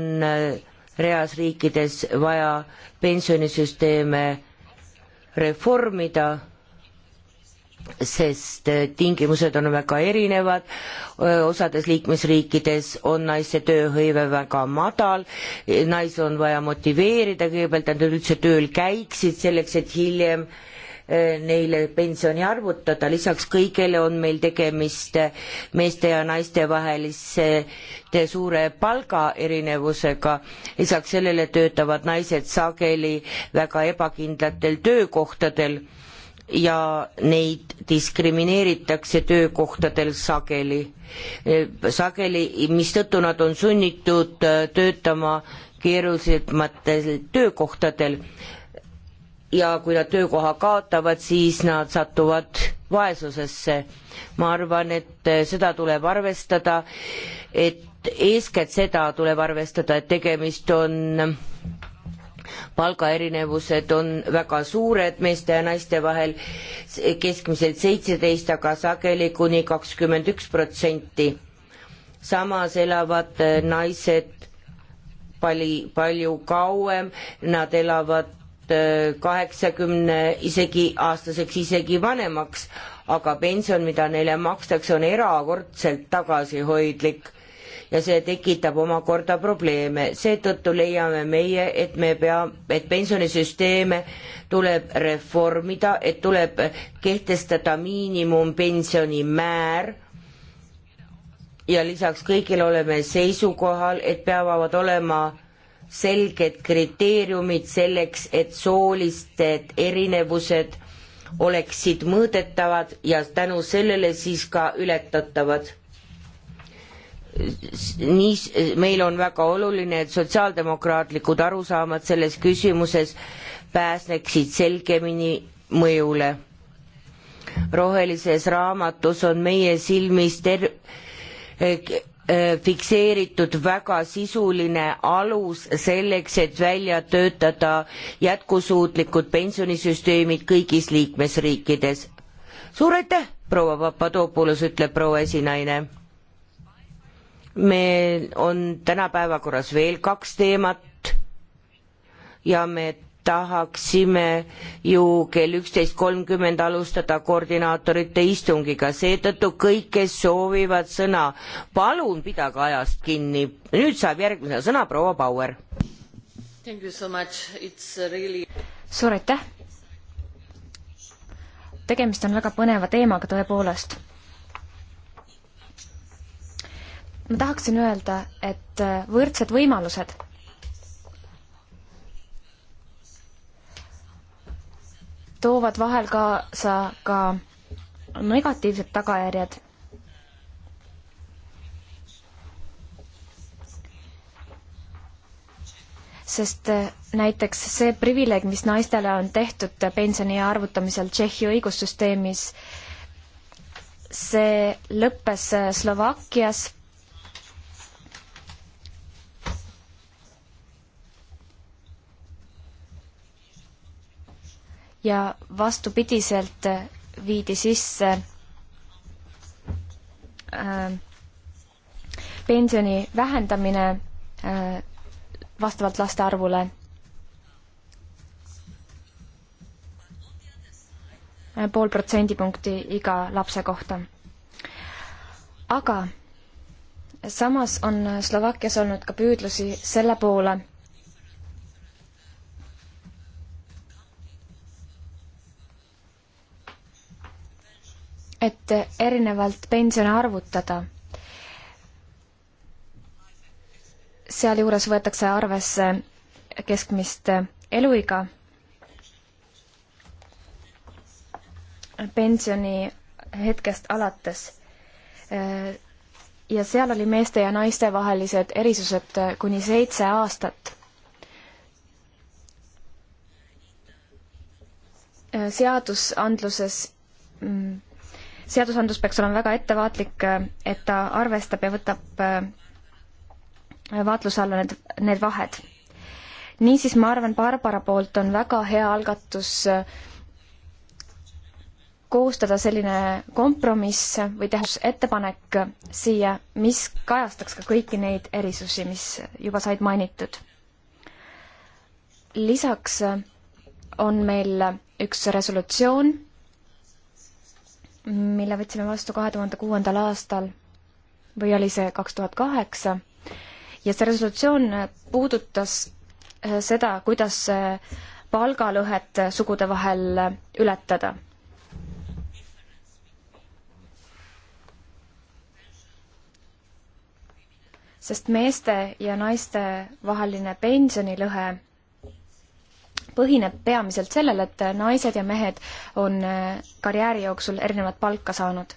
reas riikides vaja pensionisüsteeme reformida, sest äh, tingimused on väga erinevad, osades liikmesriikides on naiste tööhõive väga madal, naisi on vaja motiveerida kõigepealt, et nad üldse tööl käiksid, selleks et hiljem äh, Eh, neile pensioni arvutada, lisaks kõigele on meil tegemist meeste ja naiste vaheliste suure palgaerinevusega, lisaks sellele töötavad naised sageli väga ebakindlatel töökohtadel ja neid diskrimineeritakse töökohtadel sageli, eh, sageli, mistõttu nad on sunnitud eh, töötama keerulisematel töökohtadel ja kui nad töökoha kaotavad, siis nad satuvad vaesusesse. ma arvan, et eh, seda tuleb arvestada, et eeskätt seda tuleb arvestada, et tegemist on palgaerinevused on väga suured meeste ja naiste vahel, keskmiselt seitseteist, aga sageli kuni kakskümmend üks protsenti. samas elavad eh, naised pali, palju kauem, nad elavad kaheksakümne isegi aastaseks, isegi vanemaks, aga pension, mida neile makstakse, on erakordselt tagasihoidlik ja see tekitab omakorda probleeme. seetõttu leiame meie, et me pea, et pensionisüsteeme tuleb reformida, et tuleb kehtestada miinimumpensioni määr ja lisaks kõigile oleme seisukohal, et peavad olema selged kriteeriumid selleks, et soolised erinevused oleksid mõõdetavad ja tänu sellele siis ka ületatavad. nii, meil on väga oluline, et sotsiaaldemokraatlikud arusaamad selles küsimuses pääseksid selgemini mõjule. rohelises raamatus on meie silmis ter-, Äh, fikseeritud väga sisuline alus selleks, et välja töötada jätkusuutlikud pensionisüsteemid kõigis liikmesriikides. suur aitäh, proua Papadopoulos, ütleb proua esinaine. meil on täna päevakorras veel kaks teemat ja me tahaksime ju kell üksteist kolmkümmend alustada koordinaatorite istungiga, seetõttu kõik, kes soovivad sõna, palun pidage ajast kinni. nüüd saab järgmisena sõna proua Bauer. Really... suur aitäh! tegemist on väga põneva teemaga tõepoolest. ma tahaksin öelda, et võrdsed võimalused toovad vahel kaasa ka negatiivsed tagajärjed. sest eh, näiteks see privileeg, mis naistele on tehtud pensioni arvutamisel Tšehhi õigussüsteemis, see lõppes eh, Slovakkias ja vastupidiselt viidi sisse äh, pensioni vähendamine äh, vastavalt laste arvule äh,. pool protsendipunkti iga lapse kohta. aga samas on Slovakkias olnud ka püüdlusi selle poole et erinevalt pensione arvutada. sealjuures võetakse arvesse keskmist eluiga. pensioni hetkest alates. ja seal oli meeste ja naiste vahelised erisused kuni seitse aastat. seadusandluses mm, seadusandlus peaks olema väga ettevaatlik, et ta arvestab ja võtab äh, vaatluse alla need, need vahed. niisiis, ma arvan, Barbara poolt on väga hea algatus äh, koostada selline kompromiss või teha ettepanek siia, mis kajastaks ka kõiki neid erisusi, mis juba said mainitud. lisaks äh, on meil üks resolutsioon mille võtsime vastu kahe tuhande kuuendal aastal või oli see kaks tuhat kaheksa ja see resolutsioon puudutas äh, seda, kuidas äh, palgalõhet äh, sugude vahel ületada. sest meeste ja naiste vaheline pensionilõhe põhineb peamiselt sellel, et naised ja mehed on äh, karjääri jooksul erinevat palka saanud.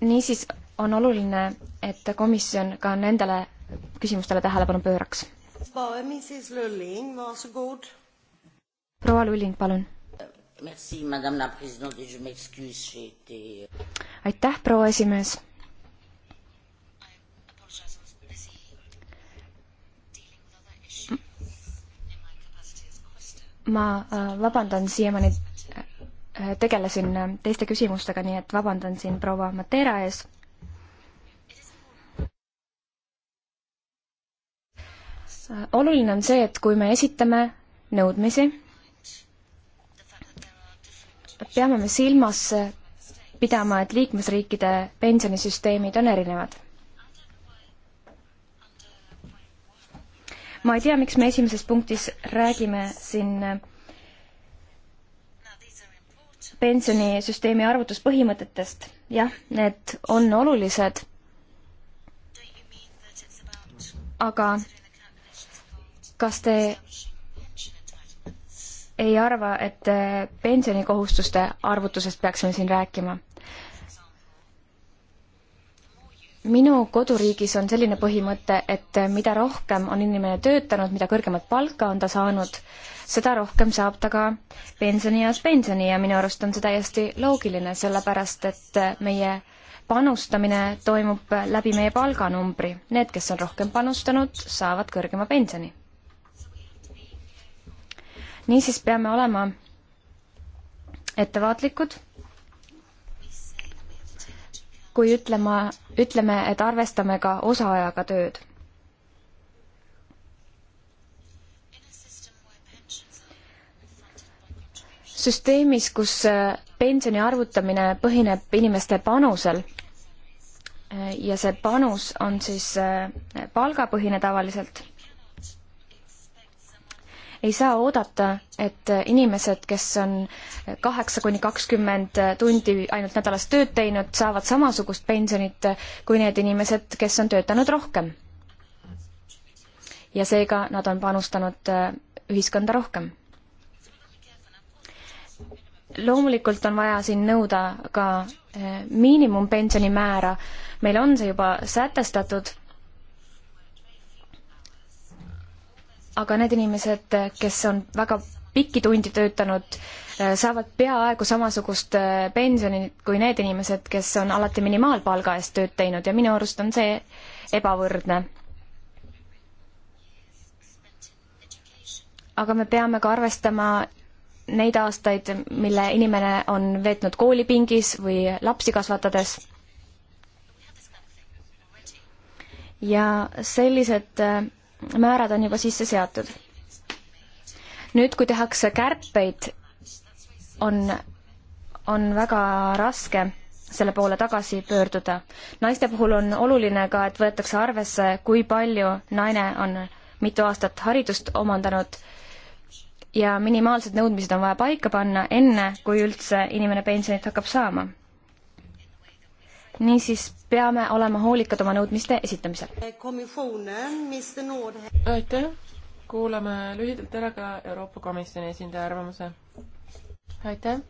niisiis on oluline, et komisjon ka nendele küsimustele tähelepanu pööraks. proua Lulling, palun. aitäh, proua esimees ma äh, vabandan siiamaani, äh, tegelesin äh, teiste küsimustega, nii et vabandan siin proua Matera ees. oluline on see, et kui me esitame nõudmisi, peame me silmas pidama, et liikmesriikide pensionisüsteemid on erinevad ma ei tea, miks me esimeses punktis räägime siin äh, pensionisüsteemi arvutuspõhimõtetest. jah, need on olulised, aga kas te ei arva, et äh, pensionikohustuste arvutusest peaksime siin rääkima? minu koduriigis on selline põhimõte, et mida rohkem on inimene töötanud, mida kõrgemat palka on ta saanud, seda rohkem saab ta ka pensionieas pensioni ja minu arust on see täiesti loogiline, sellepärast et meie panustamine toimub läbi meie palganumbri. Need, kes on rohkem panustanud, saavad kõrgema pensioni. niisiis peame olema ettevaatlikud kui ütlema, ütleme, et arvestame ka osaajaga tööd. süsteemis, kus äh, pensioni arvutamine põhineb inimeste panusel äh, ja see panus on siis äh, palgapõhine tavaliselt ei saa oodata, et inimesed, kes on kaheksa kuni kakskümmend tundi ainult nädalas tööd teinud, saavad samasugust pensionit kui need inimesed, kes on töötanud rohkem. ja seega nad on panustanud äh, ühiskonda rohkem. loomulikult on vaja siin nõuda ka äh, miinimumpensioni määra, meil on see juba sätestatud aga need inimesed, kes on väga pikki tundi töötanud, äh, saavad peaaegu samasugust äh, pensioni kui need inimesed, kes on alati minimaalpalga eest tööd teinud ja minu arust on see ebavõrdne. aga me peame ka arvestama neid aastaid, mille inimene on veetnud koolipingis või lapsi kasvatades. ja sellised äh, määrad on juba sisse seatud. nüüd, kui tehakse kärpeid, on, on väga raske selle poole tagasi pöörduda. naiste puhul on oluline ka, et võetakse arvesse, kui palju naine on mitu aastat haridust omandanud ja minimaalsed nõudmised on vaja paika panna, enne kui üldse inimene pensionit hakkab saama niisiis peame olema hoolikad oma nõudmiste esitamisel. aitäh, kuulame lühidalt ära ka Euroopa Komisjoni esindaja arvamuse. aitäh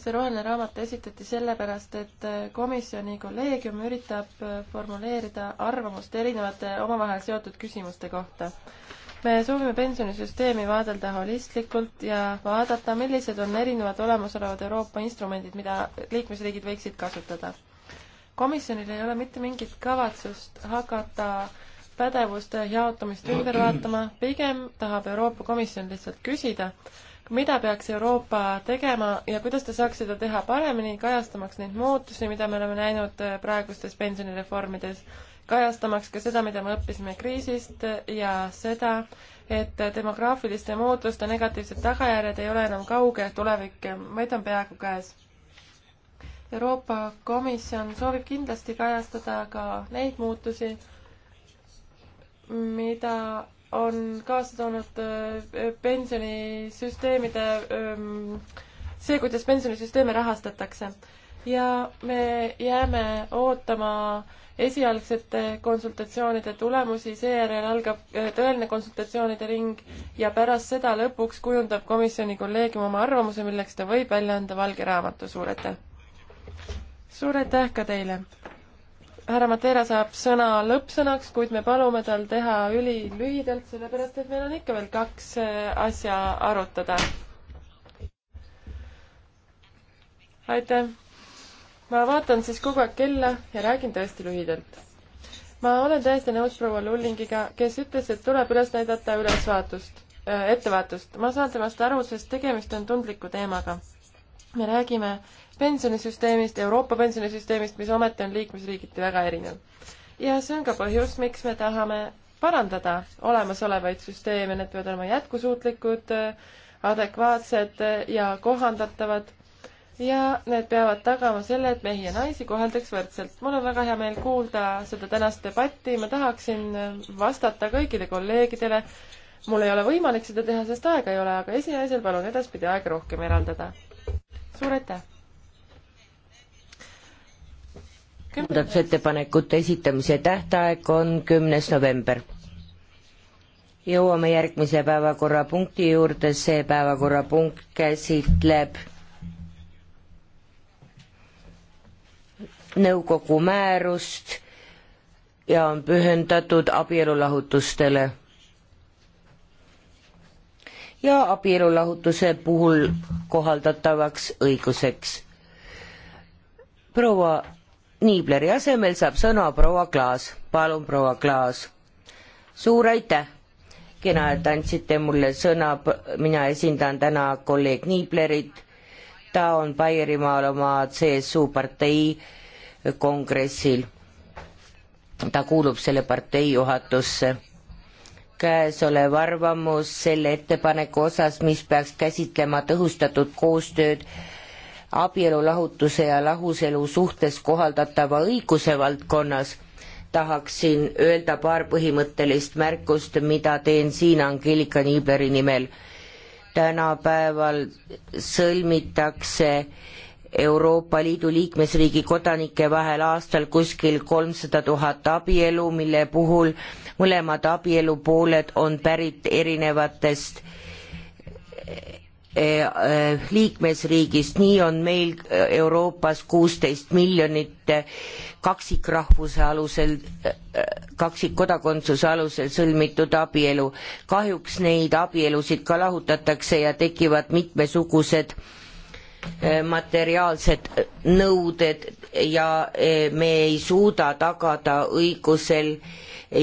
see roheline raamat esitati sellepärast, et komisjoni kolleegium üritab formuleerida arvamust erinevate omavahel seotud küsimuste kohta. me soovime pensionisüsteemi vaadelda holistlikult ja vaadata, millised on erinevad olemasolevad Euroopa instrumendid, mida liikmesriigid võiksid kasutada komisjonil ei ole mitte mingit kavatsust hakata pädevuste jaotamist ümber vaatama, pigem tahab Euroopa Komisjon lihtsalt küsida, mida peaks Euroopa tegema ja kuidas ta saaks seda teha paremini, kajastamaks neid muutusi, mida me oleme näinud äh, praegustes pensionireformides, kajastamaks ka seda, mida me õppisime kriisist ja seda, et äh, demograafiliste muutuste negatiivsed tagajärjed ei ole enam kauge tulevik, äh, vaid on peaaegu käes Euroopa Komisjon soovib kindlasti kajastada ka neid muutusi, mida on kaasa toonud äh, pensionisüsteemide, ähm, see, kuidas pensionisüsteeme rahastatakse. ja me jääme ootama esialgsete konsultatsioonide tulemusi, seejärel algab äh, tõeline konsultatsioonide ring ja pärast seda lõpuks kujundab komisjoni kolleegium oma arvamuse, milleks ta võib välja anda valge raamatu. suur aitäh! suur aitäh ka teile! härra Matera saab sõna lõppsõnaks, kuid me palume tal teha ülilühidalt, sellepärast et meil on ikka veel kaks äh, asja arutada. aitäh. ma vaatan siis kogu aeg kella ja räägin tõesti lühidalt. ma olen täiesti nõus proua Lullingiga, kes ütles, et tuleb üles näidata ülesvaatust äh,, ettevaatust. ma saan temast aru, sest tegemist on tundliku teemaga. me räägime pensionisüsteemist, Euroopa pensionisüsteemist, mis ometi on liikmesriigiti väga erinev. ja see on ka põhjus, miks me tahame parandada olemasolevaid süsteeme, need peavad olema jätkusuutlikud, adekvaatsed ja kohandatavad ja need peavad tagama selle, et mehi ja naisi koheldaks võrdselt. mul on väga hea meel kuulda seda tänast debatti, ma tahaksin vastata kõigile kolleegidele. mul ei ole võimalik seda teha, sest aega ei ole, aga esiasjal palun edaspidi aega rohkem eraldada. suur aitäh! muudatusettepanekute esitamise tähtaeg on kümnes november. jõuame järgmise päevakorrapunkti juurde, see päevakorrapunkt käsitleb nõukogu määrust ja on pühendatud abielulahutustele. ja abielulahutuse puhul kohaldatavaks õiguseks. proua Niibleri asemel saab sõna proua Klaas. palun, proua Klaas. suur aitäh, kena, et andsite mulle sõna, mina esindan täna kolleeg Niiblerit. ta on Baierimaal oma CSU partei kongressil. ta kuulub selle partei juhatusse käesolev arvamus selle ettepaneku osas, mis peaks käsitlema tõhustatud koostööd abielulahutuse ja lahuselu suhtes kohaldatava õiguse valdkonnas tahaksin öelda paar põhimõttelist märkust, mida teen siin Angelika Niibleri nimel. tänapäeval sõlmitakse Euroopa Liidu liikmesriigi kodanike vahel aastal kuskil kolmsada tuhat abielu, mille puhul mõlemad abielupooled on pärit erinevatest E, e, liikmesriigist, nii on meil e, Euroopas kuusteist miljonit kaksikrahvuse alusel, kaksikkodakondsuse alusel sõlmitud abielu. kahjuks neid abielusid ka lahutatakse ja tekivad mitmesugused äh, Eh, materiaalsed nõuded ja eh, me ei suuda tagada õigusel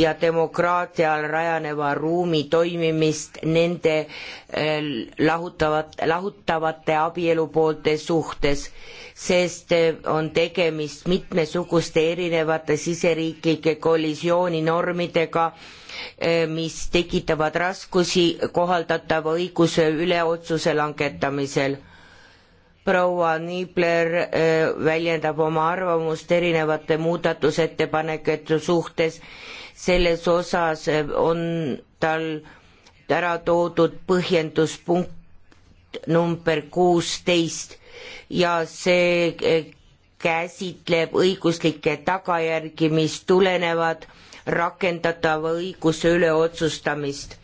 ja demokraatial rajaneva ruumi toimimist nende eh, lahutavat, lahutavate abielupoolte suhtes, sest on tegemist mitmesuguste erinevate siseriiklike kollisiooninormidega, mis tekitavad raskusi kohaldatava õiguse üle otsuse langetamisel proua Niibler äh, väljendab oma arvamust erinevate muudatusettepanekute suhtes, selles osas äh, on tal ära toodud põhjenduspunkt number kuusteist ja see äh, käsitleb õiguslikke tagajärgi, mis tulenevad rakendatava õiguse üle otsustamist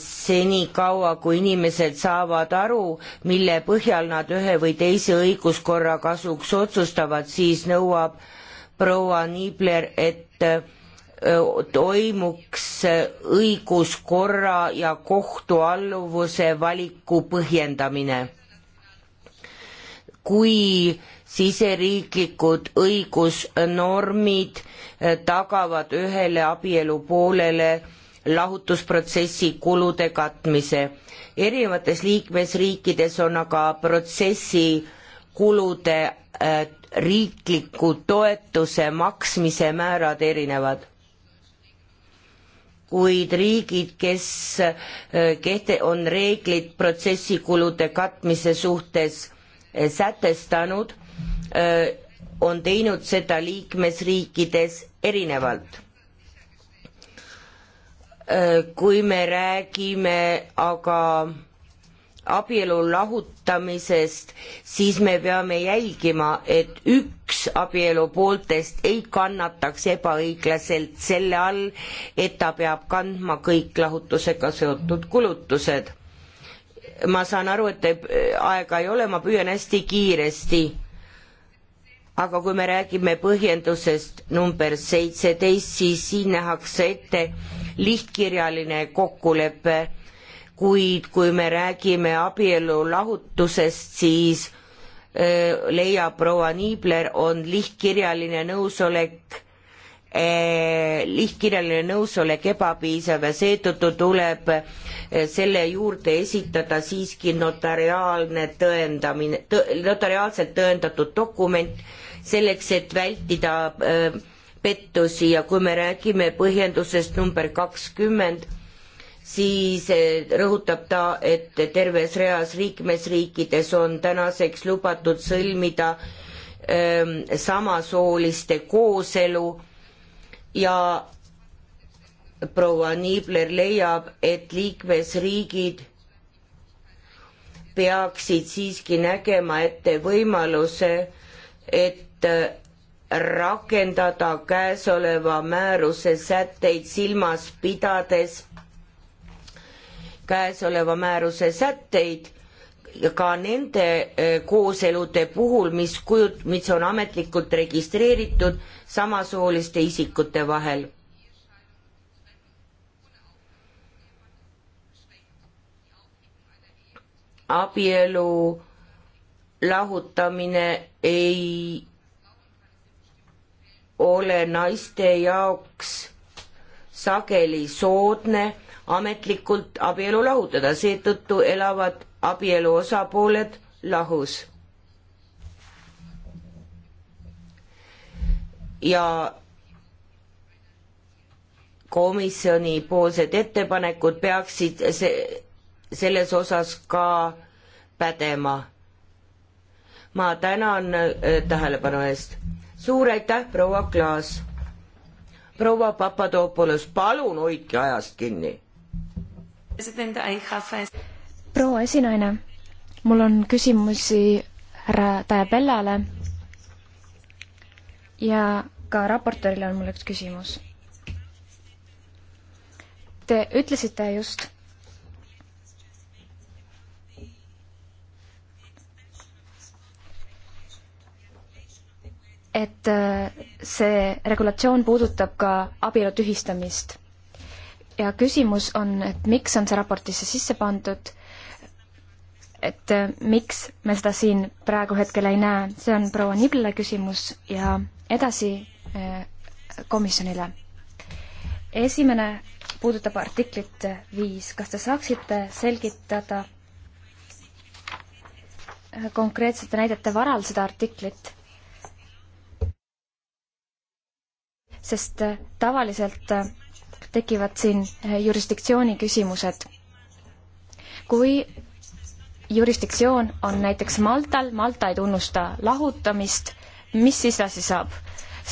senikaua, kui inimesed saavad aru, mille põhjal nad ühe või teise õiguskorra kasuks otsustavad, siis nõuab proua Niibler, et toimuks õiguskorra ja kohtualluvuse valiku põhjendamine. kui siseriiklikud õigusnormid tagavad ühele abielupoolele lahutusprotsessi kulude katmise. erinevates liikmesriikides on aga protsessi kulude äh, riikliku toetuse maksmise määrad erinevad. kuid riigid, kes äh, kehte-, on reeglid protsessi kulude katmise suhtes äh, sätestanud, äh, on teinud seda liikmesriikides erinevalt Äh, kui me räägime aga abielu lahutamisest, siis me peame jälgima, et üks abielu pooltest ei kannataks ebaõiglaselt selle all, et ta peab kandma kõik lahutusega seotud kulutused. ma saan aru, et äh, aega ei ole, ma püüan hästi kiiresti aga kui me räägime põhjendusest number seitseteist, siis siin nähakse ette lihtkirjaline kokkulepe, kuid kui me räägime abielu lahutusest, siis öö, leiab proua Niibler, on lihtkirjaline nõusolek e, lihtkirjaline nõusolek ebapiisav ja seetõttu tuleb e, selle juurde esitada siiski notariaalne tõendamine tõ,, notariaalselt tõendatud dokument, selleks, et vältida äh, pettusi ja kui me räägime põhjendusest number kakskümmend, siis äh, rõhutab ta, et terves reas liikmesriikides on tänaseks lubatud sõlmida ähm, samasooliste kooselu ja proua Niibler leiab, et liikmesriigid peaksid siiski nägema ette võimaluse, et rakendada käesoleva määruse sätteid silmas pidades käesoleva määruse sätteid ka nende eh, kooselude puhul, mis kujut-, mis on ametlikult registreeritud samasooliste isikute vahel. abielu lahutamine ei ole naiste jaoks sageli soodne ametlikult abielu lahutada, seetõttu elavad abielu osapooled lahus. ja komisjoni poolsed ettepanekud peaksid see, selles osas ka pädema. ma tänan äh, tähelepanu eest suur aitäh, proua Klaas. proua Papadopoulos, palun hoidke ajast kinni. proua esinaine, mul on küsimusi härra Tähepellale ja ka raportöörile on mul üks küsimus. Te ütlesite just, et äh, see regulatsioon puudutab ka abielu tühistamist. ja küsimus on, et miks on see raportisse sisse pandud, et äh, miks me seda siin praegu hetkel ei näe, see on proua Niblile küsimus ja edasi äh, komisjonile. esimene puudutab artiklit viis, kas te saaksite selgitada konkreetsete näidete varal seda artiklit sest äh, tavaliselt äh, tekivad siin äh, jurisdiktsiooni küsimused. kui jurisdiktsioon on näiteks Maltal, Malta ei tunnusta lahutamist, mis siis edasi saab?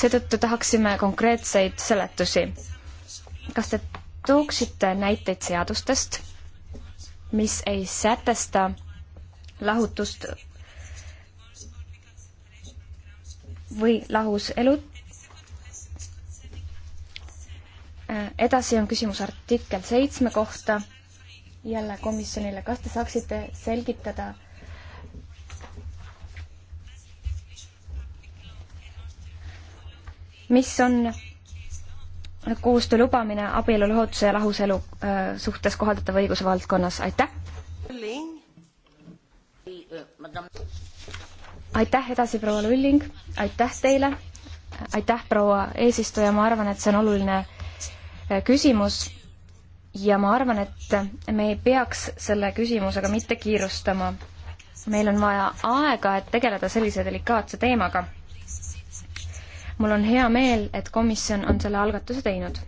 seetõttu tahaksime konkreetseid seletusi. kas te tooksite näiteid seadustest, mis ei sätesta lahutust või lahus elut edasi on küsimus artikkel seitsme kohta jälle komisjonile. kas te saaksite selgitada, mis on koostöö lubamine abielu, lohutuse ja lahuselu äh, suhtes kohaldatava õiguse valdkonnas, aitäh! aitäh edasi, proua Lulling, aitäh teile, aitäh, proua eesistuja, ma arvan, et see on oluline Eh, küsimus ja ma arvan, et me ei peaks selle küsimusega mitte kiirustama. meil on vaja aega, et tegeleda sellise delikaatse teemaga. mul on hea meel, et komisjon on selle algatuse teinud.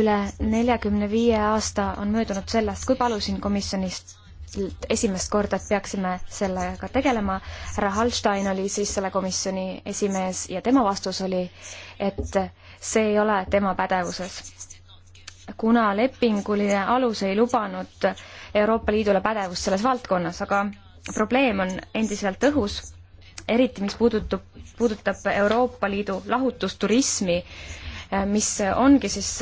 üle neljakümne viie aasta on möödunud sellest, kui palusin komisjonist esimest korda peaksime sellega tegelema. härra Hallstein oli siis selle komisjoni esimees ja tema vastus oli, et see ei ole tema pädevuses. kuna lepinguline alus ei lubanud Euroopa Liidule pädevust selles valdkonnas, aga probleem on endiselt õhus, eriti mis puudutab, puudutab Euroopa Liidu lahutusturismi, mis ongi siis,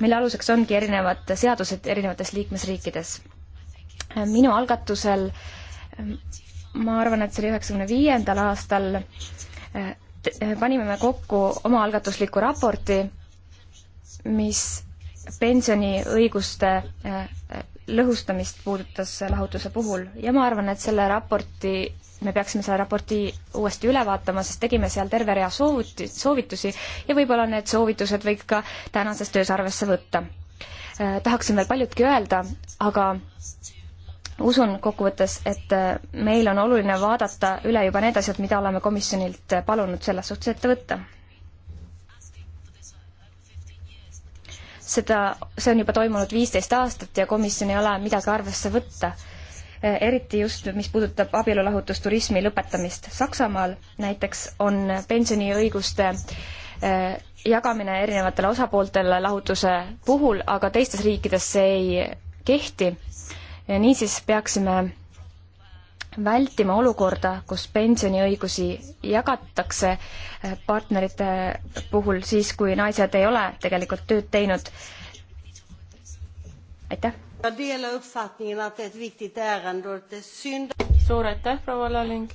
mille aluseks ongi erinevad seadused erinevates liikmesriikides minu algatusel ma arvan, et see oli üheksakümne viiendal aastal, panime me kokku omaalgatusliku raporti, mis pensioniõiguste äh, lõhustamist puudutas lahutuse puhul ja ma arvan, et selle raporti, me peaksime selle raporti uuesti üle vaatama, sest tegime seal terve rea soovuti, soovitusi ja võib-olla need soovitused võiks ka tänases töös arvesse võtta. Äh, tahaksin veel paljutki öelda, aga usun kokkuvõttes, et äh, meil on oluline vaadata üle juba need asjad, mida oleme komisjonilt äh, palunud selles suhtes ette võtta. seda, see on juba toimunud viisteist aastat ja komisjon ei ole midagi arvesse võtta. Äh, eriti just, mis puudutab abielulahutusturismi lõpetamist. Saksamaal näiteks on pensioniõiguste jagamine erinevatele osapooltele lahutuse puhul, aga teistes riikides see ei kehti niisiis peaksime vältima olukorda, kus pensioniõigusi jagatakse eh, partnerite puhul siis, kui naised ei ole tegelikult tööd teinud. aitäh. suur aitäh, proua Laling.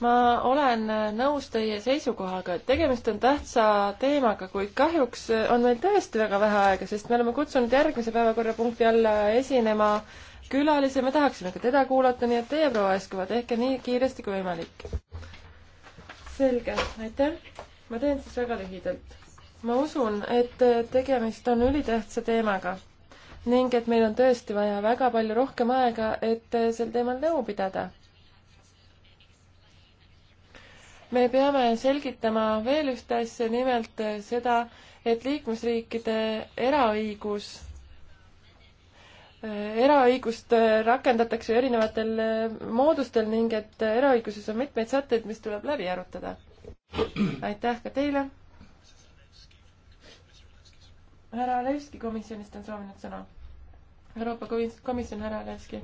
ma olen eh, nõus teie seisukohaga, et tegemist on tähtsa teemaga, kuid kahjuks eh, on meil tõesti väga vähe aega, sest me oleme kutsunud järgmise päevakorrapunkti alla esinema äh, külalise, me tahaksime ka teda kuulata, nii et teie, proua Eskova, tehke nii kiiresti kui võimalik. selge, aitäh. ma teen siis väga lühidalt. ma usun, et tegemist on ülitähtsa teemaga ning et meil on tõesti vaja väga palju rohkem aega, et sel teemal nõu pidada. me peame selgitama veel ühte asja, nimelt seda, et liikmesriikide eraõigus eraõigust rakendatakse erinevatel äh, moodustel ning et äh, eraõiguses on mitmeid sätteid, mis tuleb läbi arutada. aitäh ka teile. härra Levski komisjonist on soovinud sõna. Euroopa Komisjon, härra Levski.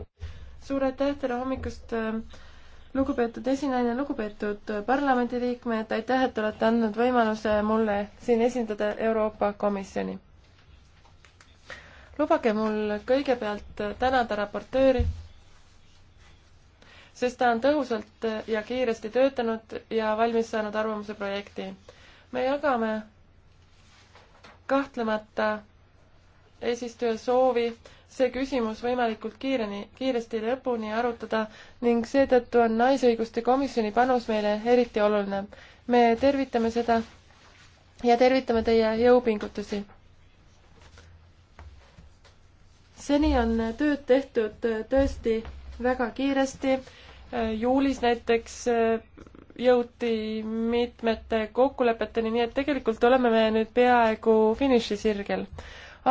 suur aitäh teile hommikust, äh, lugupeetud esinaine, lugupeetud parlamendiliikmed, aitäh, et olete andnud võimaluse mulle siin esindada Euroopa Komisjoni lubage mul kõigepealt tänada raportööri, sest ta on tõhusalt ja kiiresti töötanud ja valmis saanud arvamuse projekti. me jagame kahtlemata eesistuja soovi see küsimus võimalikult kiireni, kiiresti lõpuni arutada ning seetõttu on Naisõiguste Komisjoni panus meile eriti oluline. me tervitame seda ja tervitame teie jõupingutusi. seni on tööd tehtud äh, tõesti väga kiiresti. Äh, juulis näiteks äh, jõuti mitmete kokkulepeteni, nii et tegelikult oleme me nüüd peaaegu finišisirgel.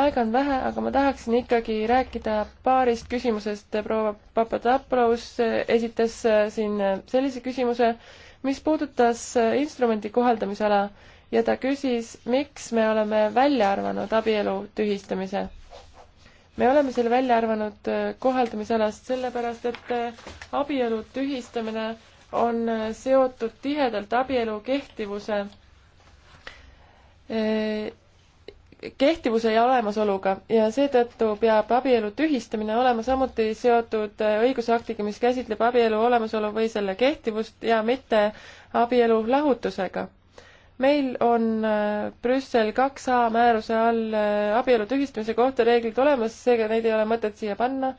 aega on vähe, aga ma tahaksin ikkagi rääkida paarist küsimusest. proua Papadopoulos esitas siin sellise küsimuse, mis puudutas instrumendi kohaldamisala ja ta küsis, miks me oleme välja arvanud abielu tühistamise me oleme selle välja arvanud äh, kohaldamisalast sellepärast, et äh, abielu tühistamine on äh, seotud tihedalt abielu kehtivuse, kehtivuse ja olemasoluga ja seetõttu peab abielu tühistamine olema samuti seotud õigusaktiga, mis käsitleb abielu olemasolu või selle kehtivust ja mitte abielu lahutusega meil on äh, Brüssel kaks A määruse all äh, abielu tühistamise kohta reeglid olemas, seega neid ei ole mõtet siia panna.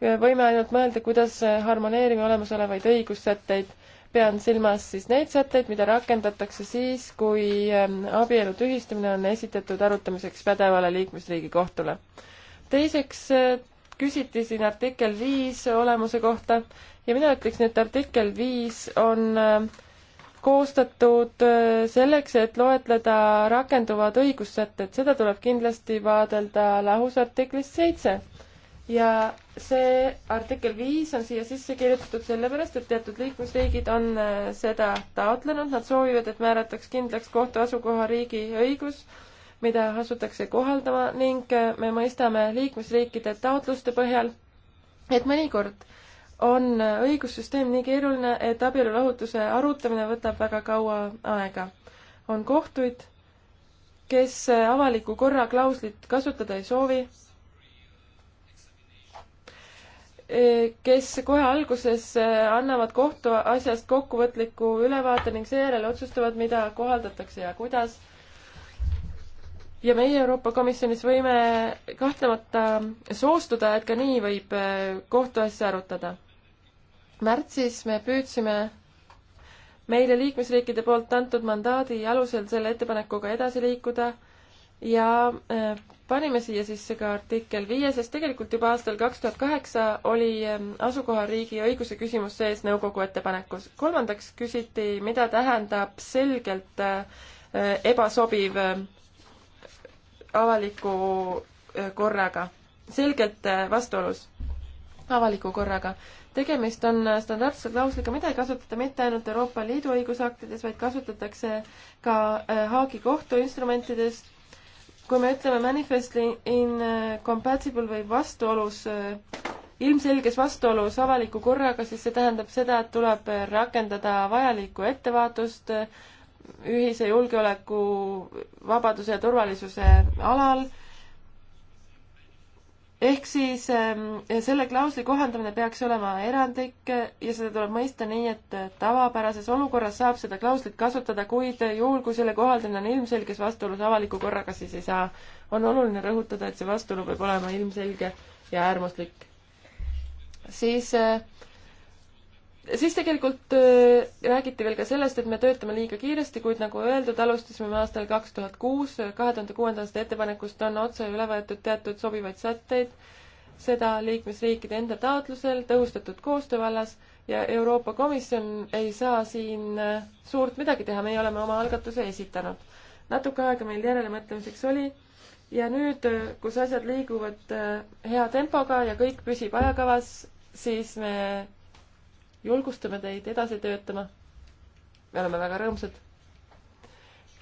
Äh, võime ainult mõelda, kuidas harmoneerime olemasolevaid õigussätteid. pean silmas siis neid sätteid, mida rakendatakse siis, kui ähm, abielu tühistamine on esitatud arutamiseks pädevale liikmesriigi kohtule. teiseks küsiti siin artikkel viis olemuse kohta ja mina ütleksin, et artikkel viis on äh, koostatud äh, selleks, et loetleda rakenduvad õigussätted, seda tuleb kindlasti vaadelda lahus artiklist seitse. ja see artikkel viis on siia sisse kirjutatud sellepärast, et teatud liikmesriigid on äh, seda taotlenud, nad soovivad, et määrataks kindlaks kohtu asukohariigi õigus, mida asutakse kohaldama ning äh, me mõistame liikmesriikide taotluste põhjal, et mõnikord äh, on õigussüsteem nii keeruline, et abielulahutuse arutamine võtab väga kaua aega. on kohtuid, kes avaliku korra klauslit kasutada ei soovi, e, kes kohe alguses e, annavad kohtuasjast kokkuvõtliku ülevaate ning seejärel otsustavad, mida kohaldatakse ja kuidas ja meie Euroopa Komisjonis võime kahtlemata soostuda, et ka nii võib e, kohtuasja arutada märtsis me püüdsime meile liikmesriikide poolt antud mandaadi alusel selle ettepanekuga edasi liikuda ja äh, panime siia sisse ka artikkel viie, sest tegelikult juba aastal kaks tuhat kaheksa oli ähm, asukohariigi õiguse küsimus sees nõukogu ettepanekus. kolmandaks küsiti, mida tähendab selgelt äh, ebasobiv äh, avaliku korraga, selgelt vastuolus avaliku korraga tegemist on standardse klausliga, mida ei kasutata mitte ainult Euroopa Liidu õigusaktides, vaid kasutatakse ka äh, Haagi kohtu instrumentides. kui me ütleme manifestly incompatible äh, või vastuolus äh, ilmselges vastuolus avaliku korraga, siis see tähendab seda, et tuleb rakendada vajalikku ettevaatust ühise julgeoleku, vabaduse ja turvalisuse alal ehk siis ähm, selle klausli kohandamine peaks olema erandlik ja seda tuleb mõista nii, et äh, tavapärases olukorras saab seda klauslit kasutada, kuid äh, juhul, kui selle kohaldamine on ilmselges vastuolus avaliku korraga, siis ei saa. on oluline rõhutada, et see vastuolu peab olema ilmselge ja äärmuslik. siis äh, siis tegelikult äh, räägiti veel ka sellest, et me töötame liiga kiiresti, kuid nagu öeldud, alustasime me aastal kaks tuhat kuus, kahe tuhande kuuenda aasta ettepanekust on otse üle võetud teatud sobivaid sätteid, seda liikmesriikide enda taotlusel tõhustatud koostöö vallas ja Euroopa Komisjon ei saa siin äh, suurt midagi teha, meie oleme oma algatuse esitanud. natuke aega meil järelemõtlemiseks oli ja nüüd, äh, kus asjad liiguvad hea tempoga ja kõik püsib ajakavas, siis me julgustame teid edasi töötama. me oleme väga rõõmsad.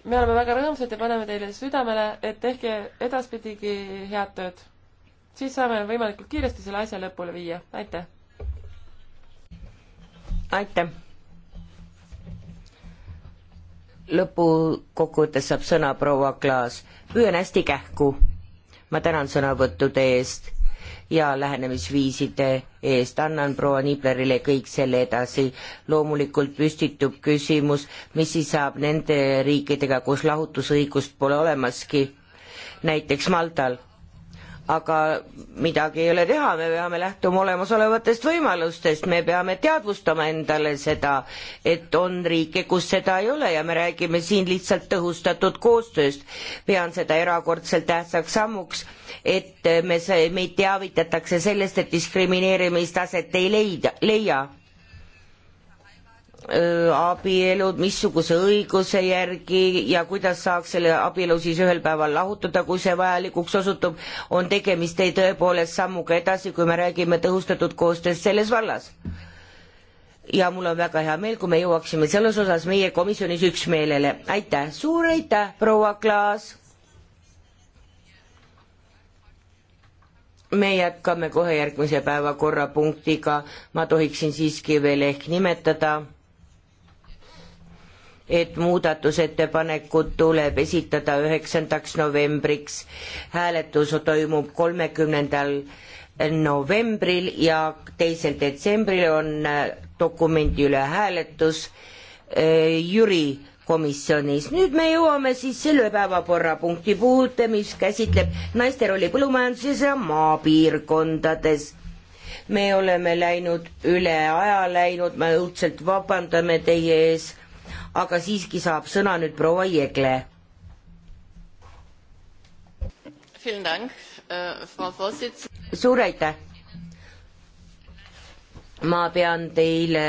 me oleme väga rõõmsad ja paneme teile südamele, et tehke edaspidigi head tööd. siis saame võimalikult kiiresti selle asja lõpule viia. aitäh! aitäh! lõpukokkuvõttes saab sõna proua Klaas. püüan hästi kähku. ma tänan sõnavõttude eest ja lähenemisviiside eest. annan proua Niblerile kõik selle edasi. loomulikult püstitub küsimus, mis siis saab nende riikidega, kus lahutusõigust pole olemaski, näiteks Maltal aga midagi ei ole teha, me peame lähtuma olemasolevatest võimalustest, me peame teadvustama endale seda, et on riike, kus seda ei ole ja me räägime siin lihtsalt tõhustatud koostööst. pean seda erakordselt tähtsaks sammuks, et me, meid teavitatakse sellest, et diskrimineerimistaset ei leida, leia abielud, missuguse õiguse järgi ja kuidas saaks selle abielu siis ühel päeval lahutada, kui see vajalikuks osutub, on tegemist ei tõepoolest sammuga edasi, kui me räägime tõhustatud koostööst selles vallas. ja mul on väga hea meel, kui me jõuaksime selles osas meie komisjonis üksmeelele. aitäh, suur aitäh, proua Klaas! me jätkame kohe järgmise päevakorrapunktiga, ma tohiksin siiski veel ehk nimetada et muudatusettepanekud tuleb esitada üheksandaks novembriks. hääletus toimub kolmekümnendal novembril ja teisel detsembril on äh, dokumendi üle hääletus äh, Jüri komisjonis. nüüd me jõuame siis selle päevakorrapunkti puude, mis käsitleb naiste rolli põllumajanduses ja maapiirkondades. me oleme läinud üle aja läinud, me õudselt vabandame teie ees aga siiski saab sõna nüüd proua Jegle. Äh, suur aitäh. ma pean teile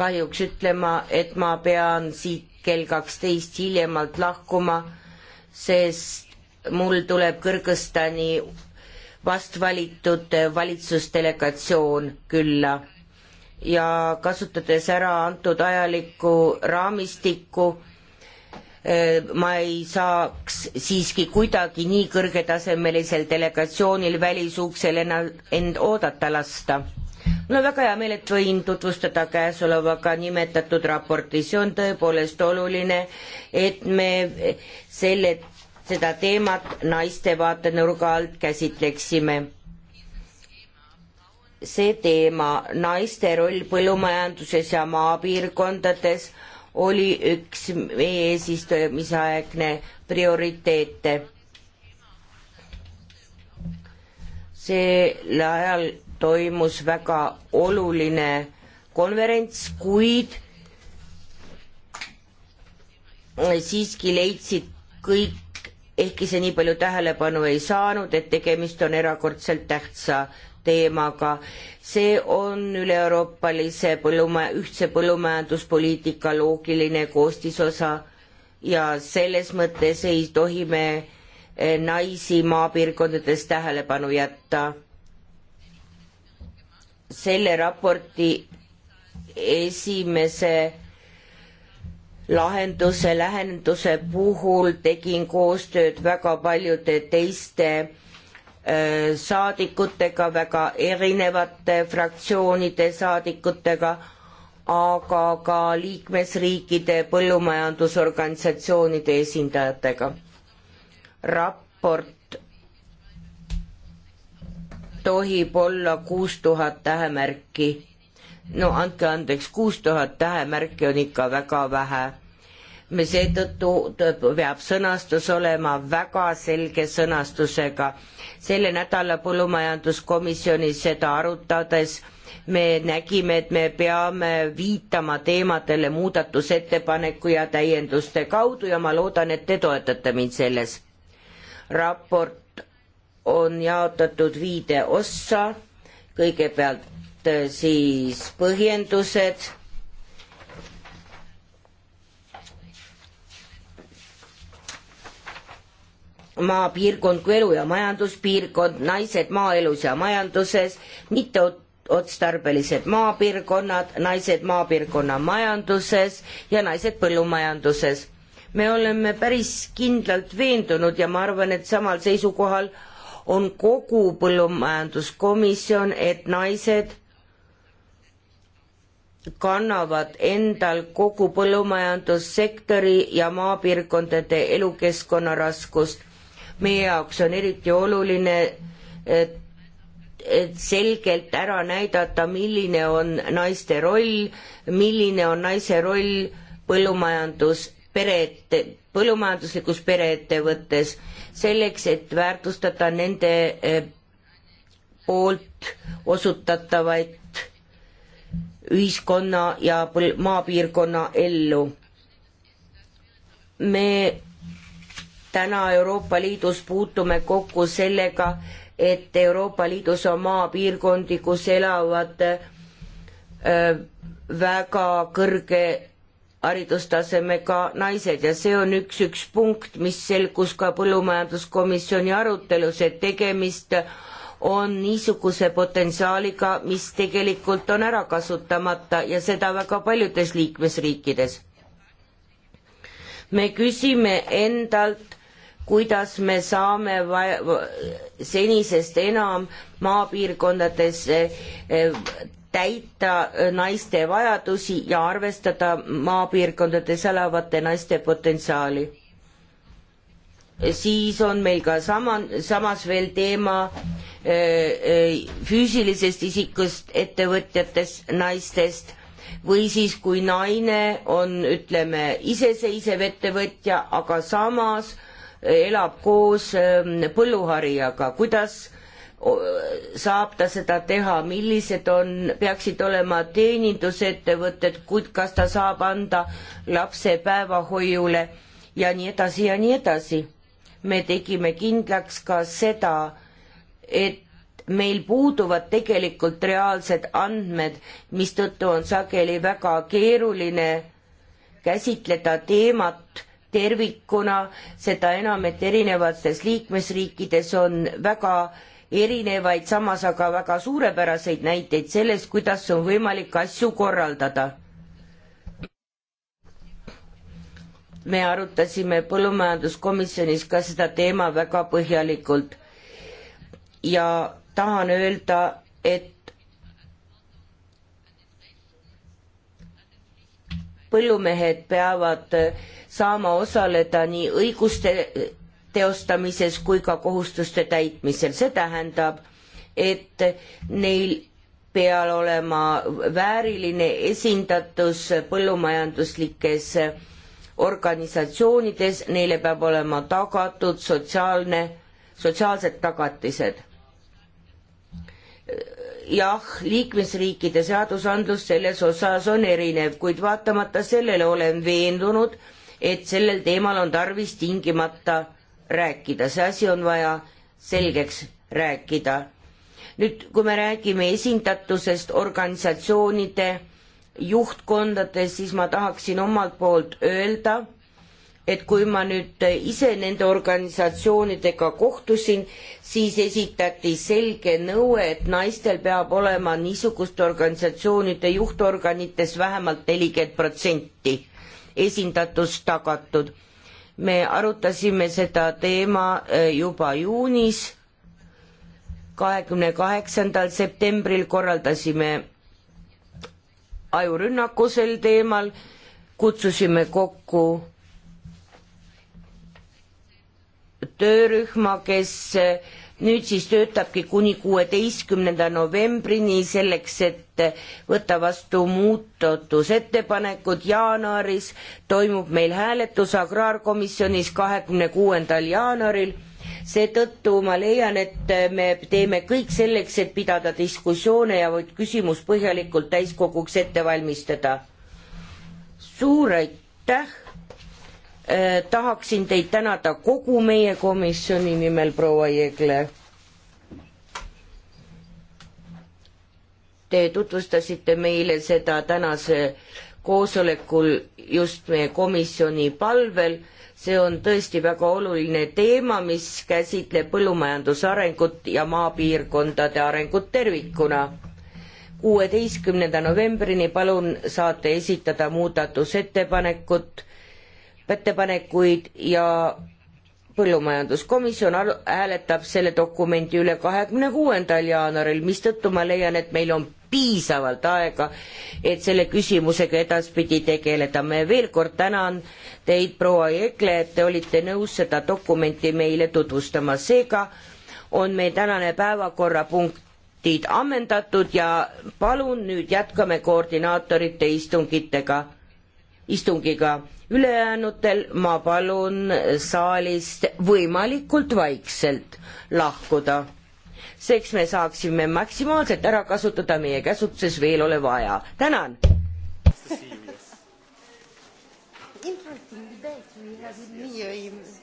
kahjuks ütlema, et ma pean siit kell kaksteist hiljemalt lahkuma, sest mul tuleb Kõrgõzstani vastvalitud valitsusdelegatsioon külla ja kasutades ära antud ajalikku raamistikku, eh, ma ei saaks siiski kuidagi nii kõrgetasemelisel delegatsioonil välisuksel end oodata lasta. mul on väga hea meel, et võin tutvustada käesolevaga nimetatud raporti, see on tõepoolest oluline, et me selle, seda teemat naiste vaatenurga alt käsitleksime see teema, naiste roll põllumajanduses ja maapiirkondades oli üks meie eesistumisaegne prioriteete. sel ajal toimus väga oluline konverents, kuid siiski leidsid kõik, ehkki see nii palju tähelepanu ei saanud, et tegemist on erakordselt tähtsa teemaga. see on üle-euroopalise põllumaja, ühtse põllumajanduspoliitika loogiline koostisosa ja selles mõttes ei tohi me eh, naisi maapiirkondades tähelepanu jätta. selle raporti esimese lahenduse, lähenduse puhul tegin koostööd väga paljude teiste Äh, saadikutega, väga erinevate fraktsioonide saadikutega, aga ka liikmesriikide põllumajandusorganisatsioonide esindajatega. raport tohib olla kuus tuhat tähemärki. no andke andeks, kuus tuhat tähemärki on ikka väga vähe seetõttu peab sõnastus olema väga selge sõnastusega. selle nädala põllumajanduskomisjonis seda arutades me nägime, et me peame viitama teemadele muudatusettepaneku ja täienduste kaudu ja ma loodan, et te toetate mind selles. raport on jaotatud viide ossa, kõigepealt äh, siis põhjendused maapiirkond kui elu- ja majanduspiirkond, naised maaelus ja majanduses, mitte otstarbelised maapiirkonnad, naised maapiirkonna majanduses ja naised põllumajanduses. me oleme päris kindlalt veendunud ja ma arvan, et samal seisukohal on kogu põllumajanduskomisjon, et naised kannavad endal kogu põllumajandussektori ja maapiirkondade elukeskkonna raskust meie jaoks on eriti oluline et, et selgelt ära näidata, milline on naiste roll, milline on naise roll põllumajandus, pereette, põllumajanduslikus pereettevõttes, selleks, et väärtustada nende eh, poolt osutatavaid ühiskonna ja maapiirkonna ellu. me täna Euroopa Liidus puutume kokku sellega, et Euroopa Liidus on maapiirkondi, kus elavad äh, väga kõrge haridustasemega naised ja see on üks, üks punkt, mis selgus ka põllumajanduskomisjoni arutelus, et tegemist on niisuguse potentsiaaliga, mis tegelikult on ära kasutamata ja seda väga paljudes liikmesriikides. me küsime endalt, kuidas me saame senisest enam maapiirkondades eh, täita naiste vajadusi ja arvestada maapiirkondades elavate naiste potentsiaali. siis on meil ka sama, samas veel teema eh, eh, füüsilisest isikust ettevõtjatest naistest või siis, kui naine on, ütleme, iseseisev ettevõtja, aga samas äh, elab koos ähm, põlluharijaga, kuidas saab ta seda teha, millised on, peaksid olema teenindusettevõtted, kas ta saab anda lapse päevahoiule ja nii edasi ja nii edasi. me tegime kindlaks ka seda, et meil puuduvad tegelikult reaalsed andmed, mistõttu on sageli väga keeruline käsitleda teemat tervikuna, seda enam, et erinevates liikmesriikides on väga erinevaid, samas aga väga suurepäraseid näiteid sellest, kuidas on võimalik asju korraldada. me arutasime põllumajanduskomisjonis ka seda teema väga põhjalikult ja tahan öelda, et põllumehed peavad äh, saama osaleda nii õiguste äh, teostamises kui ka kohustuste täitmisel, see tähendab, et neil peal olema vääriline esindatus põllumajanduslikes äh, organisatsioonides, neile peab olema tagatud sotsiaalne, sotsiaalsed tagatised jah, liikmesriikide seadusandlus selles osas on erinev, kuid vaatamata sellele olen veendunud, et sellel teemal on tarvis tingimata rääkida, see asi on vaja selgeks rääkida. nüüd, kui me räägime esindatusest organisatsioonide juhtkondades, siis ma tahaksin omalt poolt öelda, et kui ma nüüd ise nende organisatsioonidega kohtusin, siis esitati selge nõue, et naistel peab olema niisuguste organisatsioonide juhtorganites vähemalt nelikümmend protsenti esindatus tagatud. me arutasime seda teema äh, juba juunis, kahekümne kaheksandal septembril korraldasime ajurünnaku sel teemal, kutsusime kokku töörühma, kes eh, nüüd siis töötabki kuni kuueteistkümnenda novembrini selleks, et eh, võtta vastu muudatusettepanekud. jaanuaris toimub meil hääletus Agraarkomisjonis kahekümne kuuendal jaanuaril. seetõttu ma leian, et eh, me teeme kõik selleks, et pidada diskussioone ja küsimus põhjalikult täiskoguks ette valmistada. suur aitäh Äh, tahaksin teid tänada kogu meie komisjoni nimel, proua Jeegle. Te tutvustasite meile seda tänase koosolekul just meie komisjoni palvel. see on tõesti väga oluline teema, mis käsitleb põllumajandusarengut ja maapiirkondade arengut tervikuna kuueteistkümnenda novembrini palun saate esitada muudatusettepanekut ettepanekuid ja põllumajanduskomisjon hääletab selle dokumendi üle kahekümne kuuendal jaanuaril, mistõttu ma leian, et meil on piisavalt aega, et selle küsimusega edaspidi tegeleda. ma veel kord tänan teid, proua Jekle, et te olite nõus seda dokumenti meile tutvustama, seega on meil tänane päevakorrapunktid ammendatud ja palun nüüd jätkame koordinaatorite istungitega, istungiga ülejäänutel ma palun saalist võimalikult vaikselt lahkuda, seks me saaksime maksimaalselt ära kasutada meie käsutuses veel oleva aja. tänan! Interesting debate we have yes, in yes, here. Yes.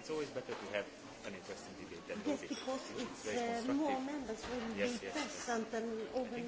It's always better to have an interesting debate than Yes, because it's, it's uh, more members will yes, be yes, present yes. and organized.